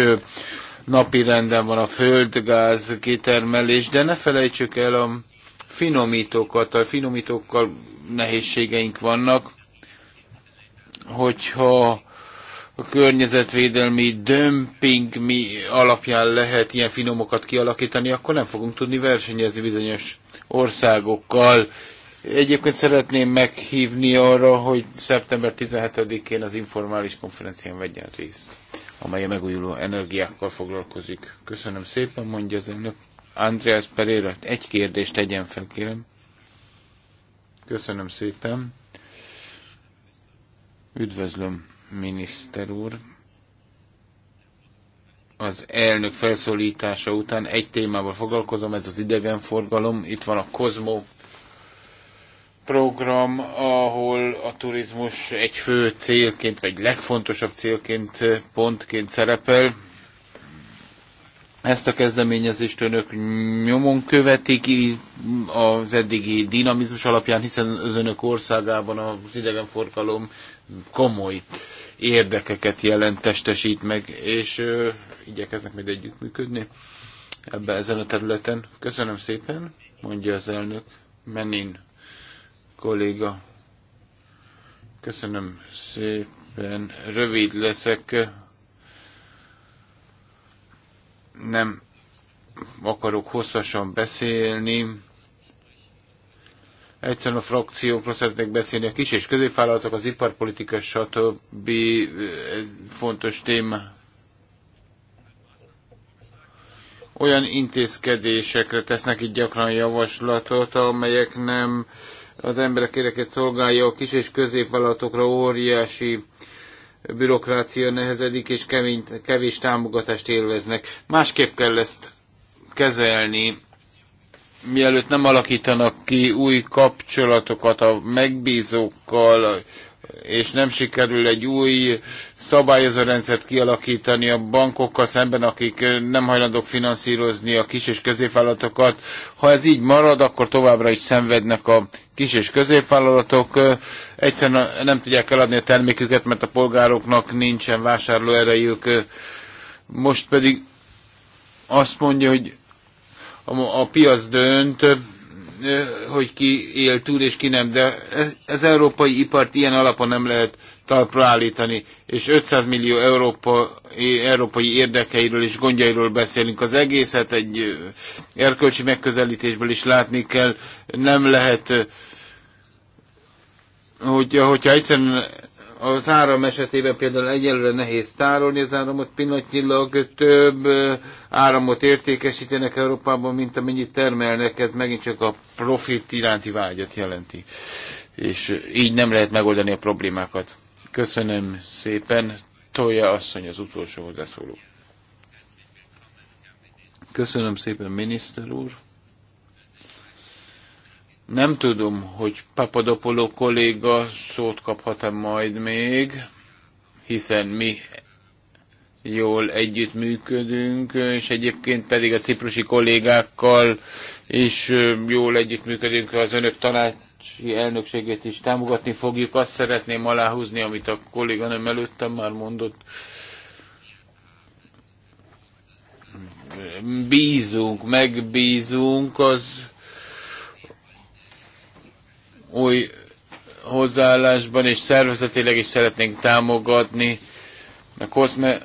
napi renden van a földgáz kitermelés, de ne felejtsük el a finomítókat, a finomítókkal nehézségeink vannak, hogyha a környezetvédelmi dömping mi alapján lehet ilyen finomokat kialakítani, akkor nem fogunk tudni versenyezni bizonyos országokkal. Egyébként szeretném meghívni arra, hogy szeptember 17-én az informális konferencián vegyen részt amely a megújuló energiákkal foglalkozik. Köszönöm szépen, mondja az elnök. Andreas Pereira, egy kérdést tegyen fel, kérem. Köszönöm szépen. Üdvözlöm, miniszter úr. Az elnök felszólítása után egy témával foglalkozom, ez az idegenforgalom. Itt van a Cosmo program, ahol a turizmus egy fő célként, vagy legfontosabb célként, eh, pontként szerepel. Ezt a kezdeményezést önök nyomon követik az eddigi dinamizmus alapján, hiszen az önök országában az idegenforgalom komoly érdekeket jelent, testesít meg, és ö, eh, igyekeznek majd együttműködni ebben ezen a területen. Köszönöm szépen, mondja az elnök. Menin kolléga. Köszönöm szépen. Rövid leszek. Nem akarok hosszasan beszélni. Egyszerűen a frakciókra szeretnék beszélni. A kis és középvállalatok, az iparpolitika, stb. fontos téma. olyan intézkedésekre tesznek itt gyakran javaslatot, amelyek nem az emberek éreket szolgálja, a kis és középvállalatokra óriási bürokrácia nehezedik, és kemény, kevés támogatást élveznek. Másképp kell ezt kezelni, mielőtt nem alakítanak ki új kapcsolatokat a megbízókkal, és nem sikerül egy új szabályozó rendszert kialakítani a bankokkal szemben, akik nem hajlandók finanszírozni a kis és középvállalatokat. Ha ez így marad, akkor továbbra is szenvednek a kis és középvállalatok. Egyszerűen nem tudják eladni a terméküket, mert a polgároknak nincsen erejük. Most pedig azt mondja, hogy a piac dönt, hogy ki él túl és ki nem, de ez európai ipart ilyen alapon nem lehet talpra állítani, és 500 millió Európa, európai érdekeiről és gondjairól beszélünk. Az egészet egy erkölcsi megközelítésből is látni kell. Nem lehet, hogy, hogyha egyszerűen az áram esetében például egyelőre nehéz tárolni az áramot, pillanatnyilag több áramot értékesítenek Európában, mint amennyit termelnek, ez megint csak a profit iránti vágyat jelenti. És így nem lehet megoldani a problémákat. Köszönöm szépen. Tolja asszony az utolsó hozzászóló. Köszönöm szépen, miniszter úr. Nem tudom, hogy Papadopoló kolléga szót kaphat-e majd még, hiszen mi jól együttműködünk, és egyébként pedig a ciprusi kollégákkal is jól együttműködünk, az önök tanácsi elnökségét is támogatni fogjuk. Azt szeretném aláhúzni, amit a kolléganőm előttem már mondott. Bízunk, megbízunk az új hozzáállásban, és szervezetileg is szeretnénk támogatni. A Koszme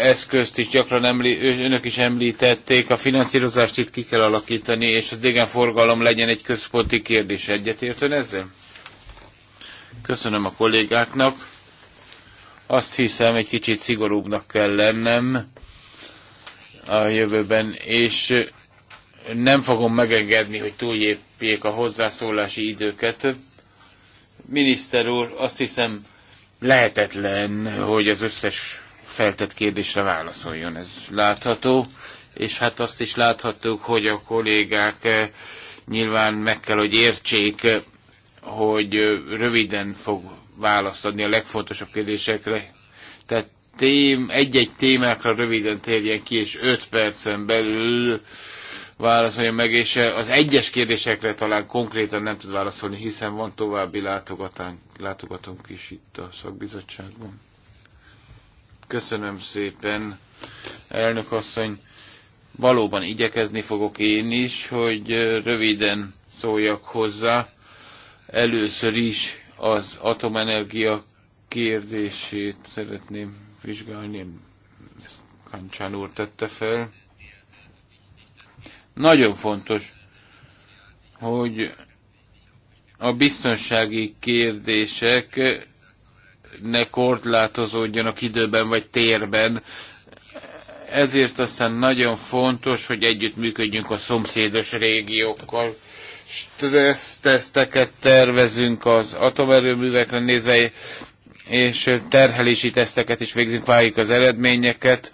eszközt is gyakran emli, önök is említették, a finanszírozást itt ki kell alakítani, és a forgalom legyen egy központi kérdés. Egyetértőn ezzel? Köszönöm a kollégáknak. Azt hiszem, egy kicsit szigorúbbnak kell lennem a jövőben, és nem fogom megengedni, hogy túljépjék a hozzászólási időket. Miniszter úr, azt hiszem lehetetlen, hogy az összes feltett kérdésre válaszoljon. Ez látható, és hát azt is láthattuk, hogy a kollégák eh, nyilván meg kell, hogy értsék, eh, hogy eh, röviden fog választ adni a legfontosabb kérdésekre. Tehát tém, egy-egy témákra röviden térjen ki, és öt percen belül válaszolja meg, és eh, az egyes kérdésekre talán konkrétan nem tud válaszolni, hiszen van további látogatónk is itt a szakbizottságban. Köszönöm szépen, elnök asszony. Valóban igyekezni fogok én is, hogy eh, röviden szóljak hozzá. Először is az atomenergia kérdését szeretném vizsgálni, ezt Kancsán úr tette fel nagyon fontos, hogy a biztonsági kérdések ne korlátozódjanak időben vagy térben. Ezért aztán nagyon fontos, hogy együttműködjünk a szomszédos régiókkal. Stresszteszteket tervezünk az atomerőművekre nézve, és terhelési teszteket is végzünk, várjuk az eredményeket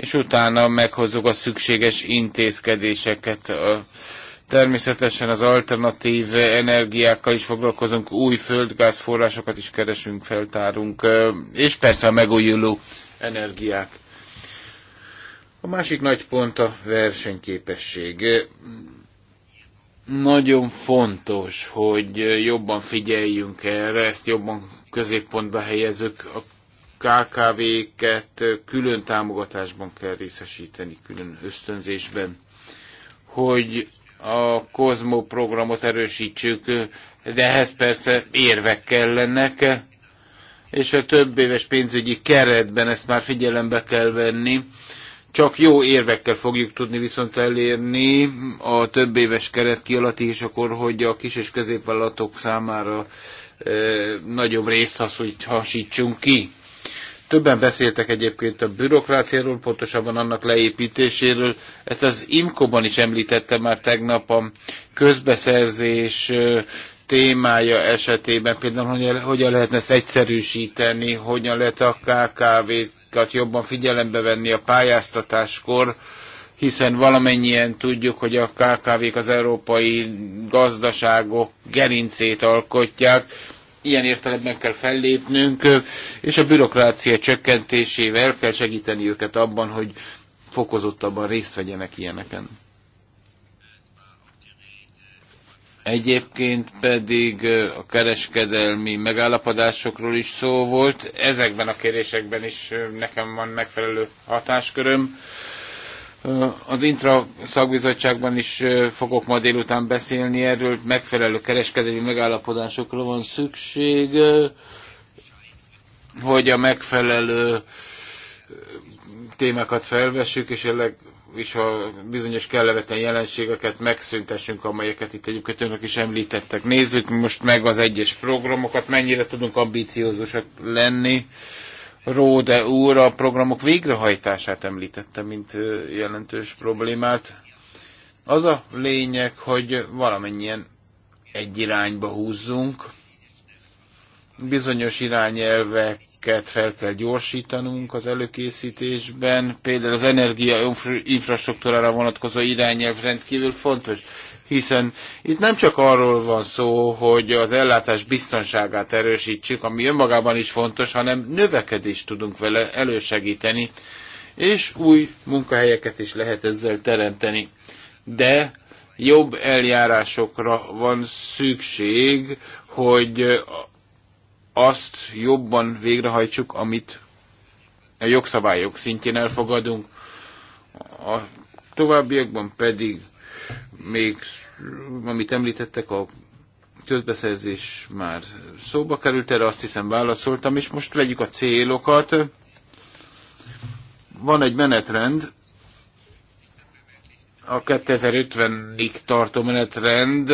és utána meghozzuk a szükséges intézkedéseket. Természetesen az alternatív energiákkal is foglalkozunk, új földgázforrásokat is keresünk, feltárunk, és persze a megújuló energiák. A másik nagy pont a versenyképesség. Nagyon fontos, hogy jobban figyeljünk erre, ezt jobban középpontba helyezzük a KKV-ket külön támogatásban kell részesíteni, külön ösztönzésben, hogy a Kozmo programot erősítsük, de ehhez persze érvek kellenek, és a több éves pénzügyi keretben ezt már figyelembe kell venni. Csak jó érvekkel fogjuk tudni viszont elérni a több éves keret akkor, hogy a kis és középvállalatok számára e, nagyobb részt hasonlítsunk ki Többen beszéltek egyébként a bürokráciáról, pontosabban annak leépítéséről. Ezt az Imkoban ban is említette már tegnap a közbeszerzés témája esetében, például hogyan, hogyan lehetne ezt egyszerűsíteni, hogyan lehet a KKV-kat jobban figyelembe venni a pályáztatáskor, hiszen valamennyien tudjuk, hogy a KKV-k az európai gazdaságok gerincét alkotják, ilyen értelemben kell fellépnünk, és a bürokrácia csökkentésével kell segíteni őket abban, hogy fokozottabban részt vegyenek ilyeneken. Egyébként pedig a kereskedelmi megállapodásokról is szó volt. Ezekben a kérésekben is nekem van megfelelő hatásköröm. Az Intra szakbizottságban is fogok ma délután beszélni erről, megfelelő kereskedelmi megállapodásokra van szükség, hogy a megfelelő témákat felvessük, és a leg, és a bizonyos kelleveten jelenségeket megszüntessünk, amelyeket itt egyébként önök is említettek. Nézzük most meg az egyes programokat, mennyire tudunk ambíciózusak lenni Róde úr a programok végrehajtását említette, mint jelentős problémát. Az a lényeg, hogy valamennyien egy irányba húzzunk. Bizonyos irányelveket fel kell gyorsítanunk az előkészítésben. Például az energia infrastruktúrára vonatkozó irányelv rendkívül fontos hiszen itt nem csak arról van szó, hogy az ellátás biztonságát erősítsük, ami önmagában is fontos, hanem növekedést tudunk vele elősegíteni, és új munkahelyeket is lehet ezzel teremteni. De jobb eljárásokra van szükség, hogy azt jobban végrehajtsuk, amit a jogszabályok szintjén elfogadunk. A továbbiakban pedig még, amit említettek, a közbeszerzés már szóba került, erre azt hiszem válaszoltam, és most vegyük a célokat. Van egy menetrend, a 2050-ig tartó menetrend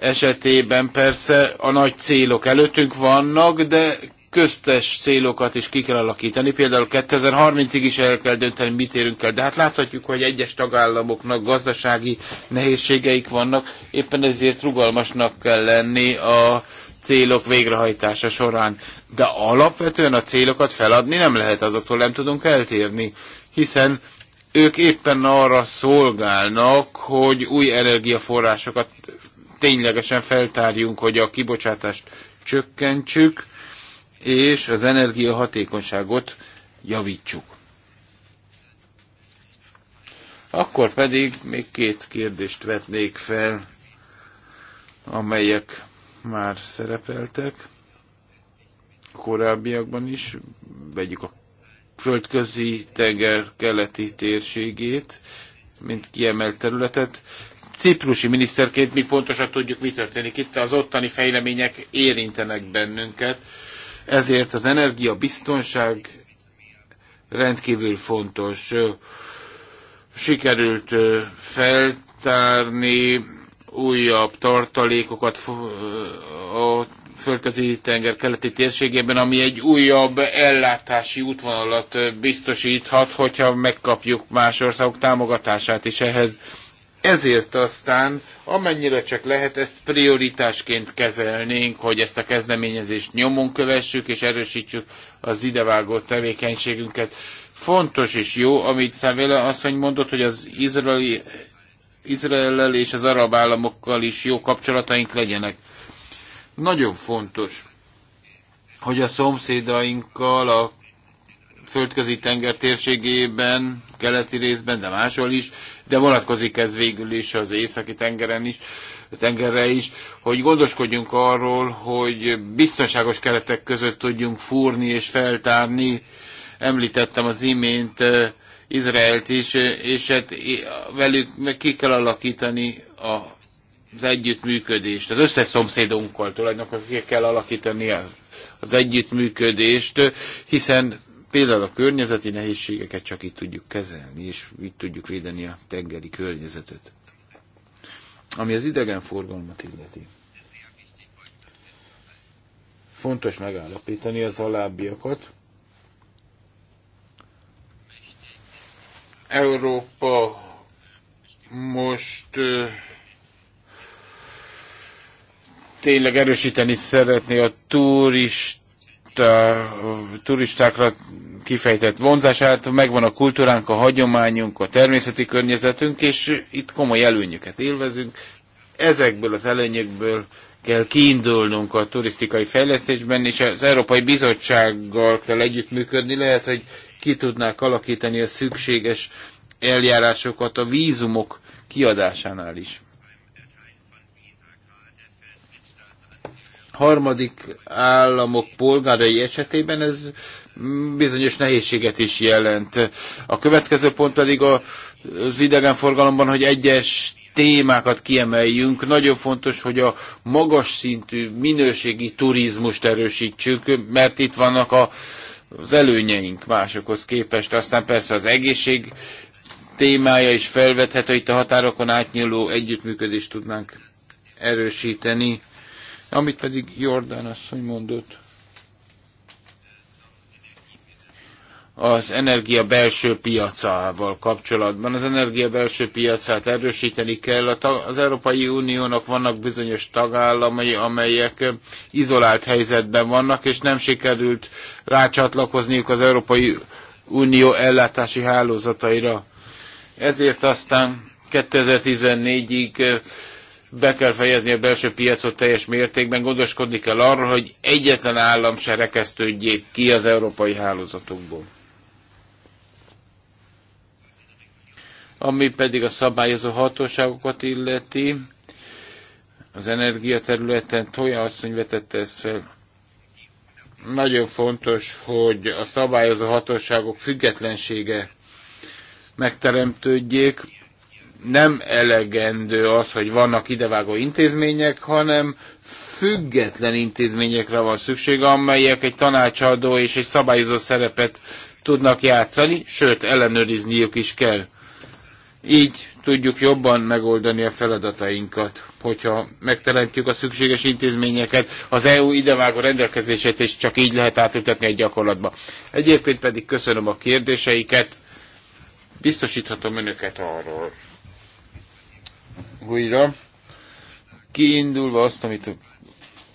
esetében persze a nagy célok előttünk vannak, de köztes célokat is ki kell alakítani. Például 2030-ig is el kell dönteni, mit érünk el. De hát láthatjuk, hogy egyes tagállamoknak gazdasági nehézségeik vannak. Éppen ezért rugalmasnak kell lenni a célok végrehajtása során. De alapvetően a célokat feladni nem lehet, azoktól nem tudunk eltérni, hiszen ők éppen arra szolgálnak, hogy új energiaforrásokat ténylegesen feltárjunk, hogy a kibocsátást csökkentsük, és az energiahatékonyságot javítsuk. Akkor pedig még két kérdést vetnék fel, amelyek már szerepeltek a korábbiakban is. Vegyük a földközi tenger keleti térségét, mint kiemelt területet. Ciprusi miniszterként mi pontosan tudjuk, mi történik itt. Az ottani fejlemények érintenek bennünket, ezért az energiabiztonság rendkívül fontos. Sikerült feltárni újabb tartalékokat a földközi tenger keleti térségében, ami egy újabb ellátási útvonalat biztosíthat, hogyha megkapjuk más országok támogatását is ehhez ezért aztán, amennyire csak lehet, ezt prioritásként kezelnénk, hogy ezt a kezdeményezést nyomon kövessük, és erősítsük az idevágó tevékenységünket. Fontos és jó, amit azt asszony mondott, hogy az izraeli, Izraellel és az arab államokkal is jó kapcsolataink legyenek. Nagyon fontos, hogy a szomszédainkkal, a földközi tenger térségében, keleti részben, de máshol is, de vonatkozik ez végül is az északi tengeren is, a tengerre is, hogy gondoskodjunk arról, hogy biztonságos keretek között tudjunk fúrni és feltárni. Említettem az imént eh, Izraelt is, eh, és hát velük ki kell alakítani a az együttműködést, az összes szomszédunkkal tulajdonképpen ki kell alakítani az együttműködést, hiszen Például a környezeti nehézségeket csak itt tudjuk kezelni, és itt tudjuk védeni a tengeri környezetet. Ami az idegenforgalmat illeti. Fontos megállapítani az alábbiakat. Európa most tényleg erősíteni szeretné a turist a turistákra kifejtett vonzását, megvan a kultúránk, a hagyományunk, a természeti környezetünk, és itt komoly előnyöket élvezünk. Ezekből az előnyökből kell kiindulnunk a turisztikai fejlesztésben, és az Európai Bizottsággal kell együttműködni. Lehet, hogy ki tudnák alakítani a szükséges eljárásokat a vízumok kiadásánál is. harmadik államok polgárai esetében ez bizonyos nehézséget is jelent. A következő pont pedig a az idegenforgalomban, hogy egyes témákat kiemeljünk. Nagyon fontos, hogy a magas szintű minőségi turizmust erősítsük, mert itt vannak a, az előnyeink másokhoz képest. Aztán persze az egészség témája is felvethető, itt a határokon átnyúló együttműködést tudnánk erősíteni. Amit pedig Jordán asszony mondott, az energia belső piacával kapcsolatban. Az energia belső piacát erősíteni kell. Az Európai Uniónak vannak bizonyos tagállamai, amelyek izolált helyzetben vannak, és nem sikerült rácsatlakozniuk az Európai Unió ellátási hálózataira. Ezért aztán 2014-ig be kell fejezni a belső piacot teljes mértékben, gondoskodni kell arról, hogy egyetlen állam se rekesztődjék ki az európai hálózatokból. Ami pedig a szabályozó hatóságokat illeti, az energia területen asszony vetette ezt fel. Nagyon fontos, hogy a szabályozó hatóságok függetlensége megteremtődjék, nem elegendő az, hogy vannak idevágó intézmények, hanem független intézményekre van szükség, amelyek egy tanácsadó és egy szabályozó szerepet tudnak játszani, sőt, ellenőrizniük is kell. Így tudjuk jobban megoldani a feladatainkat, hogyha megteremtjük a szükséges intézményeket, az EU idevágó rendelkezését, és csak így lehet átültetni egy gyakorlatba. Egyébként pedig köszönöm a kérdéseiket, biztosíthatom önöket arról, újra, kiindulva azt, amit a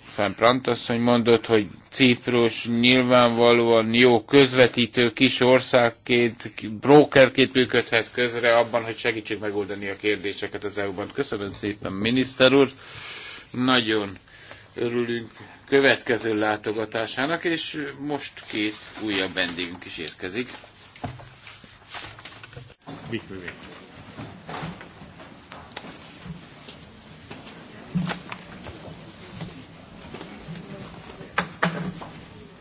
Fán Prantasszony mondott, hogy Ciprus nyilvánvalóan jó közvetítő kis országként, brokerként működhet közre abban, hogy segítsék megoldani a kérdéseket az EU-ban. Köszönöm szépen, miniszter úr! Nagyon örülünk következő látogatásának, és most két újabb vendégünk is érkezik. Mit művész?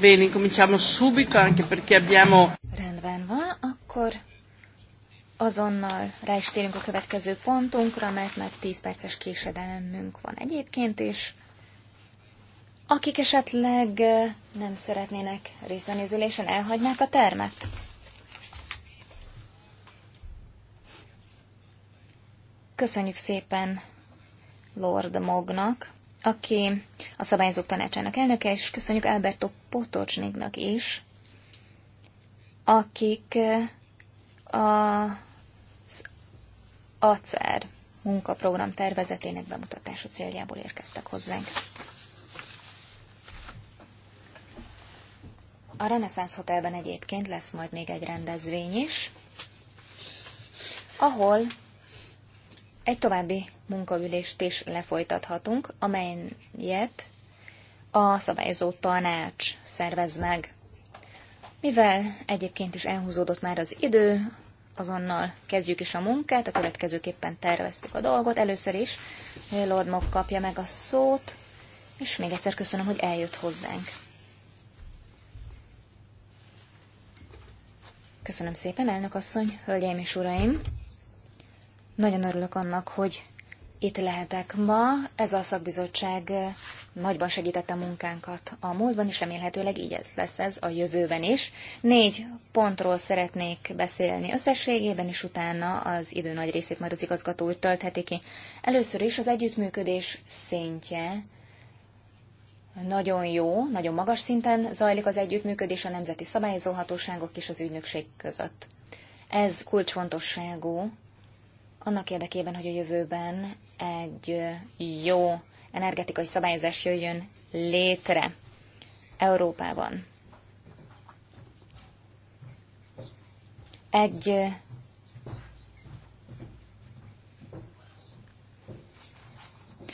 Bene, incominciamo subito, anche perché abbiamo... Rendben va, akkor azonnal rá is térünk a következő pontunkra, mert már 10 perces késedelmünk van egyébként is. Akik esetleg nem szeretnének részt az ülésen, elhagynák a termet? Köszönjük szépen Lord Mognak aki a szabályozók tanácsának elnöke, és köszönjük Alberto Potocsniknak is, akik eh, a, az ACER munkaprogram tervezetének bemutatása céljából érkeztek hozzánk. A Reneszánsz Hotelben egyébként lesz majd még egy rendezvény is, ahol egy további munkaülést is lefolytathatunk, amelyet a szabályozó tanács szervez meg. Mivel egyébként is elhúzódott már az idő, azonnal kezdjük is a munkát, a következőképpen terveztük a dolgot. Először is Lord Mock kapja meg a szót, és még egyszer köszönöm, hogy eljött hozzánk. Köszönöm szépen, elnök asszony, hölgyeim és uraim! Nagyon örülök annak, hogy itt lehetek ma. Ez a szakbizottság nagyban segítette a munkánkat a múltban, és remélhetőleg így ez lesz ez a jövőben is. Négy pontról szeretnék beszélni összességében, és utána az idő nagy részét majd az igazgató úgy töltheti ki. Először is az együttműködés szintje nagyon jó, nagyon magas szinten zajlik az együttműködés a nemzeti szabályozóhatóságok és az ügynökség között. Ez kulcsfontosságú annak érdekében, hogy a jövőben egy jó energetikai szabályozás jöjjön létre Európában. Egy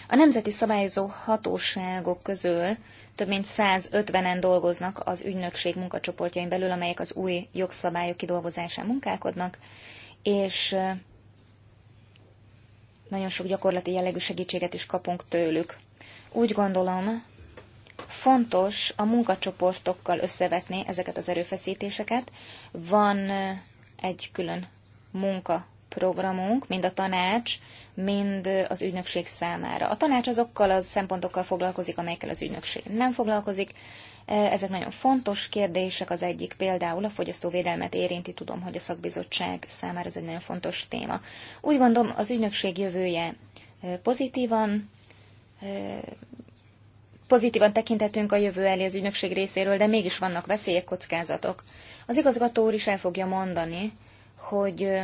A nemzeti szabályozó hatóságok közül több mint 150-en dolgoznak az ügynökség munkacsoportjain belül, amelyek az új jogszabályok kidolgozásán munkálkodnak, és nagyon sok gyakorlati jellegű segítséget is kapunk tőlük. Úgy gondolom, fontos a munkacsoportokkal összevetni ezeket az erőfeszítéseket. Van egy külön munkaprogramunk, mind a tanács, mind az ügynökség számára. A tanács azokkal a szempontokkal foglalkozik, amelyekkel az ügynökség nem foglalkozik, E, ezek nagyon fontos kérdések, az egyik például a fogyasztóvédelmet érinti, tudom, hogy a szakbizottság számára ez egy nagyon fontos téma. Úgy gondolom, az ügynökség jövője e, pozitívan, e, pozitívan tekintetünk a jövő elé az ügynökség részéről, de mégis vannak veszélyek, kockázatok. Az igazgató úr is el fogja mondani, hogy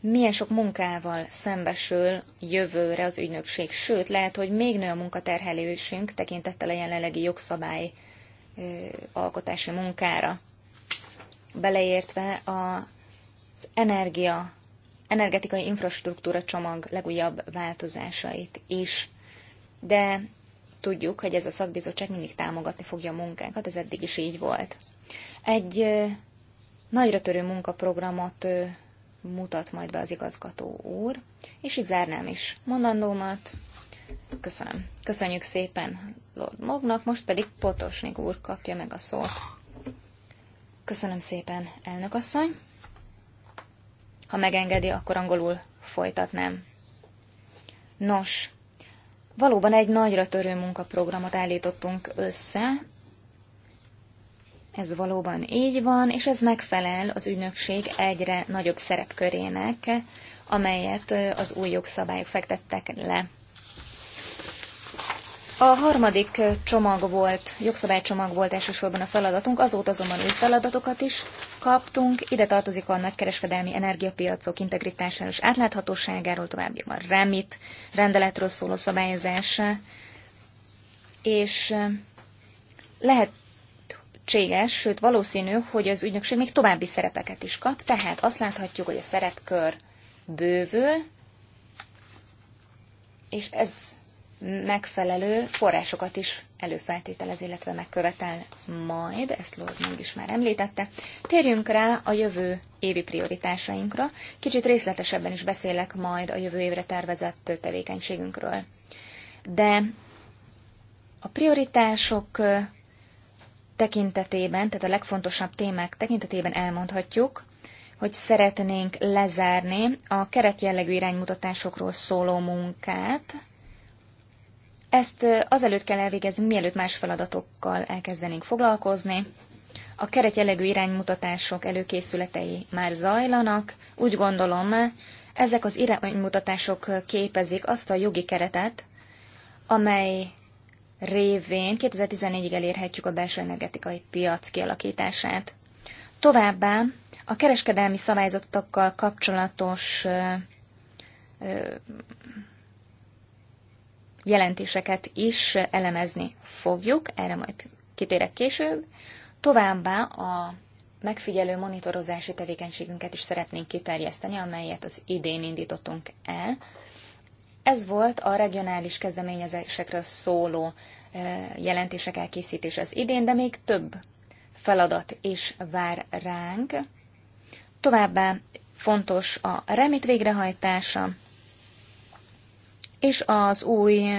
milyen sok munkával szembesül jövőre az ügynökség, sőt, lehet, hogy még nő a munkaterhelésünk tekintettel a jelenlegi jogszabály alkotási munkára, beleértve az energia, energetikai infrastruktúra csomag legújabb változásait is. De tudjuk, hogy ez a szakbizottság mindig támogatni fogja a munkánkat, ez eddig is így volt. Egy nagyra törő munkaprogramot mutat majd be az igazgató úr, és így zárnám is mondandómat. Köszönöm. Köszönjük szépen Lord Mognak, most pedig Potosnik úr kapja meg a szót. Köszönöm szépen, elnök asszony. Ha megengedi, akkor angolul folytatnám. Nos, valóban egy nagyra törő munkaprogramot állítottunk össze, ez valóban így van, és ez megfelel az ügynökség egyre nagyobb szerepkörének, amelyet az új jogszabályok fektettek le. A harmadik csomag volt, jogszabálycsomag volt elsősorban a feladatunk, azóta azonban új feladatokat is kaptunk. Ide tartozik a nagykereskedelmi energiapiacok integritásáról és átláthatóságáról, a REMIT, rendeletről szóló szabályozása, és lehet lehetséges, sőt valószínű, hogy az ügynökség még további szerepeket is kap, tehát azt láthatjuk, hogy a szerepkör bővül, és ez megfelelő forrásokat is előfeltételez, illetve megkövetel majd, ezt Lord meg is már említette. Térjünk rá a jövő évi prioritásainkra. Kicsit részletesebben is beszélek majd a jövő évre tervezett tevékenységünkről. De a prioritások tekintetében, tehát a legfontosabb témák tekintetében elmondhatjuk, hogy szeretnénk lezárni a keretjellegű iránymutatásokról szóló munkát. Ezt azelőtt kell elvégeznünk, mielőtt más feladatokkal elkezdenénk foglalkozni. A keretjellegű iránymutatások előkészületei már zajlanak. Úgy gondolom, ezek az iránymutatások képezik azt a jogi keretet, amely révén 2014-ig elérhetjük a belső energetikai piac kialakítását. Továbbá a kereskedelmi szabályzatokkal kapcsolatos ö, ö, jelentéseket is elemezni fogjuk, erre majd kitérek később. Továbbá a megfigyelő monitorozási tevékenységünket is szeretnénk kiterjeszteni, amelyet az idén indítottunk el. Ez volt a regionális kezdeményezésekről szóló jelentések elkészítése az idén, de még több feladat is vár ránk. Továbbá fontos a remit végrehajtása, és az új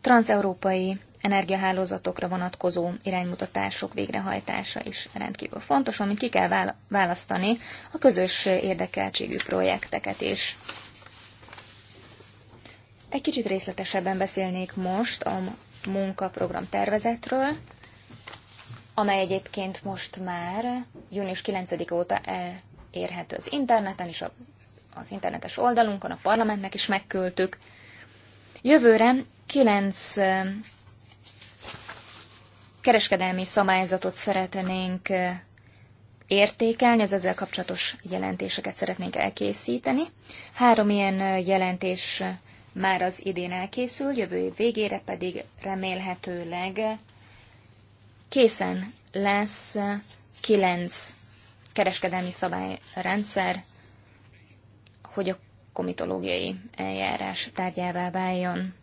transeurópai energiahálózatokra vonatkozó iránymutatások végrehajtása is rendkívül fontos, amit ki kell választani a közös érdekeltségű projekteket is. Egy kicsit részletesebben beszélnék most a munkaprogram tervezetről, amely egyébként most már június 9 óta elérhető az interneten és az internetes oldalunkon, a parlamentnek is megküldtük. Jövőre kilenc kereskedelmi szabályzatot szeretnénk értékelni, az ezzel kapcsolatos jelentéseket szeretnénk elkészíteni. Három ilyen jelentés már az idén elkészül, jövő év végére pedig remélhetőleg készen lesz kilenc kereskedelmi szabályrendszer, hogy a komitológiai eljárás tárgyává váljon.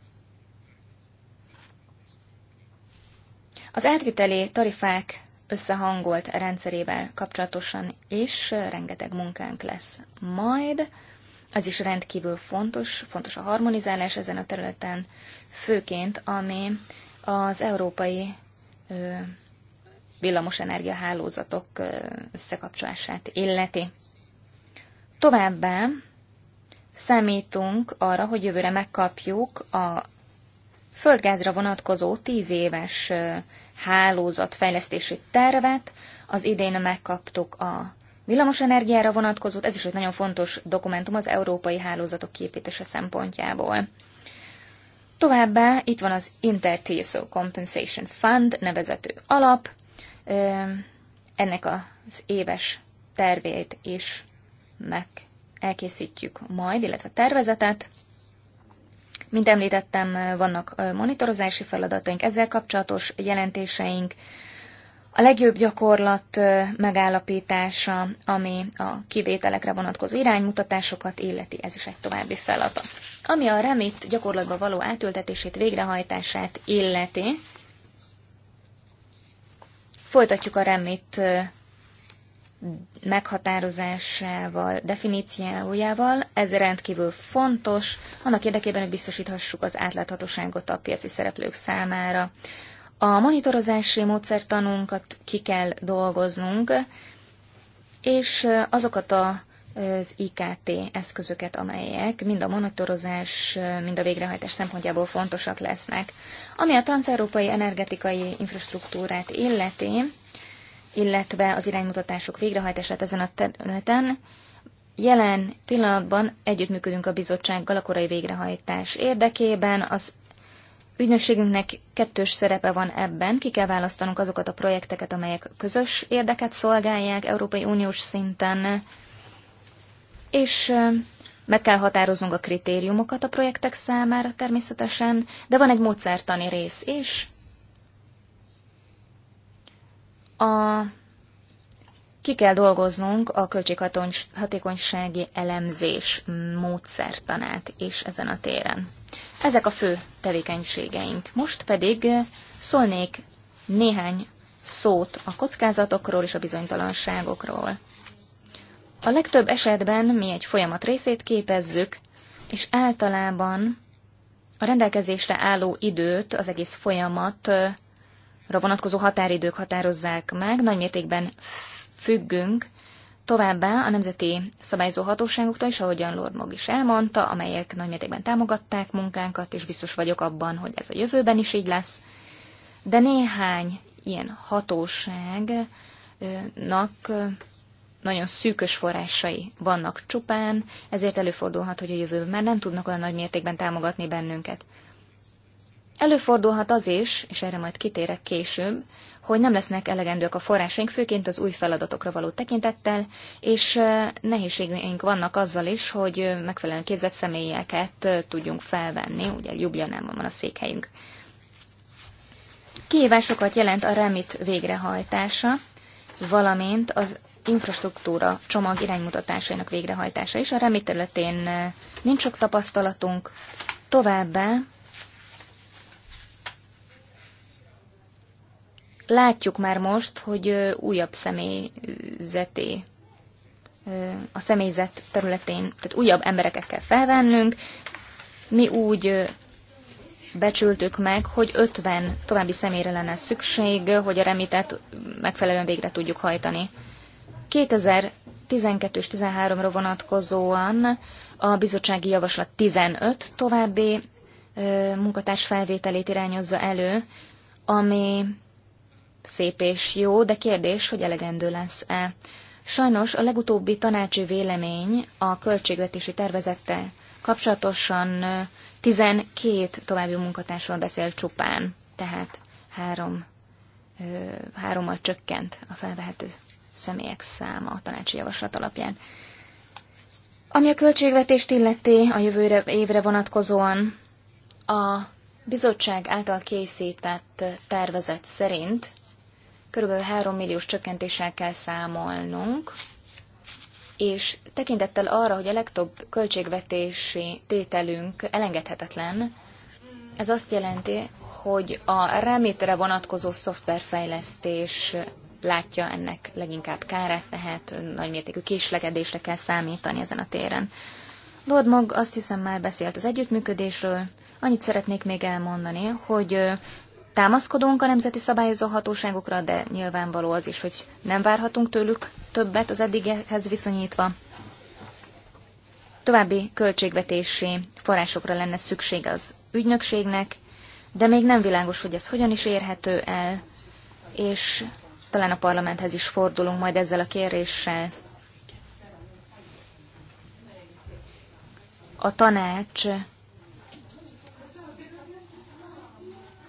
Az átviteli tarifák összehangolt rendszerével kapcsolatosan is rengeteg munkánk lesz majd. Ez is rendkívül fontos, fontos a harmonizálás ezen a területen, főként ami az európai villamosenergia hálózatok összekapcsolását illeti. Továbbá számítunk arra, hogy jövőre megkapjuk a földgázra vonatkozó tíz éves hálózatfejlesztési tervet. Az idén megkaptuk a villamosenergiára vonatkozott, ez is egy nagyon fontos dokumentum az európai hálózatok képítése szempontjából. Továbbá itt van az Intertieso Compensation Fund nevezető alap, ennek az éves tervét is meg elkészítjük majd, illetve tervezetet. Mint említettem, vannak monitorozási feladataink, ezzel kapcsolatos jelentéseink, a legjobb gyakorlat megállapítása, ami a kivételekre vonatkozó iránymutatásokat illeti, ez is egy további feladat. Ami a remit gyakorlatba való átültetését, végrehajtását illeti, folytatjuk a remit meghatározásával, definíciójával. Ez rendkívül fontos, annak érdekében, hogy biztosíthassuk az átláthatóságot a piaci szereplők számára. A monitorozási módszertanunkat ki kell dolgoznunk, és azokat a az IKT eszközöket, amelyek mind a monitorozás, mind a végrehajtás szempontjából fontosak lesznek. Ami a transzeurópai energetikai infrastruktúrát illeti, illetve az iránymutatások végrehajtását ezen a területen, jelen pillanatban együttműködünk a bizottsággal a korai végrehajtás érdekében, az Ügynökségünknek kettős szerepe van ebben, ki kell választanunk azokat a projekteket, amelyek közös érdeket szolgálják Európai Uniós szinten, és meg kell határoznunk a kritériumokat a projektek számára természetesen, de van egy módszertani rész is. A, ki kell dolgoznunk a költséghatékonysági elemzés módszertanát is ezen a téren. Ezek a fő tevékenységeink. Most pedig szólnék néhány szót a kockázatokról és a bizonytalanságokról. A legtöbb esetben mi egy folyamat részét képezzük, és általában a rendelkezésre álló időt, az egész folyamatra vonatkozó határidők határozzák meg, nagymértékben függünk Továbbá a nemzeti szabályzó hatóságoktól is, ahogyan Lord Mog is elmondta, amelyek nagymértékben támogatták munkánkat, és biztos vagyok abban, hogy ez a jövőben is így lesz. De néhány ilyen hatóságnak nagyon szűkös forrásai vannak csupán, ezért előfordulhat, hogy a jövőben már nem tudnak olyan nagy mértékben támogatni bennünket. Előfordulhat az is, és erre majd kitérek később, hogy nem lesznek elegendők a forrásaink, főként az új feladatokra való tekintettel, és nehézségeink vannak azzal is, hogy megfelelően képzett személyeket tudjunk felvenni, ugye Ljubljanában van a székhelyünk. Kihívásokat jelent a remit végrehajtása, valamint az infrastruktúra csomag iránymutatásainak végrehajtása is. A remit területén nincs sok tapasztalatunk, továbbá Látjuk már most, hogy újabb személyzeté a személyzet területén, tehát újabb embereket kell felvennünk. Mi úgy becsültük meg, hogy 50 további személyre lenne szükség, hogy a remitet megfelelően végre tudjuk hajtani. 2012 és 13-ra vonatkozóan a bizottsági javaslat 15 további munkatárs felvételét irányozza elő, ami szép és jó, de kérdés, hogy elegendő lesz-e. Sajnos a legutóbbi tanácsi vélemény a költségvetési tervezettel kapcsolatosan 12 további munkatársról beszél csupán, tehát három, hárommal csökkent a felvehető személyek száma a tanácsi javaslat alapján. Ami a költségvetést illeti a jövőre évre vonatkozóan, a bizottság által készített tervezet szerint körülbelül 3 milliós csökkentéssel kell számolnunk, és tekintettel arra, hogy a legtöbb költségvetési tételünk elengedhetetlen, ez azt jelenti, hogy a remétre vonatkozó szoftverfejlesztés látja ennek leginkább kárát, tehát nagymértékű késlekedésre kell számítani ezen a téren. Dodmog azt hiszem már beszélt az együttműködésről, annyit szeretnék még elmondani, hogy támaszkodunk a nemzeti szabályozó hatóságokra, de nyilvánvaló az is, hogy nem várhatunk tőlük többet az eddigihez viszonyítva. További költségvetési forrásokra lenne szükség az ügynökségnek, de még nem világos, hogy ez hogyan is érhető el, és talán a parlamenthez is fordulunk majd ezzel a kéréssel. A tanács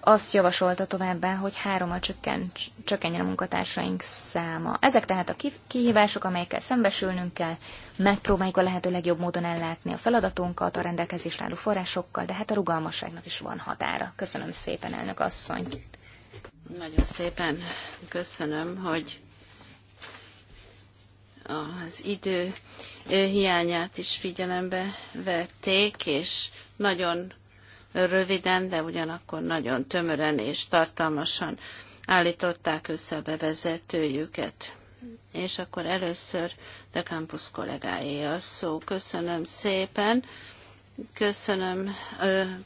azt javasolta továbbá, hogy hárommal csökken, csökkenjen a munkatársaink száma. Ezek tehát a kihívások, amelyekkel szembesülnünk kell, megpróbáljuk a lehető legjobb módon ellátni a feladatunkat a rendelkezésre álló forrásokkal, de hát a rugalmasságnak is van határa. Köszönöm szépen, elnök asszony! Nagyon szépen köszönöm, hogy az idő eh, hiányát is figyelembe vették, és nagyon röviden, de ugyanakkor nagyon tömören és tartalmasan állították össze a bevezetőjüket. És akkor először de Campus kollégáé a szó. Köszönöm szépen. Köszönöm,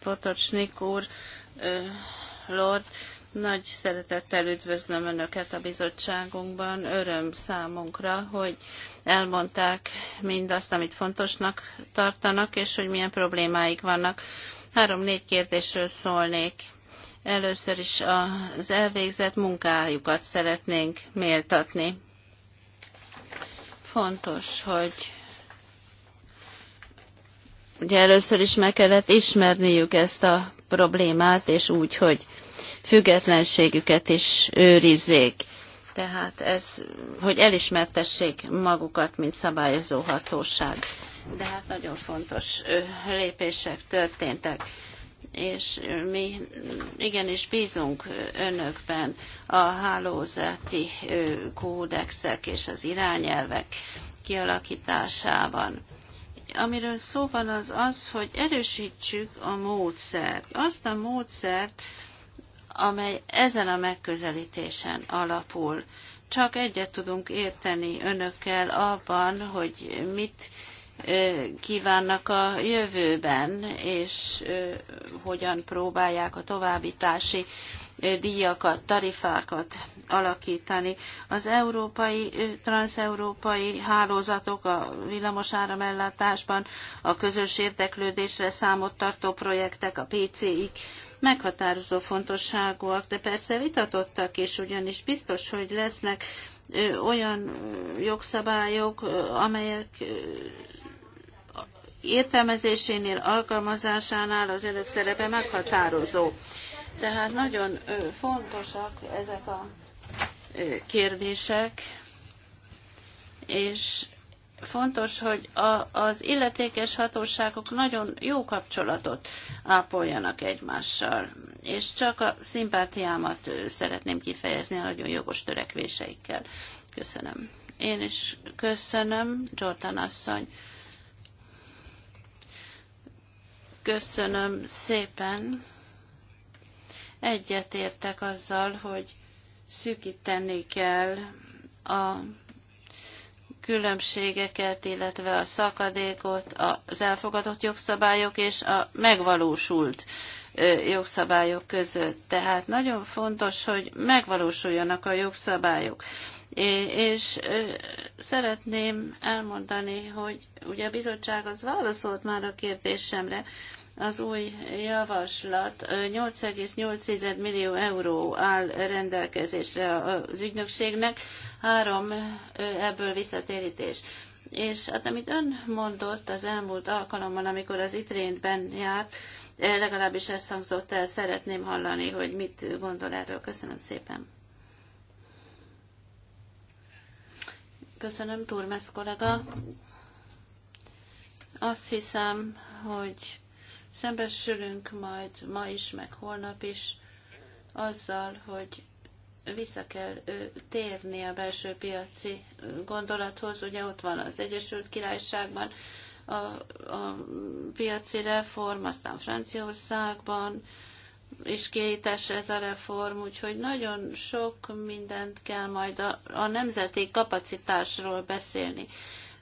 Potocsnik úr, Lord. Nagy szeretettel üdvözlöm Önöket a bizottságunkban. Öröm számunkra, hogy elmondták mindazt, amit fontosnak tartanak, és hogy milyen problémáik vannak Három-négy kérdésről szólnék. Először is az elvégzett munkájukat szeretnénk méltatni. Fontos, hogy ugye először is meg kellett ismerniük ezt a problémát, és úgy, hogy függetlenségüket is őrizzék. Tehát ez, hogy elismertessék magukat, mint szabályozó hatóság de hát nagyon fontos lépések történtek és mi igenis bízunk önökben a hálózati kódexek és az irányelvek kialakításában. Amiről szó van az az, hogy erősítsük a módszert. Azt a módszert, amely ezen a megközelítésen alapul. Csak egyet tudunk érteni önökkel abban, hogy mit kívánnak a jövőben, és hogyan próbálják a továbbítási díjakat, tarifákat alakítani. Az európai, transeurópai hálózatok a villamosáram ellátásban, a közös érdeklődésre számot tartó projektek, a pc k meghatározó fontosságúak, de persze vitatottak is, ugyanis biztos, hogy lesznek olyan jogszabályok, amelyek értelmezésénél, alkalmazásánál az önök szerepe meghatározó. Tehát nagyon fontosak ezek a kérdések, és fontos, hogy a, az illetékes hatóságok nagyon jó kapcsolatot ápoljanak egymással, és csak a szimpátiámat szeretném kifejezni a nagyon jogos törekvéseikkel. Köszönöm. Én is köszönöm, Jordan asszony. Köszönöm szépen. Egyetértek azzal, hogy szűkíteni kell a különbségeket, illetve a szakadékot az elfogadott jogszabályok és a megvalósult jogszabályok között. Tehát nagyon fontos, hogy megvalósuljanak a jogszabályok. És szeretném elmondani, hogy ugye a bizottság az válaszolt már a kérdésemre, az új javaslat 8,8 millió euró áll rendelkezésre az ügynökségnek, három ebből visszatérítés. És hát amit ön mondott az elmúlt alkalommal, amikor az itrénben járt, legalábbis ezt hangzott el, szeretném hallani, hogy mit gondol erről. Köszönöm szépen. Köszönöm, Turmes kollega. Azt hiszem, hogy szembesülünk majd ma is, meg holnap is azzal, hogy vissza kell térni a belső piaci gondolathoz. Ugye ott van az Egyesült Királyságban a, a piaci reform, aztán Franciaországban, is kiétes ez a reform, úgyhogy nagyon sok mindent kell majd a, a nemzeti kapacitásról beszélni.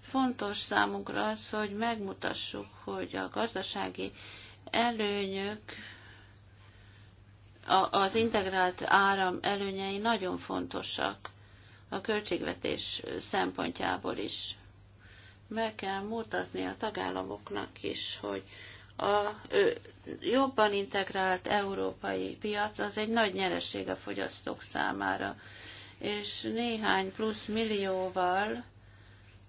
Fontos számunkra az, hogy megmutassuk, hogy a gazdasági előnyök, a, az integrált áram előnyei nagyon fontosak a költségvetés szempontjából is. Meg kell mutatni a tagállamoknak is, hogy a jobban integrált európai piac az egy nagy nyereség a fogyasztók számára, és néhány plusz millióval,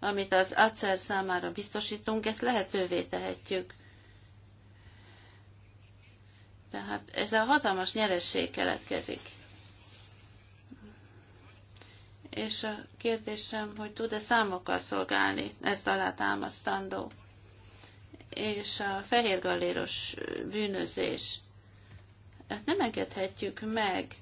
amit az ACER számára biztosítunk, ezt lehetővé tehetjük. Tehát ez a hatalmas nyeresség keletkezik. És a kérdésem, hogy tud-e számokkal szolgálni, ezt alátámasztandó. támasztandó és a fehér galléros bűnözés. Hát nem engedhetjük meg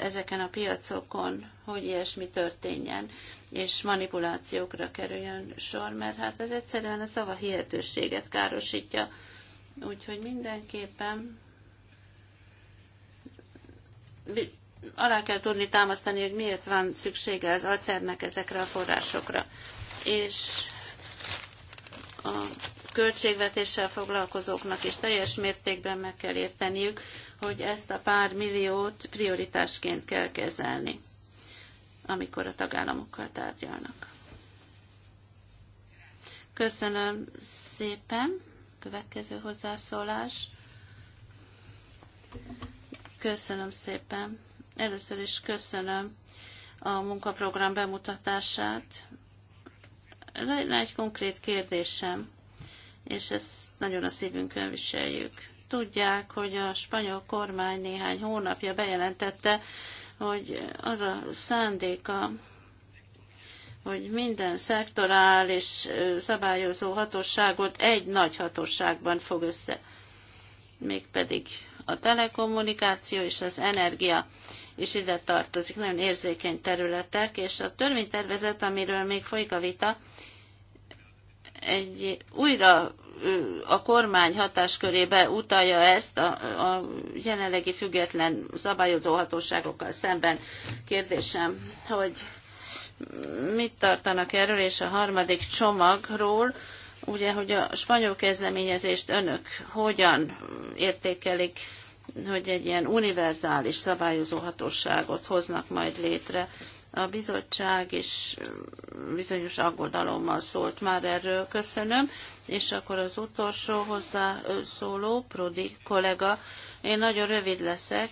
ezeken a piacokon, hogy ilyesmi történjen, és manipulációkra kerüljön sor, mert hát ez egyszerűen a szava hihetőséget károsítja. Úgyhogy mindenképpen alá kell tudni támasztani, hogy miért van szüksége az acernek ezekre a forrásokra. És a költségvetéssel foglalkozóknak is teljes mértékben meg kell érteniük, hogy ezt a pár milliót prioritásként kell kezelni, amikor a tagállamokkal tárgyalnak. Köszönöm szépen. Következő hozzászólás. Köszönöm szépen. Először is köszönöm a munkaprogram bemutatását. Lenne egy konkrét kérdésem és ezt nagyon a szívünkön viseljük. Tudják, hogy a spanyol kormány néhány hónapja bejelentette, hogy az a szándéka, hogy minden szektorál és szabályozó hatóságot egy nagy hatóságban fog össze, mégpedig a telekommunikáció és az energia és ide tartozik, nagyon érzékeny területek, és a törvénytervezet, amiről még folyik a vita, egy újra a kormány hatáskörébe utalja ezt a, a jelenlegi független szabályozó hatóságokkal szemben. Kérdésem, hogy mit tartanak erről, és a harmadik csomagról, ugye, hogy a spanyol kezdeményezést önök hogyan értékelik, hogy egy ilyen univerzális szabályozó hatóságot hoznak majd létre a bizottság is bizonyos aggodalommal szólt már erről, köszönöm. És akkor az utolsó hozzászóló, Prodi kollega. Én nagyon rövid leszek.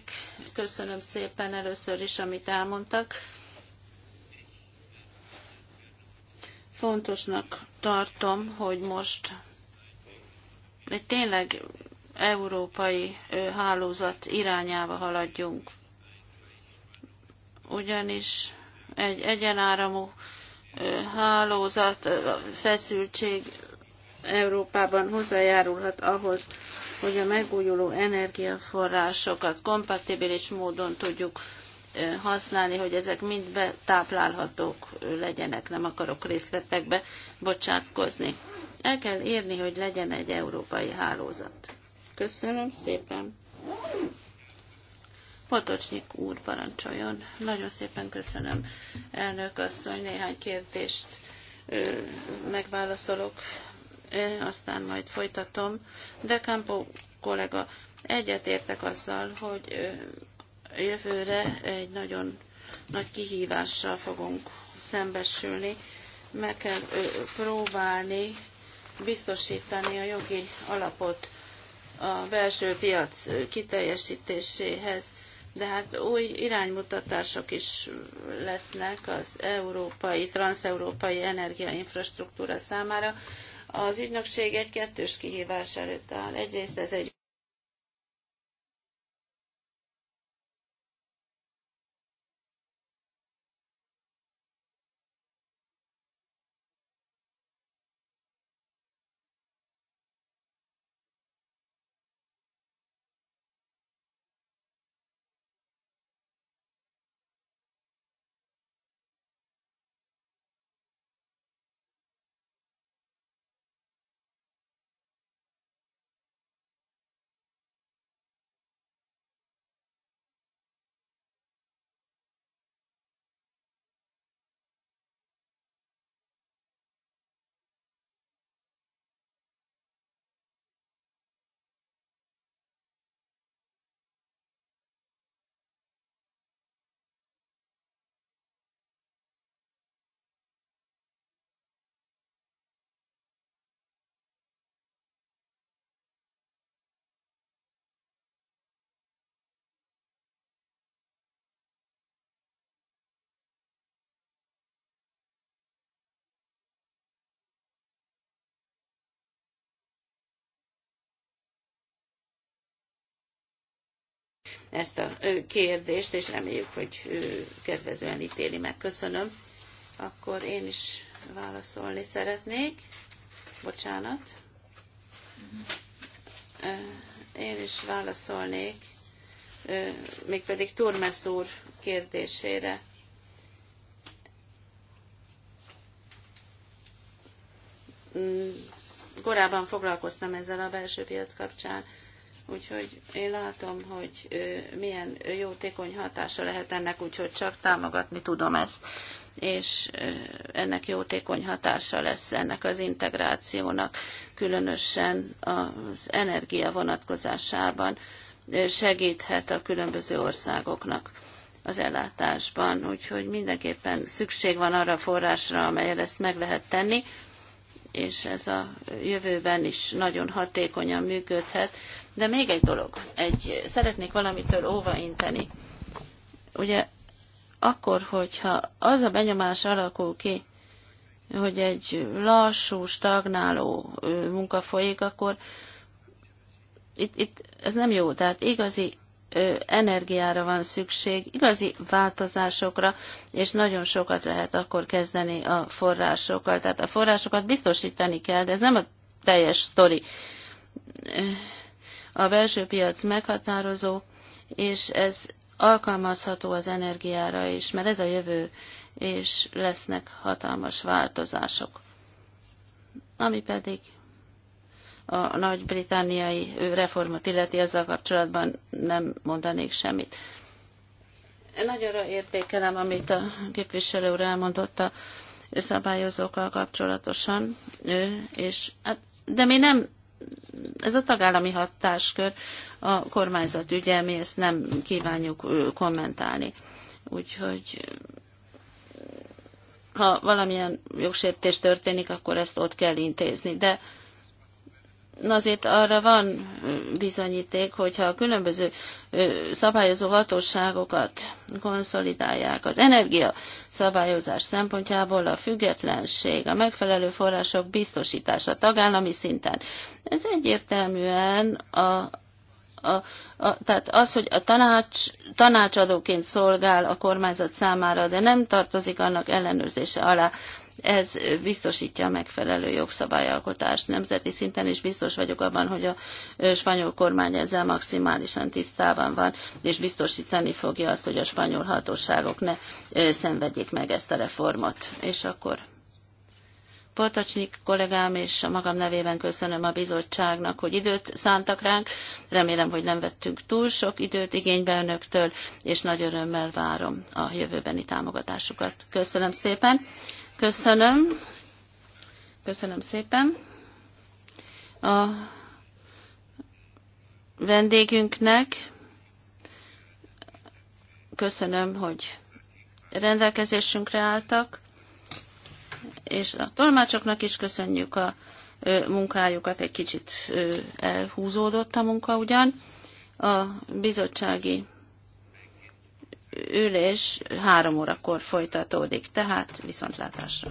Köszönöm szépen először is, amit elmondtak. Fontosnak tartom, hogy most egy tényleg európai hálózat irányába haladjunk. Ugyanis egy egyenáramú hálózat, feszültség Európában hozzájárulhat ahhoz, hogy a megújuló energiaforrásokat kompatibilis módon tudjuk használni, hogy ezek mind betáplálhatók legyenek, nem akarok részletekbe bocsátkozni. El kell érni, hogy legyen egy európai hálózat. Köszönöm szépen! Potocsnyik úr parancsoljon. Nagyon szépen köszönöm, elnök asszony, néhány kérdést megválaszolok, aztán majd folytatom. De Campo kollega, egyetértek azzal, hogy jövőre egy nagyon nagy kihívással fogunk szembesülni. Meg kell próbálni biztosítani a jogi alapot a belső piac kiteljesítéséhez de hát új iránymutatások is lesznek az európai, transeurópai energiainfrastruktúra számára. Az ügynökség egy kettős kihívás előtt áll. Egyrészt ez egy ezt a kérdést, és reméljük, hogy kedvezően ítéli meg. Köszönöm. Akkor én is válaszolni szeretnék. Bocsánat. Én is válaszolnék, mégpedig Turmes úr kérdésére. Mm, korábban foglalkoztam ezzel a belső piac kapcsán Úgyhogy én látom, hogy milyen jótékony hatása lehet ennek, úgyhogy csak támogatni tudom ezt. És ennek jótékony hatása lesz ennek az integrációnak, különösen az energia vonatkozásában segíthet a különböző országoknak az ellátásban, úgyhogy mindenképpen szükség van arra a forrásra, amelyel ezt meg lehet tenni, és ez a jövőben is nagyon hatékonyan működhet, de még egy dolog, egy, szeretnék valamitől óvainteni. Ugye akkor, hogyha az a benyomás alakul ki, hogy egy lassú, stagnáló munka folyik, akkor itt, itt ez nem jó. Tehát igazi ö, energiára van szükség, igazi változásokra, és nagyon sokat lehet akkor kezdeni a forrásokkal. Tehát a forrásokat biztosítani kell, de ez nem a teljes sztori a belső piac meghatározó, és ez alkalmazható az energiára is, mert ez a jövő, és lesznek hatalmas változások. Ami pedig a nagy-britániai reformot illeti, ezzel kapcsolatban nem mondanék semmit. Nagyra értékelem, amit a képviselő úr elmondott a szabályozókkal kapcsolatosan, és hát, de mi nem ez a tagállami hatáskör a kormányzat ügye, mi ezt nem kívánjuk kommentálni. Úgyhogy ha valamilyen jogsértés történik, akkor ezt ott kell intézni. De azért arra van bizonyíték, hogyha a különböző szabályozó hatóságokat konszolidálják. Az energia szabályozás szempontjából a függetlenség, a megfelelő források biztosítása tagállami szinten. Ez egyértelműen a, a, a, tehát az, hogy a tanács, tanácsadóként szolgál a kormányzat számára, de nem tartozik annak ellenőrzése alá, ez biztosítja a megfelelő jogszabályalkotást nemzeti szinten, és biztos vagyok abban, hogy a spanyol kormány ezzel maximálisan tisztában van, és biztosítani fogja azt, hogy a spanyol hatóságok ne szenvedjék meg ezt a reformot. És akkor Portacsnyik kollégám és a magam nevében köszönöm a bizottságnak, hogy időt szántak ránk. Remélem, hogy nem vettünk túl sok időt igénybe önöktől, és nagy örömmel várom a jövőbeni támogatásukat. Köszönöm szépen. Köszönöm. Köszönöm szépen. A vendégünknek köszönöm, hogy rendelkezésünkre álltak, és a tolmácsoknak is köszönjük a munkájukat, egy kicsit elhúzódott a munka ugyan. A bizottsági ülés három órakor folytatódik, tehát viszontlátásra.